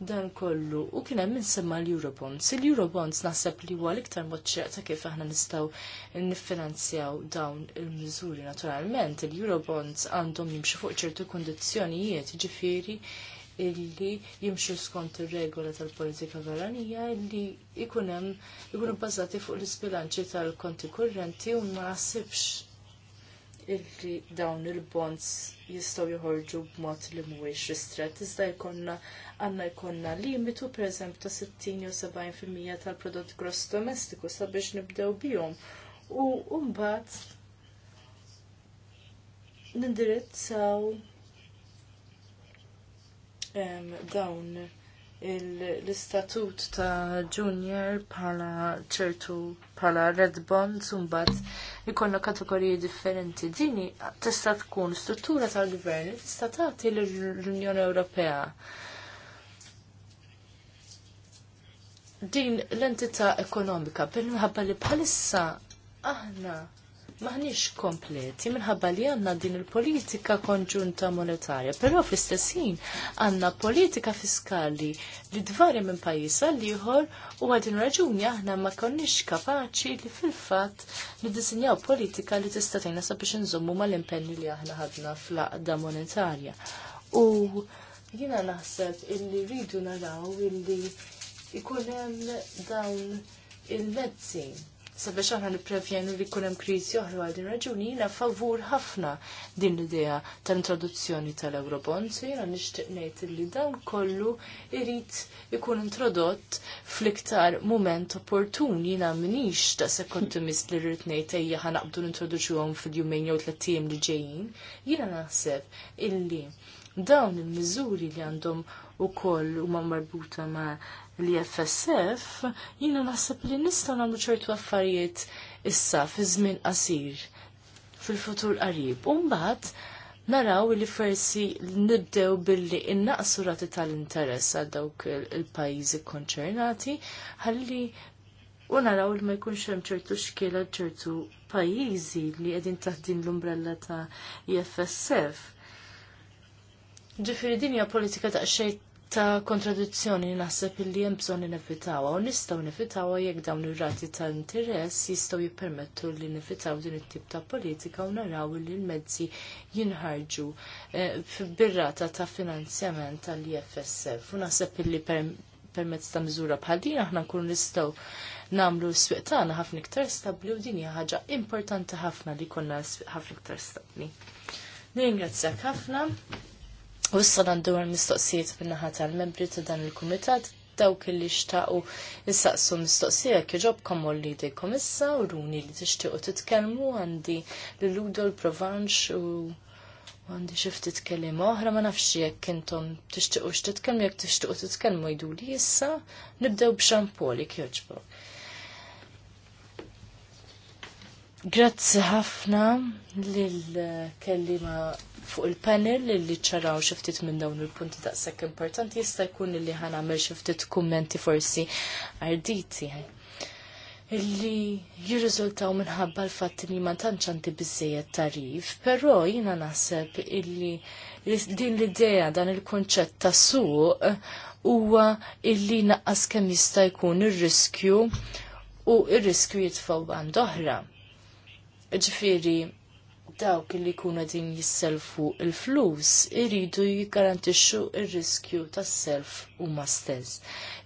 dan kollu u kien hemm insemma l-Eurobonds. Il-Eurobonds naħseb li huwa l-iktar mod ta' kif aħna nistgħu niffinanzjaw dawn il-miżuri naturalment. Il-Eurobonds għandhom jimxu fuq ċertu kundizzjonijiet, ġifieri illi jimxu skont ir-regola tal-politika barranija illi ikun hemm ikunu bbażati fuq l-isbilanċi tal-konti kurrenti u ma naħsibx illi dawn il-bonds jistgħu joħorġu b'mod li mhuwiex ristret. Iżda jkollna għandna jkollna limitu pereżemp ta' 60 jew 70% tal-prodott gross domestiku sabiex nibdew bihom. U mbagħad nindirizzaw dawn l-istatut ta' junior bħala ċertu bħala red bonds u mbagħad ikollna kategoriji differenti. Dini tista' tkun struttura tal-gvern li tista' tagħti l-Unjoni Ewropea. Din l-entità ekonomika bil-mħabba li bħalissa aħna maħniex kompleti minħabba li għanna din il-politika konġunta monetarja, però fl-istess għanna politika fiskali li dvarja minn pajjiż għal ieħor u għadin raġuni aħna ma konniex kapaċi li fil-fatt li disinjaw politika li tista' tgħinna sabiex inżommu mal-impenni li aħna għadna fl-aqda monetarja. U jiena naħseb illi rridu naraw illi ikun hemm dawn il medzin sabiex aħna nipprevjenu li jkun hemm oħra għal din raġuni jiena favur ħafna din l-idea tal-introduzzjoni tal-Eurobonds so jiena nixtieq ngħid li dan kollu irrit ikun introdott fl-iktar mument opportun jina minix daqshekk ottimist li rrid ngħid ejja ħanaqbdu għom fil-jumejn jew tliet li ġejjin. Jiena naħseb illi dawn il-miżuri li għandhom u koll u ma marbuta ma l-FSF, jina naħseb li nista' nagħmlu ċertu affarijiet issa fi żmien qasir fil-futur qarib. U mbagħad naraw li forsi nibdew billi innaqsu rati tal-interess għal dawk il-pajjiżi konċernati ħalli u naraw li ma jkunx hemm ċertu xkiela ċertu pajjiżi li qegħdin taħdin l-umbrella ta' IFSF. Ġifieri din hija politika ta' xejn ta' kontradizzjoni naħseb illi hemm bżonn nifitawha u nistgħu nifitawha jekk dawn ir-rati ta' interess jistgħu jippermettu li nifitaw din it-tip ta' politika u naraw li l-mezzi jinħarġu eh, bir-rata ta' finanzjament tal-IFSF u naħseb illi permezz ta' miżura bħal din aħna nkunu nistgħu nagħmlu s-swieq tagħna ħafna iktar stabbli u din hija ħaġa importanti ħafna li konna ħafna iktar stabbli. Ningrazzjak ħafna. U issa għandu l-mistoqsijiet minnaħat għal membri ta' dan il-kumitat dawk li xtaqu nistaqsu mistoqsija kħiġobkom u li dejkom issa u runi li t titkelmu għandi l-ludo l-provanx u għandi xifti tkellim oħra ma nafx jekk intom jek t jekk t titkellmu jidu li issa nibdew b'xampoli kħiġbu. Grazzi ħafna lil kellima fuq il-panel li ċaraw xiftit minn dawn il-punti daqshekk importanti jista' jkun li għamil xiftit kummenti forsi arditi illi jirriżultaw minħabba l-fatt li ma tantx għandi biżejjed tarif, però jiena naħseb illi din l-idea dan il-konċett ta' suq huwa illi naqqas kemm jista' jkun ir-riskju u ir-riskju jitfgħu għand oħra. Ġifieri, dawk li jkunu din jisselfu l flus iridu jiggarantixxu il riskju tas-self huma stess.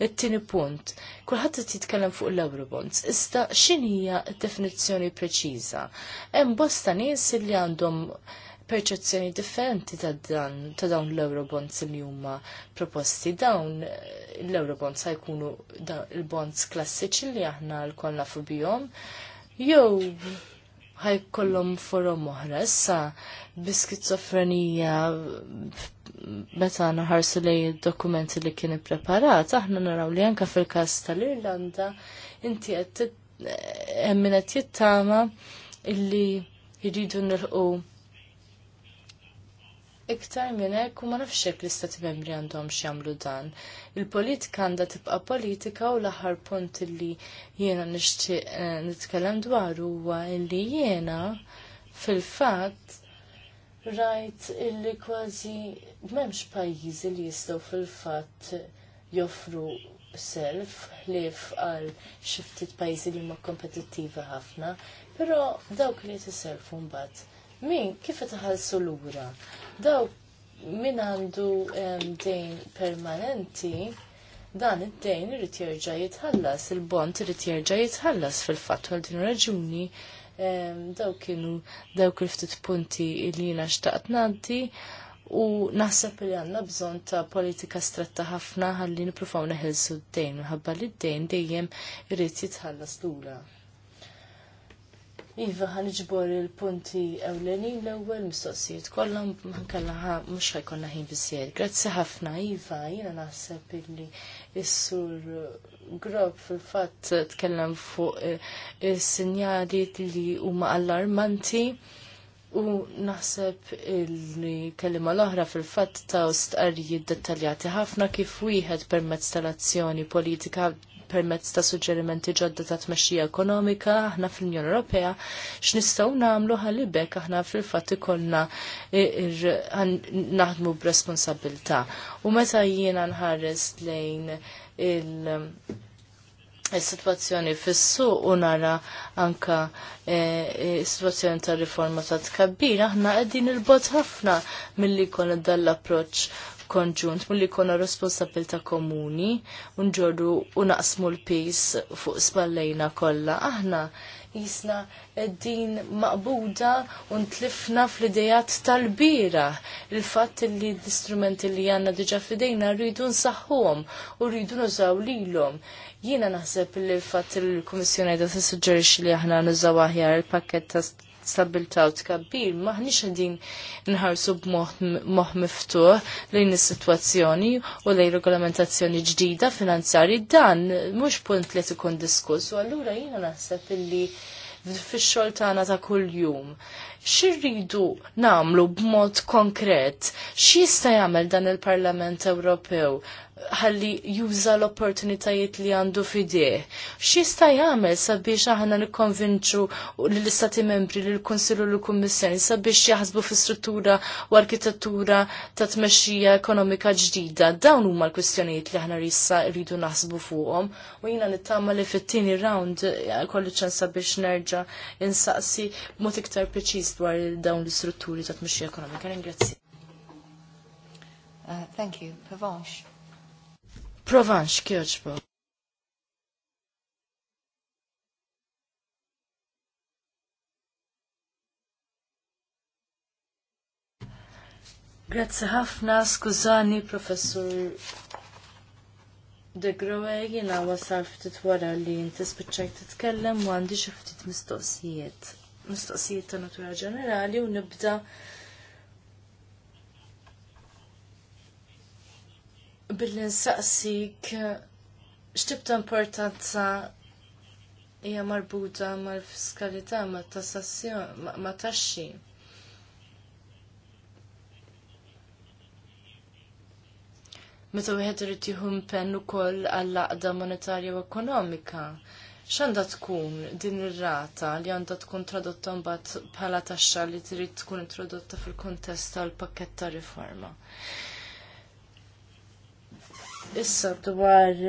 It-tieni punt, kulħadd qed jitkellem fuq l-Eurobonds, iżda x'inhija d-definizzjoni preċiża? Hemm bosta nies li għandhom perċezzjoni differenti ta' dan ta' dawn l-Eurobonds li huma proposti. Dawn l-Eurobonds jkunu il-bonds klassiċi li aħna l konna fu bihom jew ħajkollhom forom oħra. Issa biskizofrenija meta naħarsu lej id-dokumenti li kien ippreparat, aħna naraw li anka fil-każ tal-Irlanda inti qed eh, hemm min qed jittama illi jridu nilqu iktar minn hekk u ma nafx hekk l-istati membri għandhom jagħmlu dan. Il-politika għandha tibqa' politika u l-aħħar punt li jiena nixtieq eh, nitkellem dwar huwa li jiena fil-fatt rajt illi kważi m'hemmx pajjiżi li jistgħu fil-fatt joffru self ħlief għal xi ftit pajjiżi li huma kompetittivi ħafna, però dawk li iselfu mbagħad min kif taħalsu lura? Daw min għandu dejn permanenti, dan id-dejn irrit jerġa' jitħallas, il bont irrit jerġa' jitħallas fil fat għal din raġuni daw kienu dawk kriftit ftit punti li jiena xtaqt ngħaddi u naħseb li għandna bżonn ta' politika stretta ħafna ħalli nippruvaw neħilsu d-dejn minħabba li d-dejn dejjem irrit jitħallas lura. Iva, iġbor il-punti ewlenin l-ewel mistoqsijiet kollha ħa, mux ħajkonna ħin biżjed. Grazzi ħafna Iva, jina naħseb illi s-sur Grob fil-fatt tkellem fuq eh, il sinjali li huma allarmanti. U naħseb il-kelima l-oħra fil-fatt ta' stqarrijiet dettaljati ħafna kif wieħed permezz tal-azzjoni politika permezz ta' suġġerimenti ġodda ta' tmexxija ekonomika aħna fl-Unjoni Ewropea x'nistgħu nagħmlu ħalli bekk aħna fil-fatt ikollna naħdmu b'responsabilità. U meta jiena nħares lejn il- il-situazzjoni fissu u nara anka il-situazzjoni eh, eh, ta' riforma ta' tkabbir, aħna għeddin il-bot ħafna mill-li kon dal-approċ konġunt mulli jkollna ta' komuni u nġorru u naqsmu l-pis fuq spallejna kollha. Aħna jisna din maqbuda u ntlifna fl-idejat tal-bira. Il-fatt li l-istrumenti li għanna diġa fidejna rridu nsaħħuhom u rridu nużaw lilhom. Jiena naħseb li l-fatt il-Kummissjoni da tissuġġerixxi li aħna nużaw aħjar il-pakket ta' stabilta u tkabbir, maħniex għedin nħarsu b'moħ miftuħ lejn is-sitwazzjoni u lejn regolamentazzjoni ġdida finanzjari dan mhux punt li tkun diskuss u allura jiena naħseb illi fix-xogħol tagħna ta' kuljum xirridu namlu b'mod konkret, xista jagħmel dan il-Parlament Ewropew ħalli juża l-opportunitajiet li għandu fideh. X'jista' jagħmel sabiex aħna nikkonvinċu lill-istati membri li l konsilu l kummissjoni sabiex jaħsbu fi struttura u arkitettura ta' tmexxija ekonomika ġdida. Dawn huma l-kwistjonijiet li aħna rissa rridu naħsbu fuqhom u jiena nittama li fit-tieni round eh, kollu ċans sabiex nerġa' insaqsi b'mod iktar preċiż biss dwar dawn l-istrutturi ta' tmixxija ekonomika. Ringrazzi. Uh, thank you. Provence. Provence, kjoġbo. Grazie ħafna, skużani, professor De Groe, jina wasal ftit wara li inti spiċċajt titkellem u għandi xi ftit mistoqsijiet mistoqsijiet ta' natura ġenerali u nibda billi nsaqsik x'tib ta' importanza hija marbuta mal-fiskalità ma' tassazzjon ma' taxxi. Meta wieħed irid jieħu mpenn ukoll għall-laqda monetarja u ekonomika x'għandha tkun din ir-rata li għandha tkun tradotta mbagħad bħala taxxa li trid tkun introdotta fil-kuntest tal-pakkett ta' riforma. Issa dwar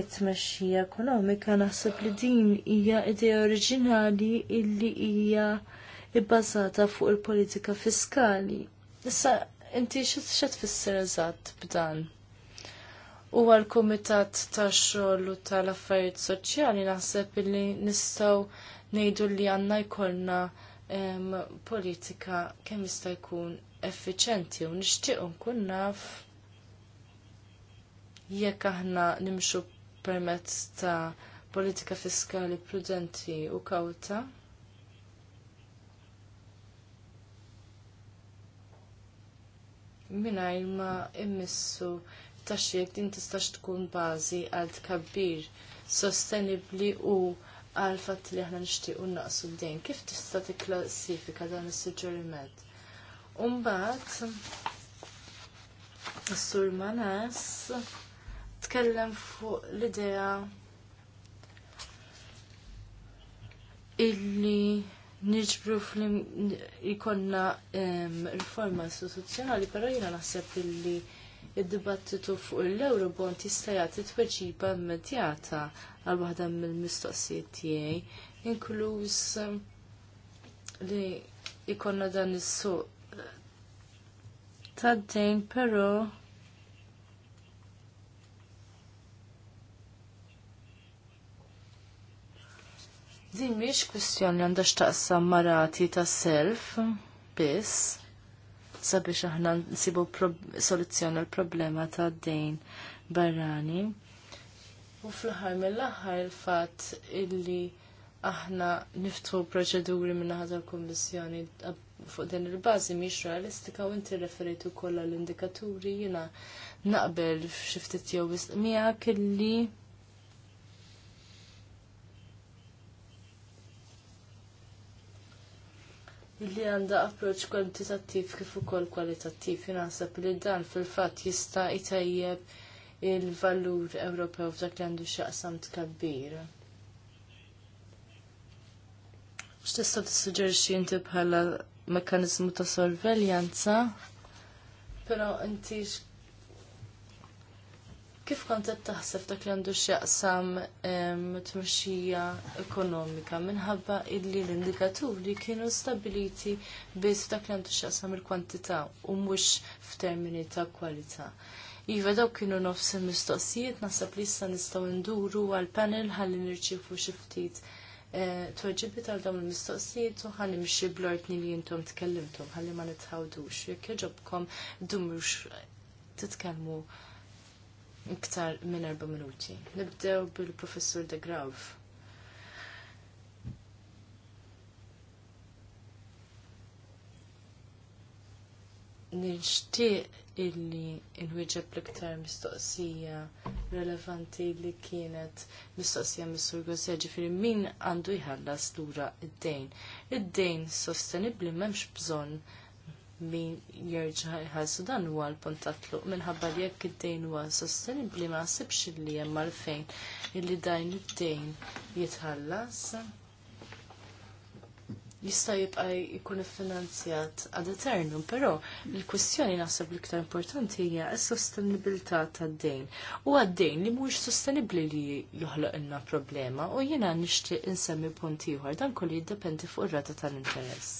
it-tmexxija ekonomika naħseb li din hija idea oriġinali illi hija bbażata fuq il-politika fiskali. Issa inti x'tfisser eżatt b'dan? u għal-Kumitat tax-xogħol u tal-affarijiet soċjali naħseb li nistgħu ngħidu li għandna jkollna politika kemm jista' jkun effiċenti u nixtieq nkun naf jekk aħna nimxu permezz ta' politika fiskali prudenti u kawta. Minajr ma immissu taxxi din tistax tkun bażi għal tkabbir sostenibbli u għal fatt li aħna nixtiequ naqsu d-dejn. Kif tista' tikklassifika dan is-suġġeriment? Umbagħad is-sur Manas tkellem fuq l-idea illi nġbru fl-ikonna ehm, riforma istituzzjonali, pero jina naħseb illi id-dibattitu fuq l-Eurobond jista' jagħti tweġiba immedjata għal waħda mill-mistoqsijiet tiegħi, inkluż eh, li jkollna dan is-suq eh, tad-dejn però Din mhix kwestjoni għandha x'taqsam marati ta' self biss sabiex aħna nsibu soluzzjoni l-problema ta' dejn barrani. U fl-ħar mill-aħħar il-fatt illi aħna niftu proċeduri minna ħadha l kummissjoni fuq din il-bażi mhix realistika u inti referejtu kollha l-indikaturi jiena naqbel f'xi ftit jew miegħek illi li għandha approċ kwantitattiv kif ukoll kwalitattiv. Naħseb li dan fil-fatt jista' jtajjeb il-valur Ewropew f'dak li għandu x'jaqsam tkabbir. X'tista' tissuġġerixxi inti bħala mekkaniżmu ta' sorveljanza, però inti Kif kont qed taħseb dak li għandu x'jaqsam tmexxija ekonomika minħabba illi l-indikaturi kienu stabiliti biss f'dak li għandu x'jaqsam il-kwantità u mhux f'termini ta' kwalità. Iva daw kienu nofs il-mistoqsijiet naħseb li issa nistgħu nduru għal panel ħalli nirċievu xi ftit eh, tweġibi tal dawn il-mistoqsijiet u ħalli mxi bl-ordni li jintom tkellimtom ħalli ma nitħawdux jekk jogħġobkom dumrux titkellmu iktar minn erba minuti. Nibdew bil-professur de Grav. Nixtieq illi nwieġeb l-iktar mistoqsija relevanti li kienet mistoqsija mis-Sur Gosja min għandu jħallas lura id-dejn. Id-dejn sostenibbli m'hemmx bżonn min jerġa' jħallsu dan huwa l-punt ta' tluq minħabba li jekk id-dejn huwa sostenibbli ma nasibx li hemm għalfejn illi dajn id-dejn jitħallas. Jista' jibqa' jkun iffinanzjat ad eternum, però l-kwistjoni naħseb l-iktar importanti hija s-sostenibilità tad-dejn. U għad-dejn li mhuwiex sostenibbli li joħloq ilna problema u jiena nixtieq insemmi punt ieħor dan kollu jiddependi fuq ir-rata tal-interess.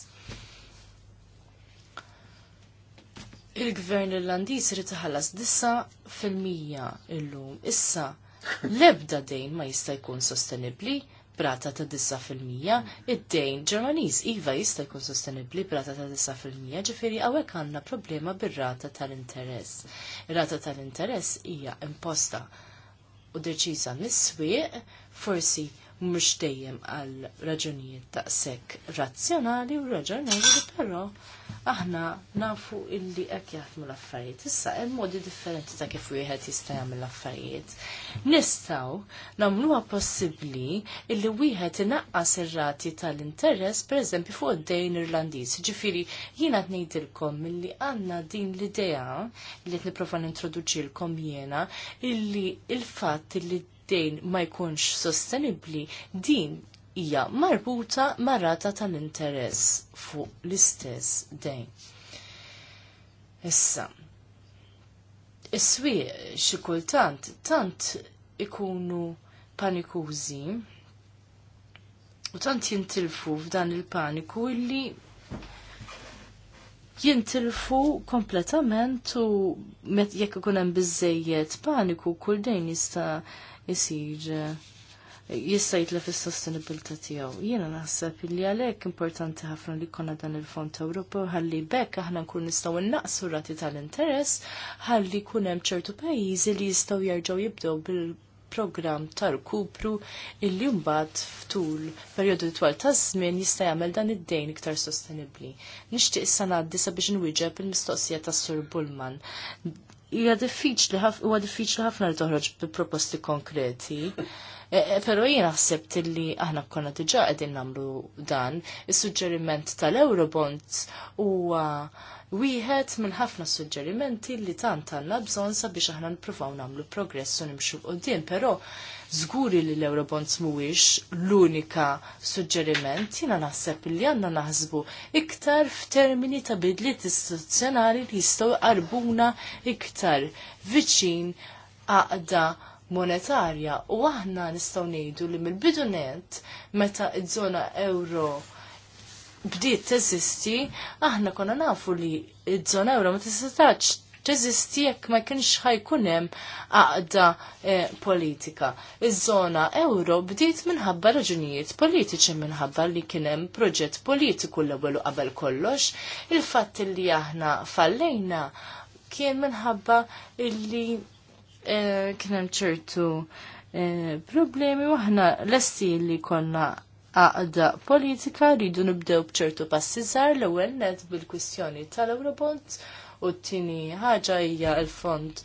il-gvern irlandiż irid iħallas disa fil-mija illum. Issa l-ebda dejn ma jista' jkun sostenibbli brata ta' disa fil-mija, id-dejn Ġermaniż iva jista' jkun sostenibbli brata ta' disa fil-mija, ġifieri hawnhekk għandna problema bir-rata tal-interess. Rata tal-interess hija imposta u deċiża mis-swieq, forsi mhux dejjem għal raġunijiet daqshekk razzjonali u raġonevoli, però aħna nafu illi qed jaħdmu l-affarijiet. Issa hemm modi differenti ta' kif wieħed jista' jagħmel l-affarijiet. Nistgħu nagħmluha possibbli illi wieħed inaqqas ir-rati tal-interess pereżempju fuq id-dejn Irlandiż. Ġifieri jiena qed ngħidilkom milli għandna din l-idea li qed nipprova nintroduċilkom jiena illi il-fatt li id-dejn ma jkunx sostenibli, din hija marbuta marata tal-interess fuq l-istess dejn. Issa, is-swieq xi kultant tant ikunu panikużi u tant jintilfu f'dan il-paniku illi jintilfu kompletament u jekk ikun hemm biżejjed paniku kull dejn jista' isir eh, jista' la is-sostenibilità tiegħu. Jiena naħseb li għalhekk importanti ħafna li jkollna dan il-Fond Ewropew ħalli bekk aħna nkun nistgħu innaqsu rati tal-interess ħalli jkun hemm ċertu pajjiżi li jistgħu jerġgħu jibdew bil programm ta' rkupru illi mbagħad ftul perjodu twal ta' żmien jista' jagħmel dan id-dejn iktar sostenibbli. Nixtieq issa ngħaddi sabiex inwieġeb il-mistoqsija tas Sur Bullman Huwa diffiċli ħafna li toħroġ bi proposti konkreti. Eh, eh, Pero jien ħsibt li aħna konna diġa qegħdin nagħmlu dan, is-suġġeriment tal-Eurobonds huwa wieħed minn ħafna suġġerimenti li tant għandna bżonn sabiex aħna nippruvaw nagħmlu progress u nimxu qudiem, però żguri li l-Eurobonds mhuwiex l-unika suġġeriment jiena naħseb li għandna naħsbu iktar f'termini ta' bidliet istituzzjonali li jistgħu arbuna iktar viċin għaqda monetarja u aħna nistgħu ngħidu li mill-bidu net meta id żona euro bdiet teżisti, aħna konna nafu li id-żona euro ma tistax teżisti jekk ma kienx ħajkun hemm għaqda eh, politika. Iż-żona euro bdiet minħabba raġunijiet politiċi minħabba li kien hemm proġett politiku l-ewwel qabel kollox, il-fatt li aħna fallejna kien minħabba illi Eh, kien hemm ċertu eh, problemi u l-esti li konna għaqda politika rridu nibdew bċertu passi zar l-ewwel net bil-kwistjoni tal-Eurobonds u t tini ħaġa hija l-Fond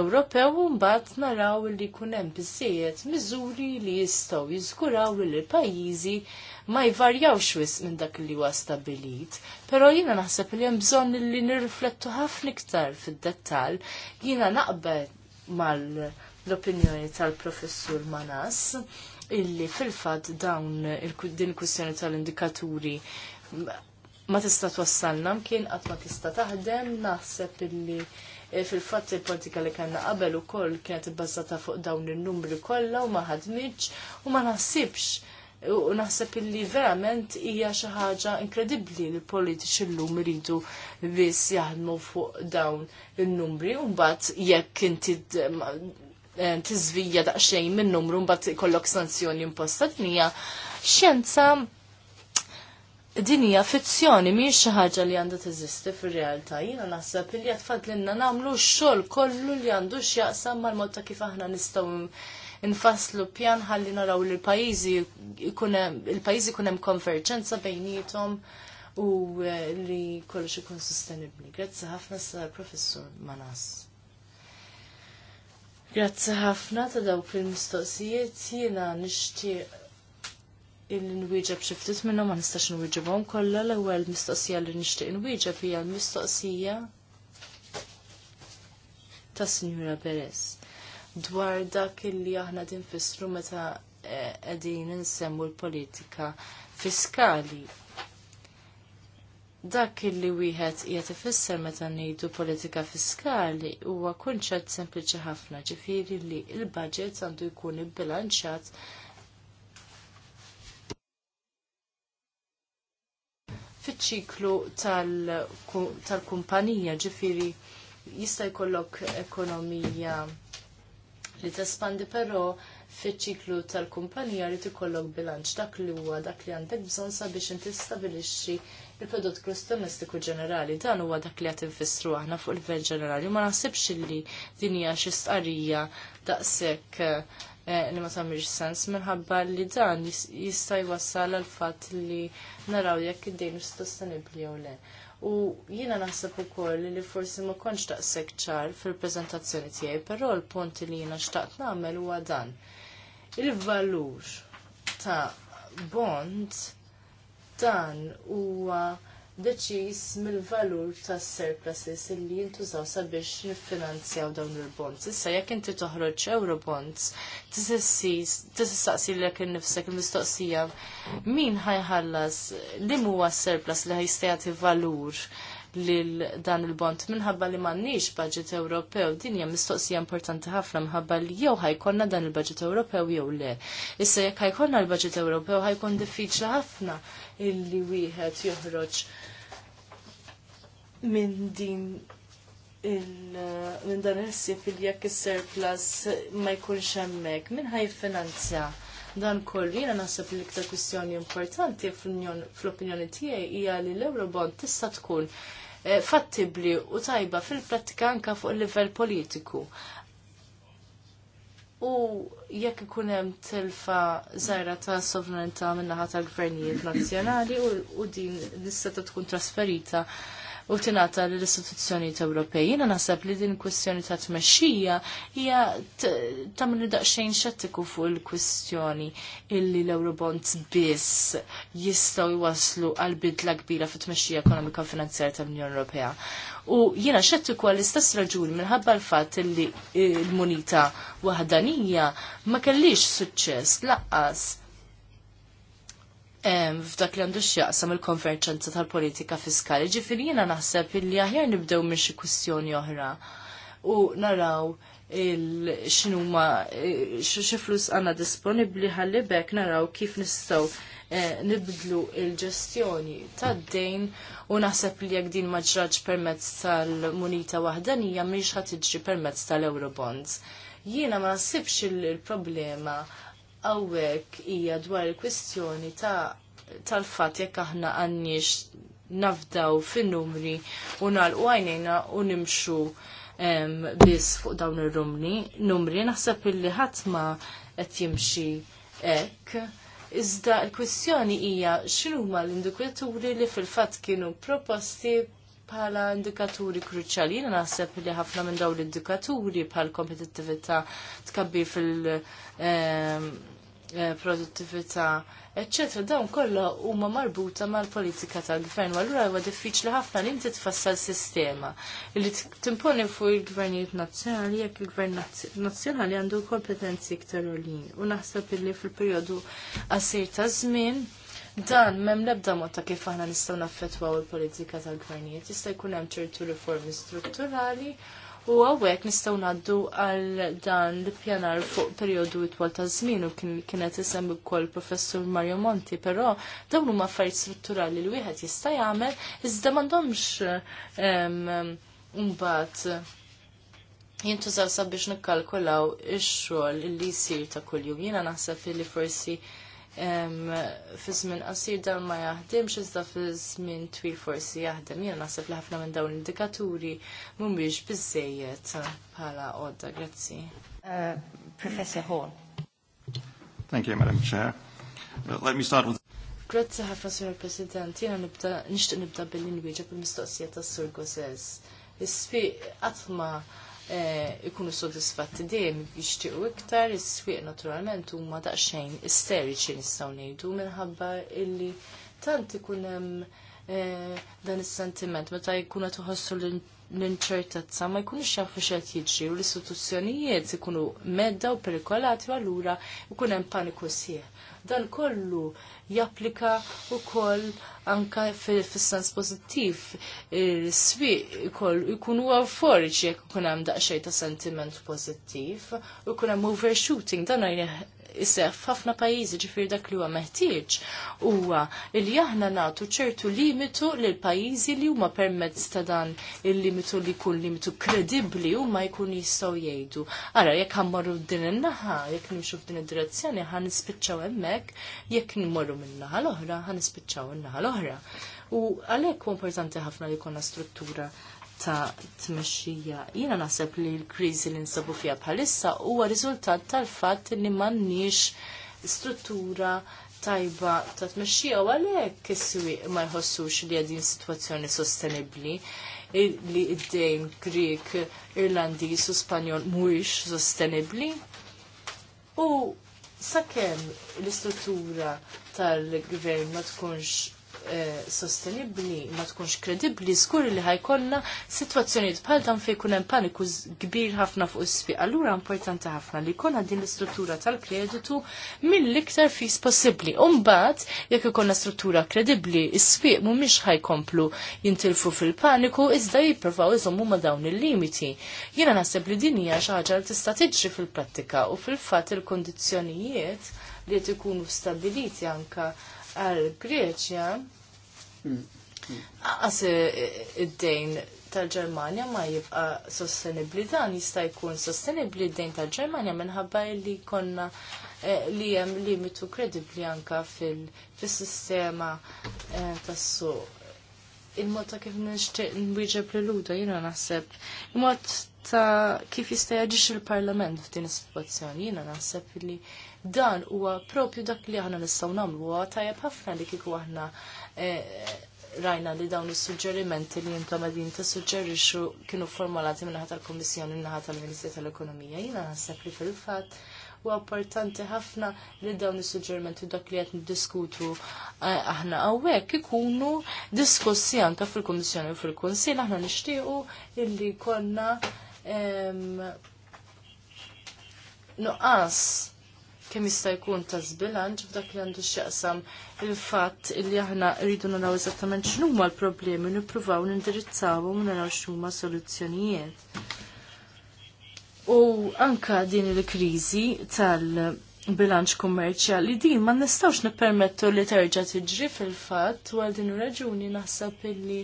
Ewropew u mbagħad naraw li jkun hemm biżejjed miżuri li jistgħu jiżguraw li l-pajjiżi ma jvarjawx wisq minn dak li huwa stabilit, però jiena naħseb li hemm bżonn li nirriflettu ħafna iktar fid-dettall, jiena naqbel mal-opinjoni l tal-professur Manas illi fil-fat dawn din il-kwistjoni tal-indikaturi ma tista' twassalna mkien qatt ma tista' taħdem naħseb illi eh, fil-fatt il-politika li kellna qabel ukoll kienet ibbażata fuq dawn in-numri kollha u ma ħadmitx u ma naħsibx u naħseb illi verament hija xi ħaġa inkredibbli li politiċi llum iridu biss jaħdmu fuq dawn in-numri u mbagħad jekk inti eh, tiżvija daqsxejn min numru mbagħad ikollok sanzjoni imposta din hija. xjenza din hija fizzjoni mhijiex xi ħaġa li għandha teżisti fir-realtà. Jiena naħseb li qed fadlilna nagħmlu x-xogħol kollu li għandu x'jaqsam mal-mod ta' kif aħna nistgħu infasslu pjan ħalli naraw li l-pajizi il-pajizi kunem konverġenza bejnietom u eh, li kollox ikun sostenibli. Grazzi ħafna sa' professur Manas. Grazzi ħafna ta' dawk il-mistoqsijiet jiena nixtieq il-nwieġeb xi ftit minnhom ma nistax nwieġebhom kollha l-ewwel mistoqsija li nixtieq inwieġeb hija l-mistoqsija ta' Sinjura Beres dwar dak illi aħna tinfissru meta eh, qegħdin insemmu l-politika fiskali. Dak illi wieħed qiegħed ifisser meta ngħidu politika fiskali huwa kunċett sempliċi ħafna, ġifieri li l-budget għandu jkun ibbilanċat fiċ-ċiklu tal-kumpanija, tal ġifieri jista' jkollok ekonomija li tespandi però fiċ-ċiklu tal-kumpanija li tikollok bilanċ dak li huwa dak li għandek bżonn sabiex inti stabilixxi il-prodott gross domestiku ġenerali. Dan huwa dak li qed infissru aħna fuq il-livell ġenerali. Ma naħsibx illi din hija xi stqarrija daqshekk eh, li ma tagħmilx sens minħabba li dan jista' jwassal għal fatt li naraw jekk id-dejn sostenibbli jew le. U jiena naħseb ukoll li forsi ma konċ taqsek ċar fil-prezentazzjoni tiegħi, però l-punt li jiena xtaqt nagħmel huwa dan. Il-valur ta' bond dan huwa deċiż mill-valur tas surpluses illi jintużaw sabiex nifinanzjaw dawn il-bonds. Issa jekk inti toħroġ eurobonds, tistaqsi lek innifsek il-mistoqsija min ħajħallas li huwa surplus li jagħti valur lil dan il-bond minħabba li m'għandniex budget Ewropew. Din hija mistoqsija importanti ħafna minħabba li jew ħajkonna dan il-budget Ewropew jew le. Issa jekk ħajkonna l-budget Ewropew ħajkun diffiċli ħafna illi wieħed joħroġ minn din minn dan il-sif il jekk is-surplus ma jkunx hemmhekk. Min ħajfinanzja? dan kollu jiena naħseb li iktar kwistjoni importanti fl-opinjoni tiegħi hija li l-Eurobond tista' tkun Eh, fattibli u tajba fil-prattika anka fuq il-livell politiku. U jekk ikun hemm tilfa żgħira ta' sovranità min-naħa tal-gvernijiet nazzjonali u din nista' tkun trasferita u tingħata lill-istituzzjonijiet Ewropej. Jiena naħseb li din kwistjoni ta' tmexxija hija tagħmel daqsxejn xettiku fuq il-kwistjoni illi l-Eurobonds biss jistgħu jwaslu għal bidla kbira fit tmexxija ekonomika u finanzjarja tal-Unjoni Ewropea. U jiena xettiku għall istess raġuni minħabba l-fatt illi eh, l-munita waħdanija ma kellix suċċess laqqas f'dak li għandu x'jaqsam il-konverġenza tal-politika fiskali. ġifir jiena naħseb li aħjar nibdew minn xi kwistjoni oħra u naraw il-xinuma eh, xi flus għandna disponibbli ħalli bekk naraw kif nistgħu eh, nibdlu il-ġestjoni tad dejn u naħseb li jekk din maġraġ permezz tal-munita wahdanija miex iġri permezz tal-Eurobonds. Jiena ma nasibx il-problema għawek hija dwar il-kwistjoni tal-fat jekk aħna għandniex nafdaw fin-numri u nalqu għajnejna u nimxu biss fuq dawn ir-rumni, numri naħseb illi ħadd ma qed jimxi hekk. Iżda l-kwistjoni hija huma l-indikaturi li fil-fatt kienu proposti bħala indikaturi kruċjali, naħseb li ħafna minn dawn l-indikaturi bħal kompetittività tkabbi fil- Eh, produttività, eccetera, dawn kollha huma marbuta mal-politika tal-gvern. Allura huwa diffiċli ħafna li inti tfassal sistema li timponi fuq il-gvernijiet nazzjonali jekk il-gvern nazzjonali għandu kompetenzi iktar għolin. U naħseb illi fil-perjodu qasir ta' żmien dan m'hemm l-ebda mod ta' kif aħna nistgħu naffettwaw il-politika tal-gvernijiet. Jista' jkun hemm ċertu riformi strutturali U għawek nistaw naddu għal dan l-pjanar fuq periodu itwal ta' żmien u kienet isem kol professur Mario Monti, però dawn huma affarijiet strutturali li wieħed jista' jagħmel iżda m'għandhomx mbagħad jintużaw sabiex nikkalkulaw ix-xogħol li jsir ta' kuljum. Jiena naħseb li forsi fi qasir dan ma jaħdimx iżda fi żmien twil forsi jaħdem. jena nasib li ħafna minn dawn l-indikaturi mhumiex bizzejiet pala odda, Grazzi. Uh, Professor Hall. Thank you, Madam Chair. Uh, let me start with Grazzi ħafna Sr. President, Jena nibda nishtu nibda bil nwieġeb bil mistoqsija tas-Sur Gosses. Isfi, sfiq qatt ma' Eh, ikunu sodisfatti dejjem jixtiequ iktar, is-swieq naturalment huma daqsxejn isteriċi nistgħu ngħidu minħabba illi tant ikun hemm eh, dan is-sentiment meta jkunu tħossu l-inċertezza ma jkunux jafu x'qed jiġri u l-istituzzjonijiet ikunu medda u perikolati u allura ikun hemm paniku sieħ dan kollu japplika u koll anka fil-sens pozittiv il-swi koll ikunu għafforiċi jek kun hemm daqxej ta' sentiment pozittiv u kun hemm overshooting dan għajne iseħħ f'ħafna pajjiżi ġifier dak li huwa meħtieġ huwa li aħna nagħtu ċertu limitu lil pajjiżi li huma permezz ta' dan il-limitu li jkun limitu kredibbli huma jkun jistgħu jgħidu. Ara jekk ħammorru din in-naħa, jekk nimxu f'din id-direzzjoni ħan nispiċċaw hemmhekk, jekk nimorru min-naħa l-oħra ħan nispiċċaw in-naħa l-oħra. U għalhekk importanti ħafna li jkollna struttura ta' tmexxija. Jiena naħseb li l-kriżi li nsabu fiha bħalissa huwa riżultat tal-fatt li m'għandniex struttura tajba ta' tmexxija u għalhekk is-swieq ma jħossux li għadin sitwazzjoni sostenibbli li id-dejn Grik, Irlandiż u Spanjol mhuwiex sostenibbli. U sakemm l-istruttura tal-gvern ma tkunx Eh, sostenibbli ma tkunx kredibbli, skur li ħajkonna sitwazzjonijiet bħal dan fejn jkun hemm paniku kbir ħafna fuq is-sfiq. Allura importanti ħafna li jkollna din l-istruttura tal-kreditu mill-iktar fis possibbli. U mbagħad jekk ikollna struttura kredibbli, is-sfiq mhumiex ħajkomplu jintilfu fil-paniku iżda jippruvaw iżommu ma dawn il-limiti. Jiena naħseb li din hija xi ħaġa li tista' tiġri fil-prattika u fil-fatt il-kondizzjonijiet li tkunu stabiliti anka għal Greċja Għas eh, eh, id-dejn tal-Ġermanja ma jibqa sostenibli dan jista' jkun sostenibli d-dejn tal-Ġermanja minħabba li konna eh, li hemm limitu kredibbli anka fil-sistema tas-suq. Il-mod ta' kif nixtieq nwieġeb liluda jiena naħseb. Il-mod ta' kif jista' jaġix il-Parlament f'din is-sitwazzjoni jiena naħseb li dan huwa propju dak li aħna nistgħu nagħmlu huwa tajjeb ħafna li kieku aħna Eh, rajna li dawn is-suġġerimenti li jintom għadin ta' suġġerixu kienu formulati minnaħat tal-Komissjoni minnaħat tal-Ministri tal-Ekonomija. Jina naħseb li fil-fat u importanti ħafna li dawn is-suġġerimenti dak li qed niddiskutu eh, aħna hawnhekk ikunu diskussi anke fil-Kummissjoni u fil-Kunsill aħna nixtiequ illi konna nuqqas kemm jista' jkun ta' zbilanċ f'dak li għandu x'jaqsam il-fatt illi aħna rridu naraw eżattament x'numa l-problemi nippruvaw nindirizzawhom u naraw x'huma soluzzjonijiet. U anka din il-kriżi tal- bilanċ kummerċjali din ma nistgħux nippermettu li terġa' tiġri fil-fatt u għal din ir raġuni naħseb illi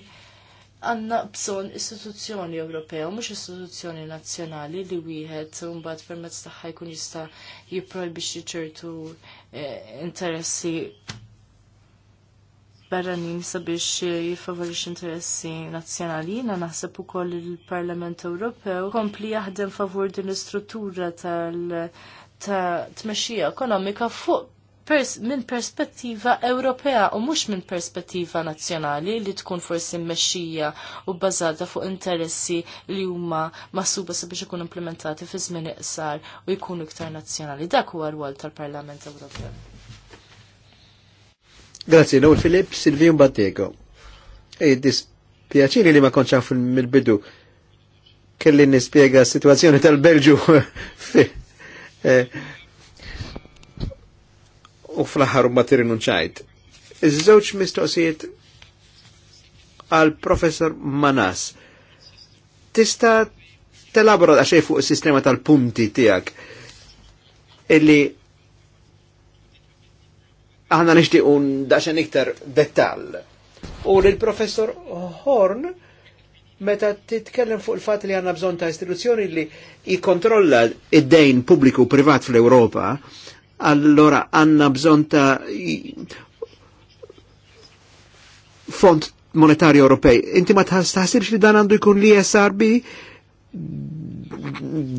għanna bżon istituzzjoni Ewropea, mhux istituzzjoni nazzjonali li wieħed mbagħad permezz tagħha jkun jista' jipprojbixxi ċertu eh, interessi barranin sabiex jifavorix interessi nazzjonali, jiena naħseb ukoll il-Parlament Ewropew kompli jaħdem favur din l-istruttura tal- ta' tmexxija ekonomika fuq pers minn perspettiva Ewropea u mhux minn perspettiva nazzjonali li tkun forsi mmexxija u bbażata fuq interessi li huma maħsuba sabiex ikun implementati fi żmien iqsar u jkunu iktar nazzjonali. Dak huwa rwol tal-Parlament Ewropew. Grazie, l Filip Silvio Battego. E dispjaċiri li ma konċaf mill-bidu kelli nispiega s-situazzjoni tal-Belġu eh, u fl ħar ma t-rinunċajt. Iż-żewġ mistoqsijiet għal professor Manas. Tista telabora da fuq il sistema tal-punti tiegħek illi nishti un daxen iktar dettal. U l professor Horn meta titkellem fuq il fat li għandna bżonn ta' istituzzjoni li jikkontrolla id-dejn pubbliku privat fl europa allora għanna bżon ta' fond monetari Ewropej. Inti ma tħassibx li dan għandu jkun li SRB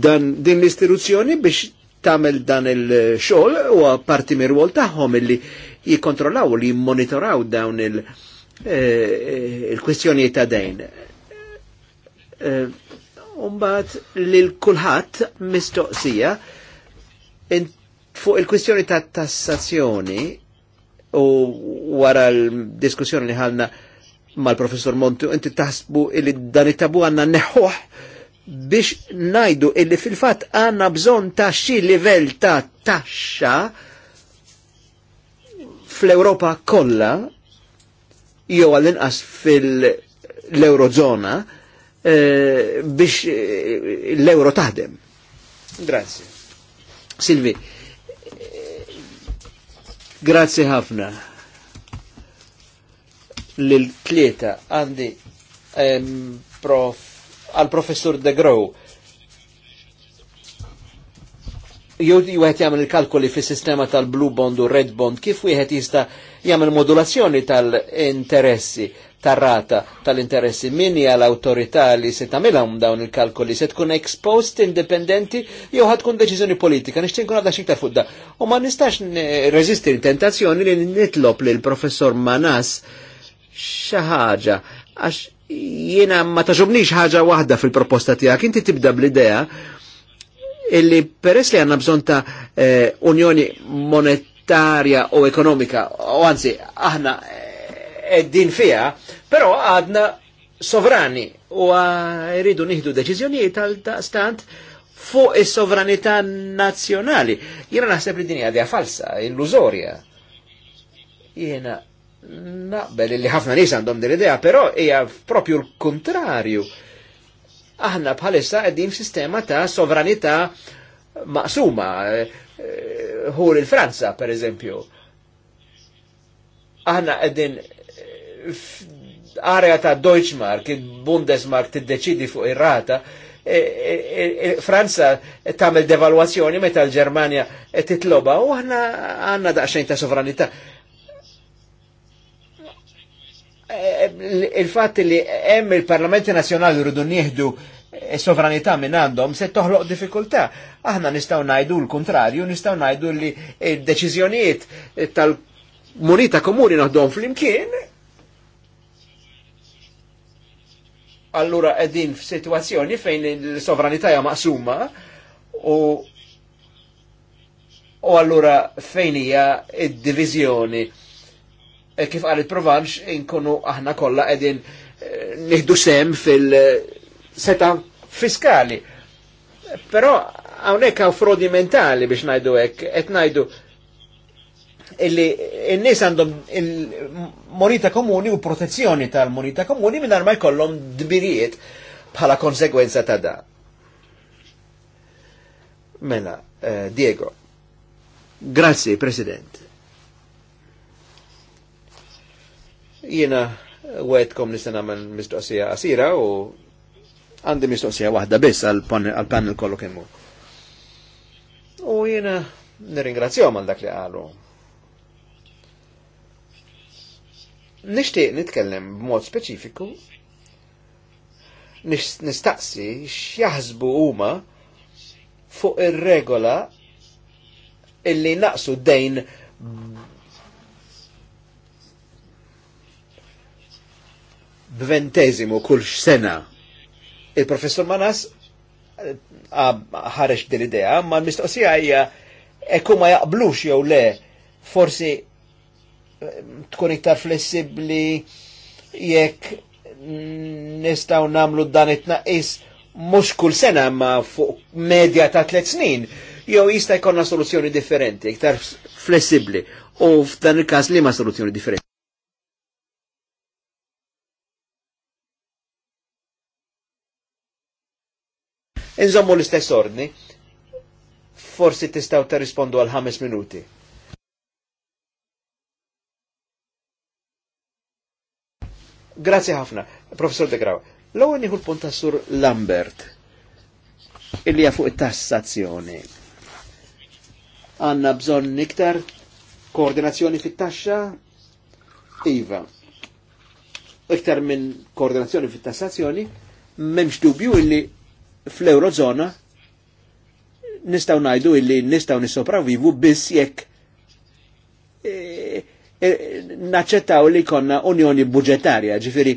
dan din l-istituzzjoni biex tamel dan il-xol u parti mirwol taħħom illi jikontrollaw li jimmonitoraw dawn eh, il-kwestjoni ta' dejn. Eh, Umbat li l-kulħat mistoqsija, Fuq il-kwistjoni ta' tassazzjoni u wara l-diskussjoni li ħalna mal-professor Montu, inti taħsbu illi dan it-tabu għanna neħuħ biex najdu illi fil-fat għanna bżon ta' xi livell ta' taxxa fl-Europa kollha jew għall-inqas fil-Eurozona eh, biex l-Euro taħdem. Grazie. Silvi, Grazie ħafna. Lil-tlieta għandi prof għal-professur De Grow. Jew wieħed jagħmel il-kalkoli fis-sistema tal-blue bond u red bond kif wieħed jista' jagħmel modulazzjoni tal-interessi tarrata tal-interessi. Min hija l-awtorità li se tagħmilhom dawn il-kalkoli se tkun exposed indipendenti jew ħad tkun deċiżjoni politika nixtieq nkun għadha xiktar fuq U ma nistax reżisti l-tentazzjoni li nitlob l professor Manas xi ħaġa għax jiena ma taġobnix ħaġa waħda fil-proposta tiegħek, inti tibda bl-idea illi peress li għandna bżonn ta' eh, unjoni monetarja u ekonomika, u anzi, aħna eddin fija, pero għadna sovrani u rridu nieħdu deċiżjonijiet għal stant fuq is-sovranità nazzjonali. Jiena naħseb li din għadja falsa, illużorja. Jiena naqbel li ħafna nies għandhom din l-idea, però hija propju l-kontrarju. Aħna bħalissa qegħdin sistema ta' sovranità maqsuma, Hu eh, eh, il-Franza, per eżempju. Aħna qegħdin f'area ta' Deutschmark, il-Bundesmark tiddeċidi fuq ir-rata, e, e, e, Franza tagħmel devalwazzjoni meta l-Ġermanja titloba u aħna għandna daqsxejn ta' sovranità. Il-fatt li hemm il-Parlamenti Nazzjonali rridu nieħdu sovranità minn għandhom se toħloq diffikultà. Aħna nistgħu ngħidu l-kuntrarju, nistgħu ngħidu li d-deċiżjonijiet tal- munita komuni noħdhom fl-imkien allura qegħdin f'sitwazzjoni fejn il-sovranità hija maqsuma u u allura fejn hija id-diviżjoni e kif qalet provanx inkunu aħna kollha qegħdin eh, nieħdu sem fil-seta fiskali. Però hawnhekk hawn frodi mentali biex ngħidu hekk, qed ngħidu illi n nis għandhom il-monita komuni u protezzjoni tal-monita komuni minn ma jkollhom dbirijiet bħala konsekwenza ta' da. Mela, uh, Diego. Grazie, President. Jena għedkom nisena għamil mistoqsija għasira u għandi mistoqsija wahda biss għal-panel kollu kemmu. U jena nirringrazzjom għal dak li għalu Nishtiq nitkellem b'mod speċifiku nistaqsi x'jaħsbu huma fuq ir-regola illi naqsu dejn b'ventesimu kull sena. Il-professor Manas eh, ħarex din l-idea, ma l-mistoqsija hija ekku ma jaqblux jew le forsi tkun iktar flessibli jekk nistaw namlu dan it-naqis mux kull sena ma fuq medja ta' tlet snin, jew jista' jkollna soluzzjoni differenti, iktar flessibli, u f'dan il-każ li ma soluzzjoni differenti. Inżommu l-istess ordni, forsi tistaw ta' rispondu għal ħames minuti. Grazie ħafna, professor De Grau. L-għu nieħu l-punt sur Lambert, illi fuq it-tassazzjoni. Għanna bżon iktar koordinazzjoni fit-taxxa? Iva. Iktar minn koordinazzjoni fit-tassazzjoni, memx dubju illi fl-Eurozona nistaw najdu illi nistaw nisopravivu biss jekk E, naċċettaw li konna unjoni budgetarja, ġifiri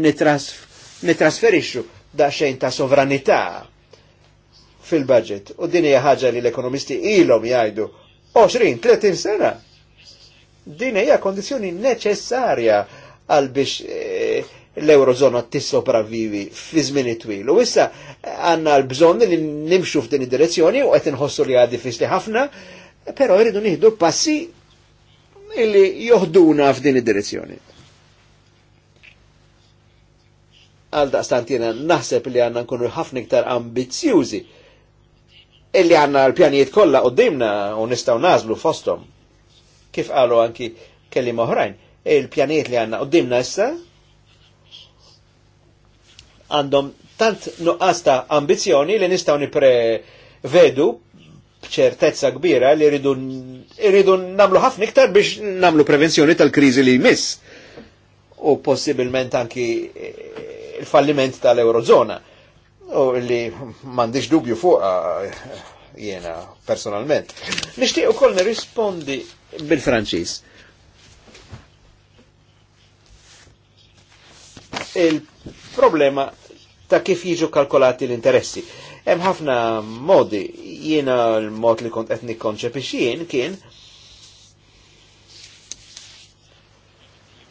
nitrasferixxu da xejn ta' sovranità fil-budget. U din hija ħaġa li l-ekonomisti ilhom jgħidu 20-30 sena. Din hija kondizzjoni neċessarja għal biex e, l-Eurozona tissopravvivi fi żmien twil. U issa għandna l-bżonn li nimxu f'din id-direzzjoni u qed inħossu li għaddi fisli ħafna, però jridu nieħdu passi illi joħduna f'din id-direzzjoni. Għal daqstant jena naħseb li għanna nkunu ħafna iktar ambizjużi illi għanna l-pjanijiet kollha dimna u nistgħu nażlu fostom. Kif qalu anki kelli oħrajn, il-pjanijiet li għanna dimna issa għandhom tant nuqqasta ambizjoni li nistgħu nipre vedu Ċertezza kbira li rridu, namlu ħafna iktar biex namlu prevenzjoni tal-krizi li jmiss u possibilment anki eh, il-falliment tal-Eurozona u li mandiġ dubju fuq eh, jena personalment. Nishtiq u koll nirrispondi bil-Franċis. Il-problema ta' kif jiġu kalkolati l-interessi Hemm ħafna modi, jiena l-mod li kont qed nikkonċepixin kien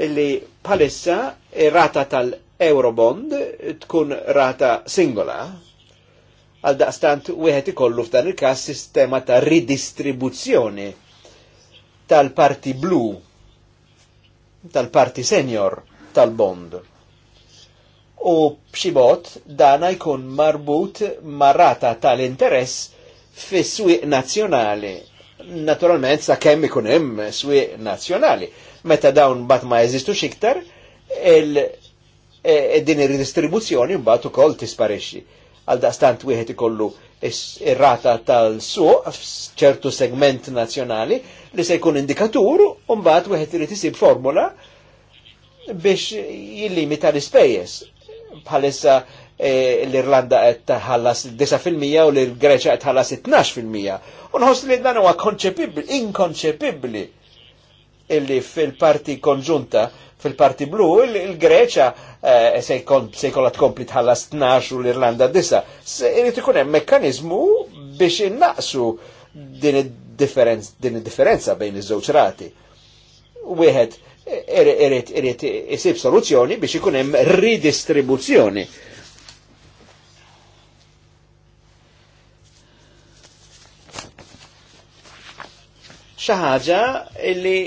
illi palissa ir-rata tal-Eurobond tkun rata singola għal daqstant wieħed ikollu f'dan il-każ sistema ta' ridistribuzzjoni tal-parti blu tal-parti senior tal-bond u b'xi dana jkun marbut marrata tal-interess fis-swieq nazzjonali. Naturalment sa kemm ikun hemm swiq nazzjonali. Meta dawn bat ma xiktar, il e, e, din ir-redistribuzzjoni mbagħad ukoll tisparixxi. Għal daqstant wieħed ikollu ir-rata tal-suq f'ċertu segment nazzjonali li se jkun indikatur u mbagħad wieħed irid isib formula biex jillimita l-ispejjeż bħalissa e, l-Irlanda qed taħallas 9% u l-Greċa qed taħallas 12%. U nħoss li dan huwa konċepibbli, inkonċepibbli illi fil-parti konġunta, fil-parti blu, il-Greċa e, se jkollha tkompli tħallas 12 u l-Irlanda 9. Irid ikun hemm mekkaniżmu biex innaqsu din id-differenza bejn iż-żewġ rati. Wieħed irrit isib soluzzjoni biex ikun hemm ridistribuzzjoni. Xi ħaġa li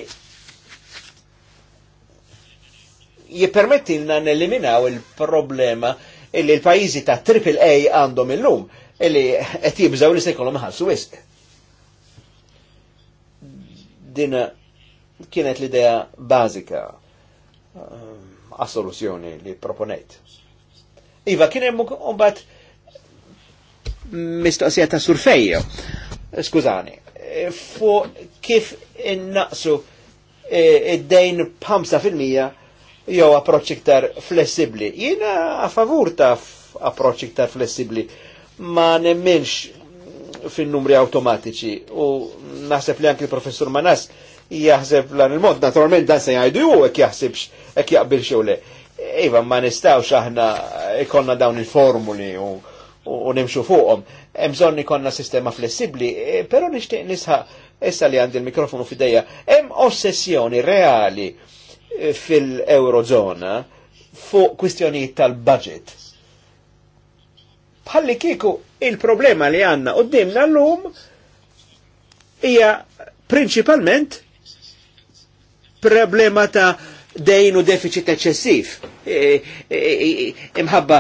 jippermettilna neliminaw il-problema illi l pajjiżi ta' AAA għandhom illum illi qed jibżgħu li se jkollhom ħassu wisq. Dina kienet l-idea bażika ehm, a soluzzjoni li proponejt. Iva, kien hemm mbagħad mistoqsija ta' surfejja, skużani, e, fuq kif innaqsu e, id-dejn mija jew approċċ iktar flessibbli. Jiena a favur ta' approċċ iktar flessibbli ma nemmenx fin-numri automatiċi u naħseb li anki il-professur Manas jaħseb lan il-mod, naturalment dan se jgħidu ju ek jaħsibx, ek jaqbil xewle. le. Iva, ma nistawx aħna ikonna dawn il-formuli u, u nimxu fuqhom. Hemm bżonn ikonna sistema flessibbli, e, però nixtieq nisħaq issa li għandi l-mikrofonu fidejja, hemm ossessjoni reali e, fil-Eurozona fuq kwistjonijiet tal-budget. Bħalli kieku il-problema li għanna u dimna l-lum hija prinċipalment problema ta' dejn u deficit eċċessiv. E, e, e, imħabba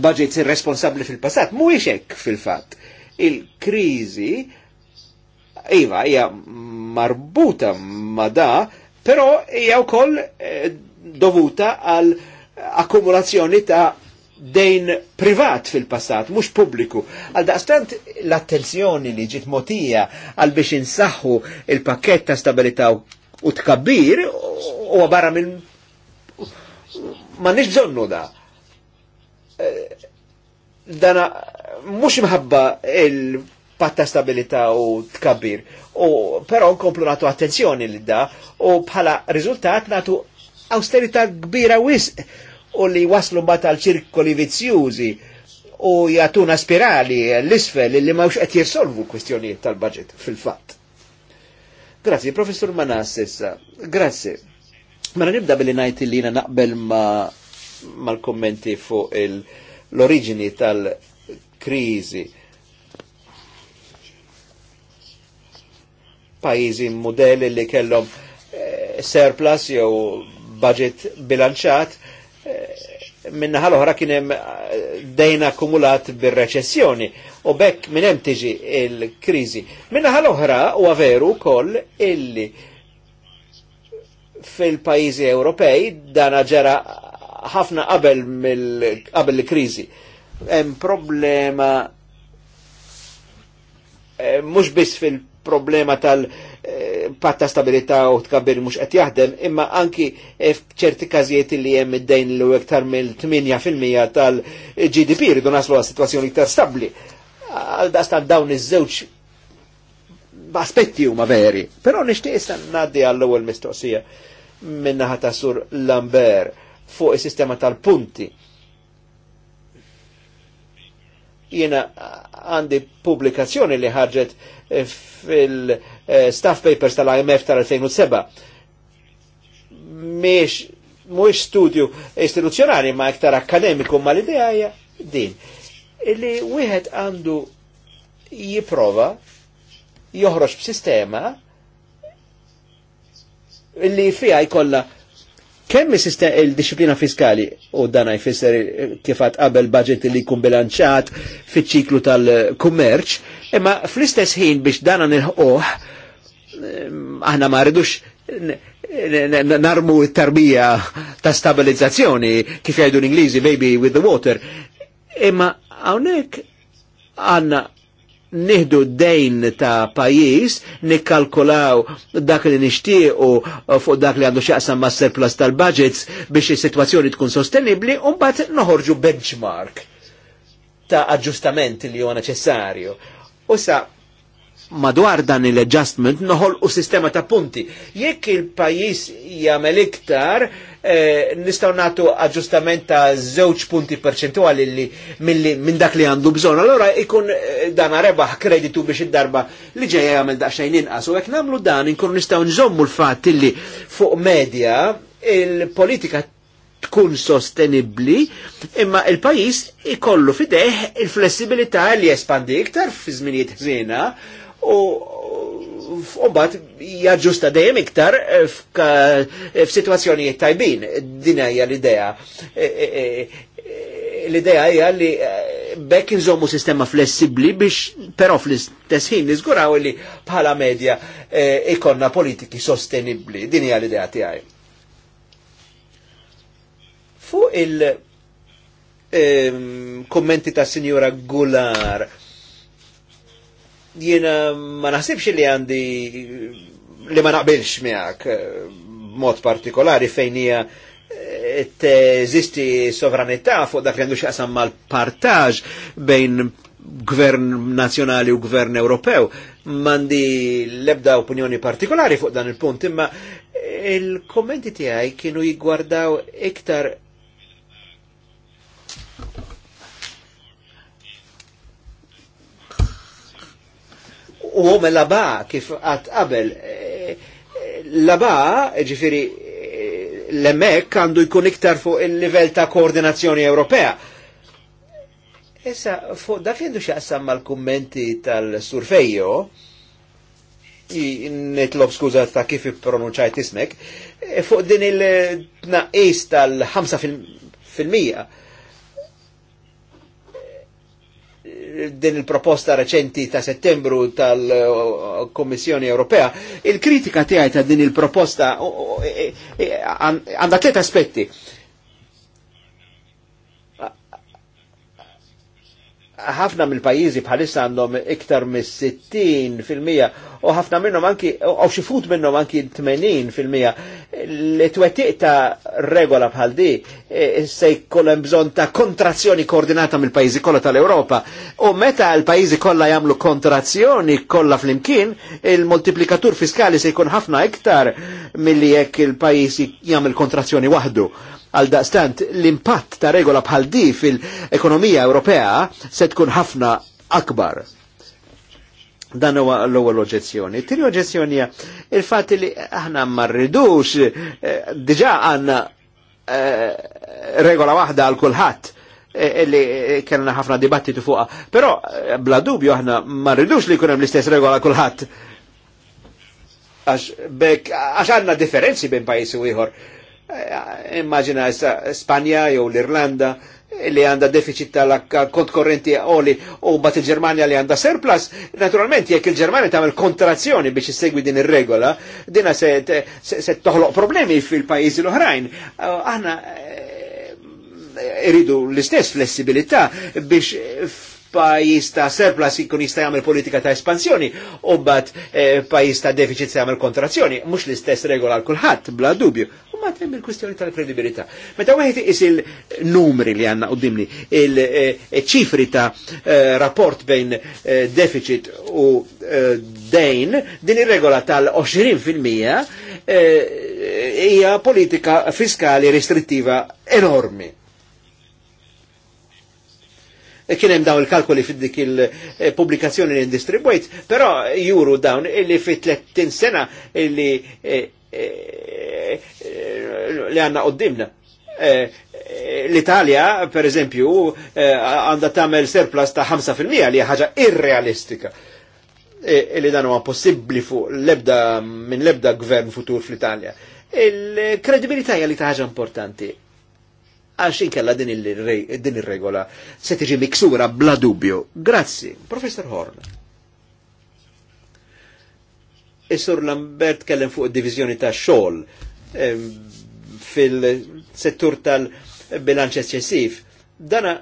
budgets irresponsabli fil-passat, mhuwiex hekk fil-fatt. Il-kriżi iva hija marbuta ma da, però hija wkoll dovuta għal akkumulazzjoni ta' dejn privat fil-passat, mux publiku. Għal daqstant l-attenzjoni li ġit motija għal biex insaħħu il-pakket ta' stabilità u tkabbir u barra minn ma nix bżonnu da. Eh, dana mux mħabba il-patta stabilita u tkabbir. U però nkomplu natu attenzjoni li da u bħala riżultat natu austerita kbira wisq u li waslu mbagħad l ċirkoli vizzjużi u jatuna spirali l-isfel li mawx qed jirsolvu kwestjonijiet tal-budget fil-fatt. Grazie. professor Manassis, grazie. Ma mela nibda billi ngħid li jina naqbel ma mal-kommenti fuq l origini tal-kriżi. Pajjiżi modelli li kellhom eh, surplus jew budget bilanċat eh, minna l-oħra kien hemm eh, dejna kumulat bir-reċessjoni u bekk minn hemm tiġi l-kriżi. Minna l-oħra huwa veru wkoll illi fil-pajjiżi Ewropej dan ġara ħafna qabel qabel l-kriżi. Hemm problema eh, mhux biss fil-problema tal- patta stabilità u tkabbir mux qed jaħdem, imma anki f'ċerti każijiet li hemm id-dejn l iktar mill-8% tal-GDP rridu naslu għal situazzjoni iktar stabbli. Għal dastan dawn iż-żewġ aspetti huma veri, però nixtieq issa ngħaddi għall-ewwel mistoqsija minnaħa ta' sur Lambert fuq is-sistema tal-punti Jiena għandi publikazzjoni li ħarġet eh, fil-staff papers tal-IMF tal-2007. Miex, mux studju istituzzjonali ma iktar akademiku ma l-idea hija din. Illi wieħed għandu jiprova joħroġ b'sistema illi fija jkollha kemm il-disciplina fiskali u dan jfisser kifat qabel budget li jkun bilanċat fiċ-ċiklu tal-kummerċ, imma fl-istess ħin biex dan nilħuh aħna ma rridux narmu t-tarbija ta' stabilizzazzjoni kif jajdu l inglisi baby with the water. Imma hawnhekk għanna nieħdu dejn ta' pajis, nikkalkulaw dak li nixtiequ uh, fuq dak li għandu xaqsam ma' surplus tal-budgets biex is-sitwazzjoni tkun sostenibli, u mbagħad noħorġu benchmark ta' aġġustament li huwa neċessarju. U sa madwar dan il-adjustment noħol u sistema ta' punti. Jekk il-pajis jagħmel iktar, Eh, nistaw natu aġġustament ta' żewġ punti perċentuali li minn dak li għandu bżon. Allora ikun eh, dana rebaħ kreditu biex id-darba li ġeja jagħmel daqsxejn inqas u jekk nagħmlu dan inkun nistgħu nżommu l-fatt illi fuq media il-politika tkun sostenibli, imma il-pajis ikollu fideħ il-flessibilità li jespandi iktar fi żminijiet ħżiena u umbat jaġġusta dejjem iktar eh, eh, f'sitwazzjonijiet tajbin. Din hija l-idea. Eh, l-idea hija li bekk inżommu sistema flessibli biex però fl-istess ħin niżguraw li bħala medja ikonna politiki sostenibbli. Din hija l-idea tiegħi. Fuq il- ehm, kommenti ta' Sinjora Gular jiena ma naħsibx li għandi li ma naqbilx miegħek eh, mod partikolari fejn hija eh, teżisti sovranità fuq dak li għandu xaqsam mal-partaġ bejn gvern nazjonali u gvern Ewropew. Mandi lebda opinjoni partikolari fuq dan il-punt, imma il-kommenti tiegħi kienu jigwardaw iktar u għome laba kif għat qabel. Laba, ġifiri, l emek għandu jkun iktar fuq il-livell ta' koordinazzjoni Ewropea. Issa, fuq da' fjendu xaqsam mal-kummenti tal-surfejo, nitlob skuza ta' kif pronunċajt ismek, fuq din il naqis tal-5 fil-mija. Fil din il-proposta reċenti ta' settembru tal-Kommissjoni Ewropea, il-kritika tiegħi ta' din il-proposta e, e, għandha tliet aspetti. ħafna mill-pajjiżi bħalissa għandhom iktar mis-60 fil-mija u ħafna minnhom anki u xi fut minnhom anki 80 fil-mija li twettiq ta' regola bħal di e, se jkollhom bżonn ta' kontrazzjoni koordinata mill-pajjiżi kollha tal-Ewropa u meta l-pajjiżi kollha jagħmlu kontrazzjoni kollha flimkien il-multiplikatur fiskali se jkun ħafna iktar milli jekk il-pajjiż jagħmel kontrazzjoni waħdu Għal daqstant l-impatt ta' regola bħal di fil-ekonomija Ewropea se tkun ħafna akbar. Dan huwa l-ewwel oġezzjoni. Tieni oġezzjoni il-fatt li aħna ma rridux eh, diġà għandna eh, regola waħda għal kulħadd eh, li kellna ħafna dibattitu fuqha. Però bla dubju aħna ma rridux li jkun hemm l-istess regola kulħadd. Għax bekk għax għandna differenzi bejn pajjiż u ieħor. Eh, immaġina Spanja jew l-Irlanda eh, li għanda deficit tal-kont korrenti oli u bat il-Germania li għanda surplus, naturalment jek il-Germania tamel kontrazzjoni biex segwi din il regola dina se, se, se toħloq problemi fil-pajizi l-oħrajn. Eh, aħna irridu l-istess flessibilità biex pajis ta' surplus ikun jista' jagħmel politika ta' espansjoni u mbagħad eh, pajis ta' deficit se jagħmel kontrazzjoni, mhux l-istess regola għal kulħadd bla dubju. U ma hemm il-kwistjoni tal-kredibilità. Meta wieħed is il-numri li għandna qudimni, il-ċifri eh, ta' eh, rapport bejn deficit u dejn, din ir-regola tal-20% hija politika fiskali restrittiva enormi E kien hemm dawn il-kalkoli fid dik il publikazzjoni li ndistribwejt, però juru dawn li fi 30 sena illi eh, eh, li għanna qoddimna. Eh, L-Italja, per eżempju, għanda tamel surplus ta' 5% li ħaġa irrealistika. E, illi dan huwa possibbli fuq l-ebda minn l-ebda gvern futur fl-Italja. Il-kredibilità hija li ta' ħaġa importanti għax inkella din il regola se tiġi miksura bla dubju. Grazzi, Professor Horn. Isur Lambert kellem fuq divizjoni ta' xogħol fil-settur tal-bilanċ eċċessiv. Dana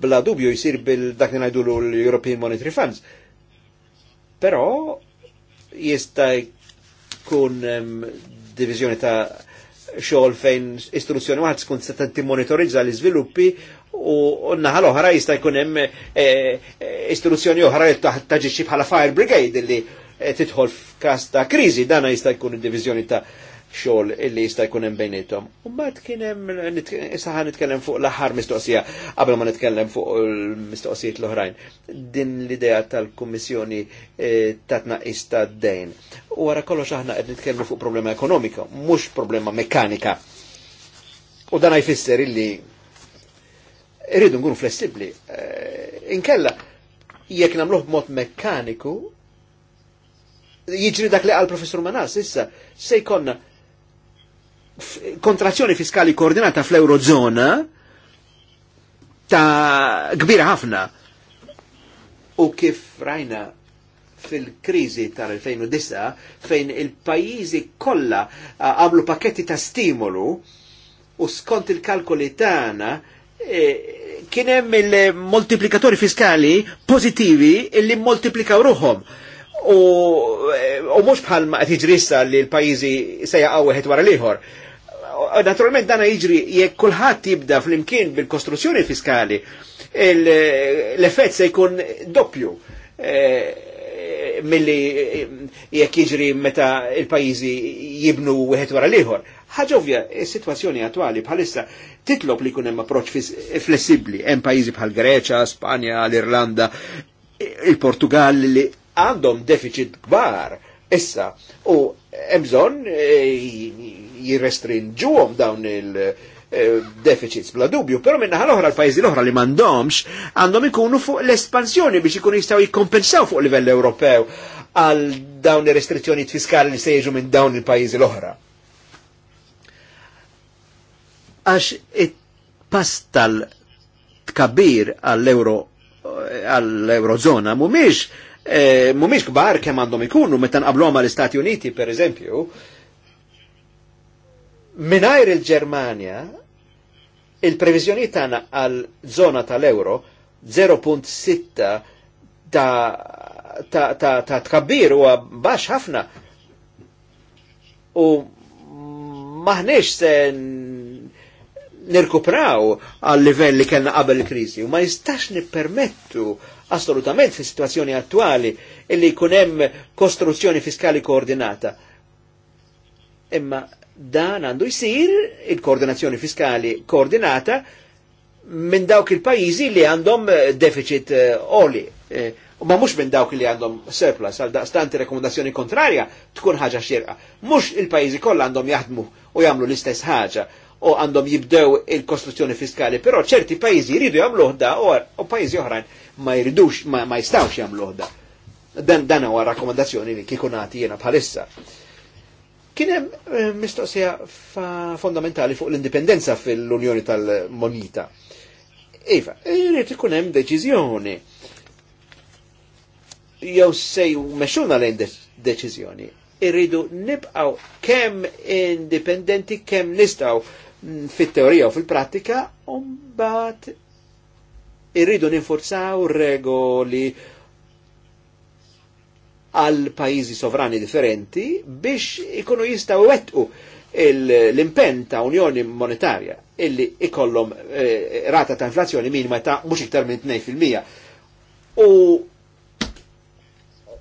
bla dubju jisir bil-dak li ngħidulu l-European Monetary Funds. Però jista' jkun divizjoni ta' xogħol fejn istruzzjoni waħed tkun se timmonitorizza l-iżviluppi u naħal oħra jista' jkun hemm eh, eh, istruzzjoni oħra li taġixxi bħala fire brigade li eh, tidħol f'każ ta' kriżi dana jista' jkun id-diviżjoni ta' xogħol illi jista' jkun hemm bejnietom. U mbagħad kien hemm saħan nitkellem fuq l-aħħar mistoqsija qabel ma nitkellem fuq l-mistoqsijiet l-oħrajn. Din l-idea tal-Kummissjoni eh, ta' tnaqqis ta' dejn. U wara kollox aħna qed nitkellmu fuq problema ekonomika, mhux problema mekkanika. U dan jfisser illi irridu nkunu flessibbli. Eh, inkella jekk nagħmluh b'mod mekkaniku, jiġri dak li għal professur Manas, issa, se jkonna kontrazzjoni fiskali koordinata fl-Eurozona ta' kbira ħafna. U kif rajna fil-krizi tal-2009 fejn il-pajizi kollha għamlu pakketti ta' stimolu u skont il-kalkoli tagħna e, kien hemm il-moltiplikatori fiskali pozitivi illi moltiplikaw ruhom u, eh, u mux bħal ma iġrissa li l-pajizi seja għawet wara liħor. Eh, naturalment dana jiġri jekk kulħadd jibda fl-imkien bil-kostruzzjoni fiskali, l-effett se jkun doppju eh, milli jekk jiġri meta il-pajizi jibnu wieħed wara liħor. Ħaġa ovvja, is-sitwazzjoni bħalissa titlob li jkun hemm approċċ flessibbli, hemm pajjiżi bħal Greċja, Spanja, l-Irlanda, il-Portugal li għandhom deficit kbar issa u emżon eh, jirrestrinġuhom dawn il- eh, deficits bla dubju, pero minna ħal-oħra l-pajzi l-oħra li mandomx għandhom ikunu fuq l-espansjoni biex ikunu jistaw jikkompensaw fuq livell Ewropew għal dawn ir-restrizzjoni fiskali li se jiġu minn dawn il-pajzi l-oħra. Għax it-pastal kabir għall-euro għall-eurozona mumiex Eh, mumiex kbar kemm għandhom ikunu meta nqablhom mal-Istati Uniti pereżempju. Minajr il-Ġermanja il-previżjoni tana għal żona tal-euro 0.6 ta' ta' ta' ta' tkabbir u baxx ħafna. U maħnex se nirkupraw għal livell li kellna qabel il-kriżi u ma jistax nippermettu assolutament fi situazzjoni attuali illi jkun hemm kostruzzjoni fiskali koordinata. Imma dan għandu jsir il-koordinazzjoni fiskali koordinata minn dawk il-pajjiżi li għandhom eh, deficit eh, oli. u eh, ma mux minn dawk li għandhom surplus, għal stanti rekomendazzjoni kontrarja tkun ħaġa xirqa. Mux il-pajjiżi kollha għandhom jaħdmu u jagħmlu l-istess ħaġa u għandhom jibdew il-kostruzzjoni fiskali, però ċerti pajjiżi jridu jagħmluh da u pajjiżi oħrajn ma jridux, ma, ma jistawx jagħmluh da. Dan dan huwa rakkomandazzjoni li kieku nagħti jiena bħalissa. Kien hemm eh, mistoqsija fondamentali fuq l-indipendenza fil-Unjoni tal-Monita. Iva, jrid ikun hemm deċiżjoni. Jew sej mexxuna lejn deċiżjoni. Irridu nibqgħu kemm indipendenti kemm nistgħu mm, fit-teorija u fil-prattika u mbagħad irridu ninforzaw regoli għal pajizi sovrani differenti biex ikunu jistaw wetqu l-impenn ta' Unjoni Monetarja illi ikollhom eh, rata ta' inflazzjoni minima ta' mhux iktar minn 2%. U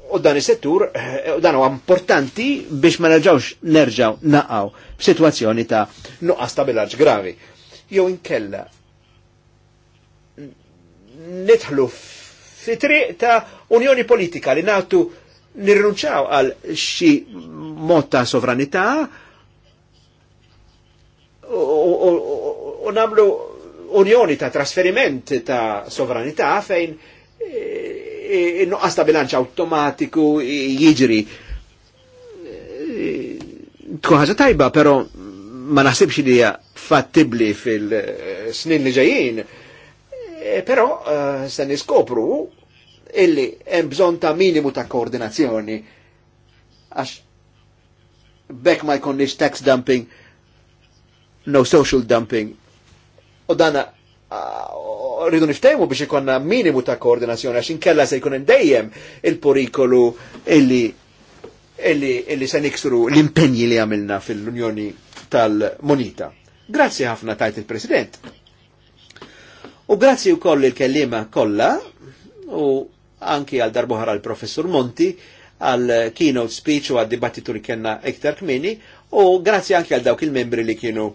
u dan is-settur eh, u dan huwa importanti biex ma nerġawx nerġaw naqgħu b'sitwazzjoni ta' nuqqas ta' bilanċ gravi. Jew inkella nitħlu fi triq ta' unjoni politika li natu nirrunċaw għal xi mod ta' sovranità u namlu unjoni ta' trasferiment ta' sovranità fejn innuqqas ta' bilanċ automatiku jiġri. Tkun tajba, pero ma naħsibx li fattibli fil-snin li ġajjien. Eh, però eh, se niskopru illi hemm bżonn ta' minimu ta' koordinazzjoni għax bekk ma jkunniex tax dumping, no social dumping. U dana eh, rridu niftejmu biex ikonna minimu ta' koordinazzjoni għax inkella se jkun dejjem il-porikolu illi illi, illi se niksru l-impenji li għamilna fil-Unjoni tal-Monita. Grazzi ħafna tajt il-President. U grazzi u koll il-kellima kolla u anki għal darbuħar għal professur Monti għal keynote speech u għal dibattitu li kena Ektar kmini u grazzi anki għal dawk il-membri li kienu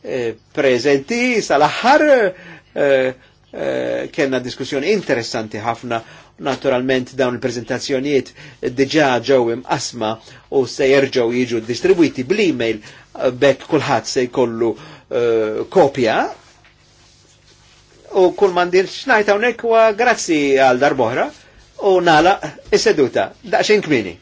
eh, prezenti sal-axħar eh, eh, kena diskussjoni interessanti ħafna naturalment dawn il-prezentazzjonijiet diġa ġew imqasma u se jerġgħu jiġu distribwiti bl-email bekk kulħadd se jkollu kopja u kull mandir xnajta unek wa grazzi għal darbohra u nala is-seduta. daqsxejn kmini.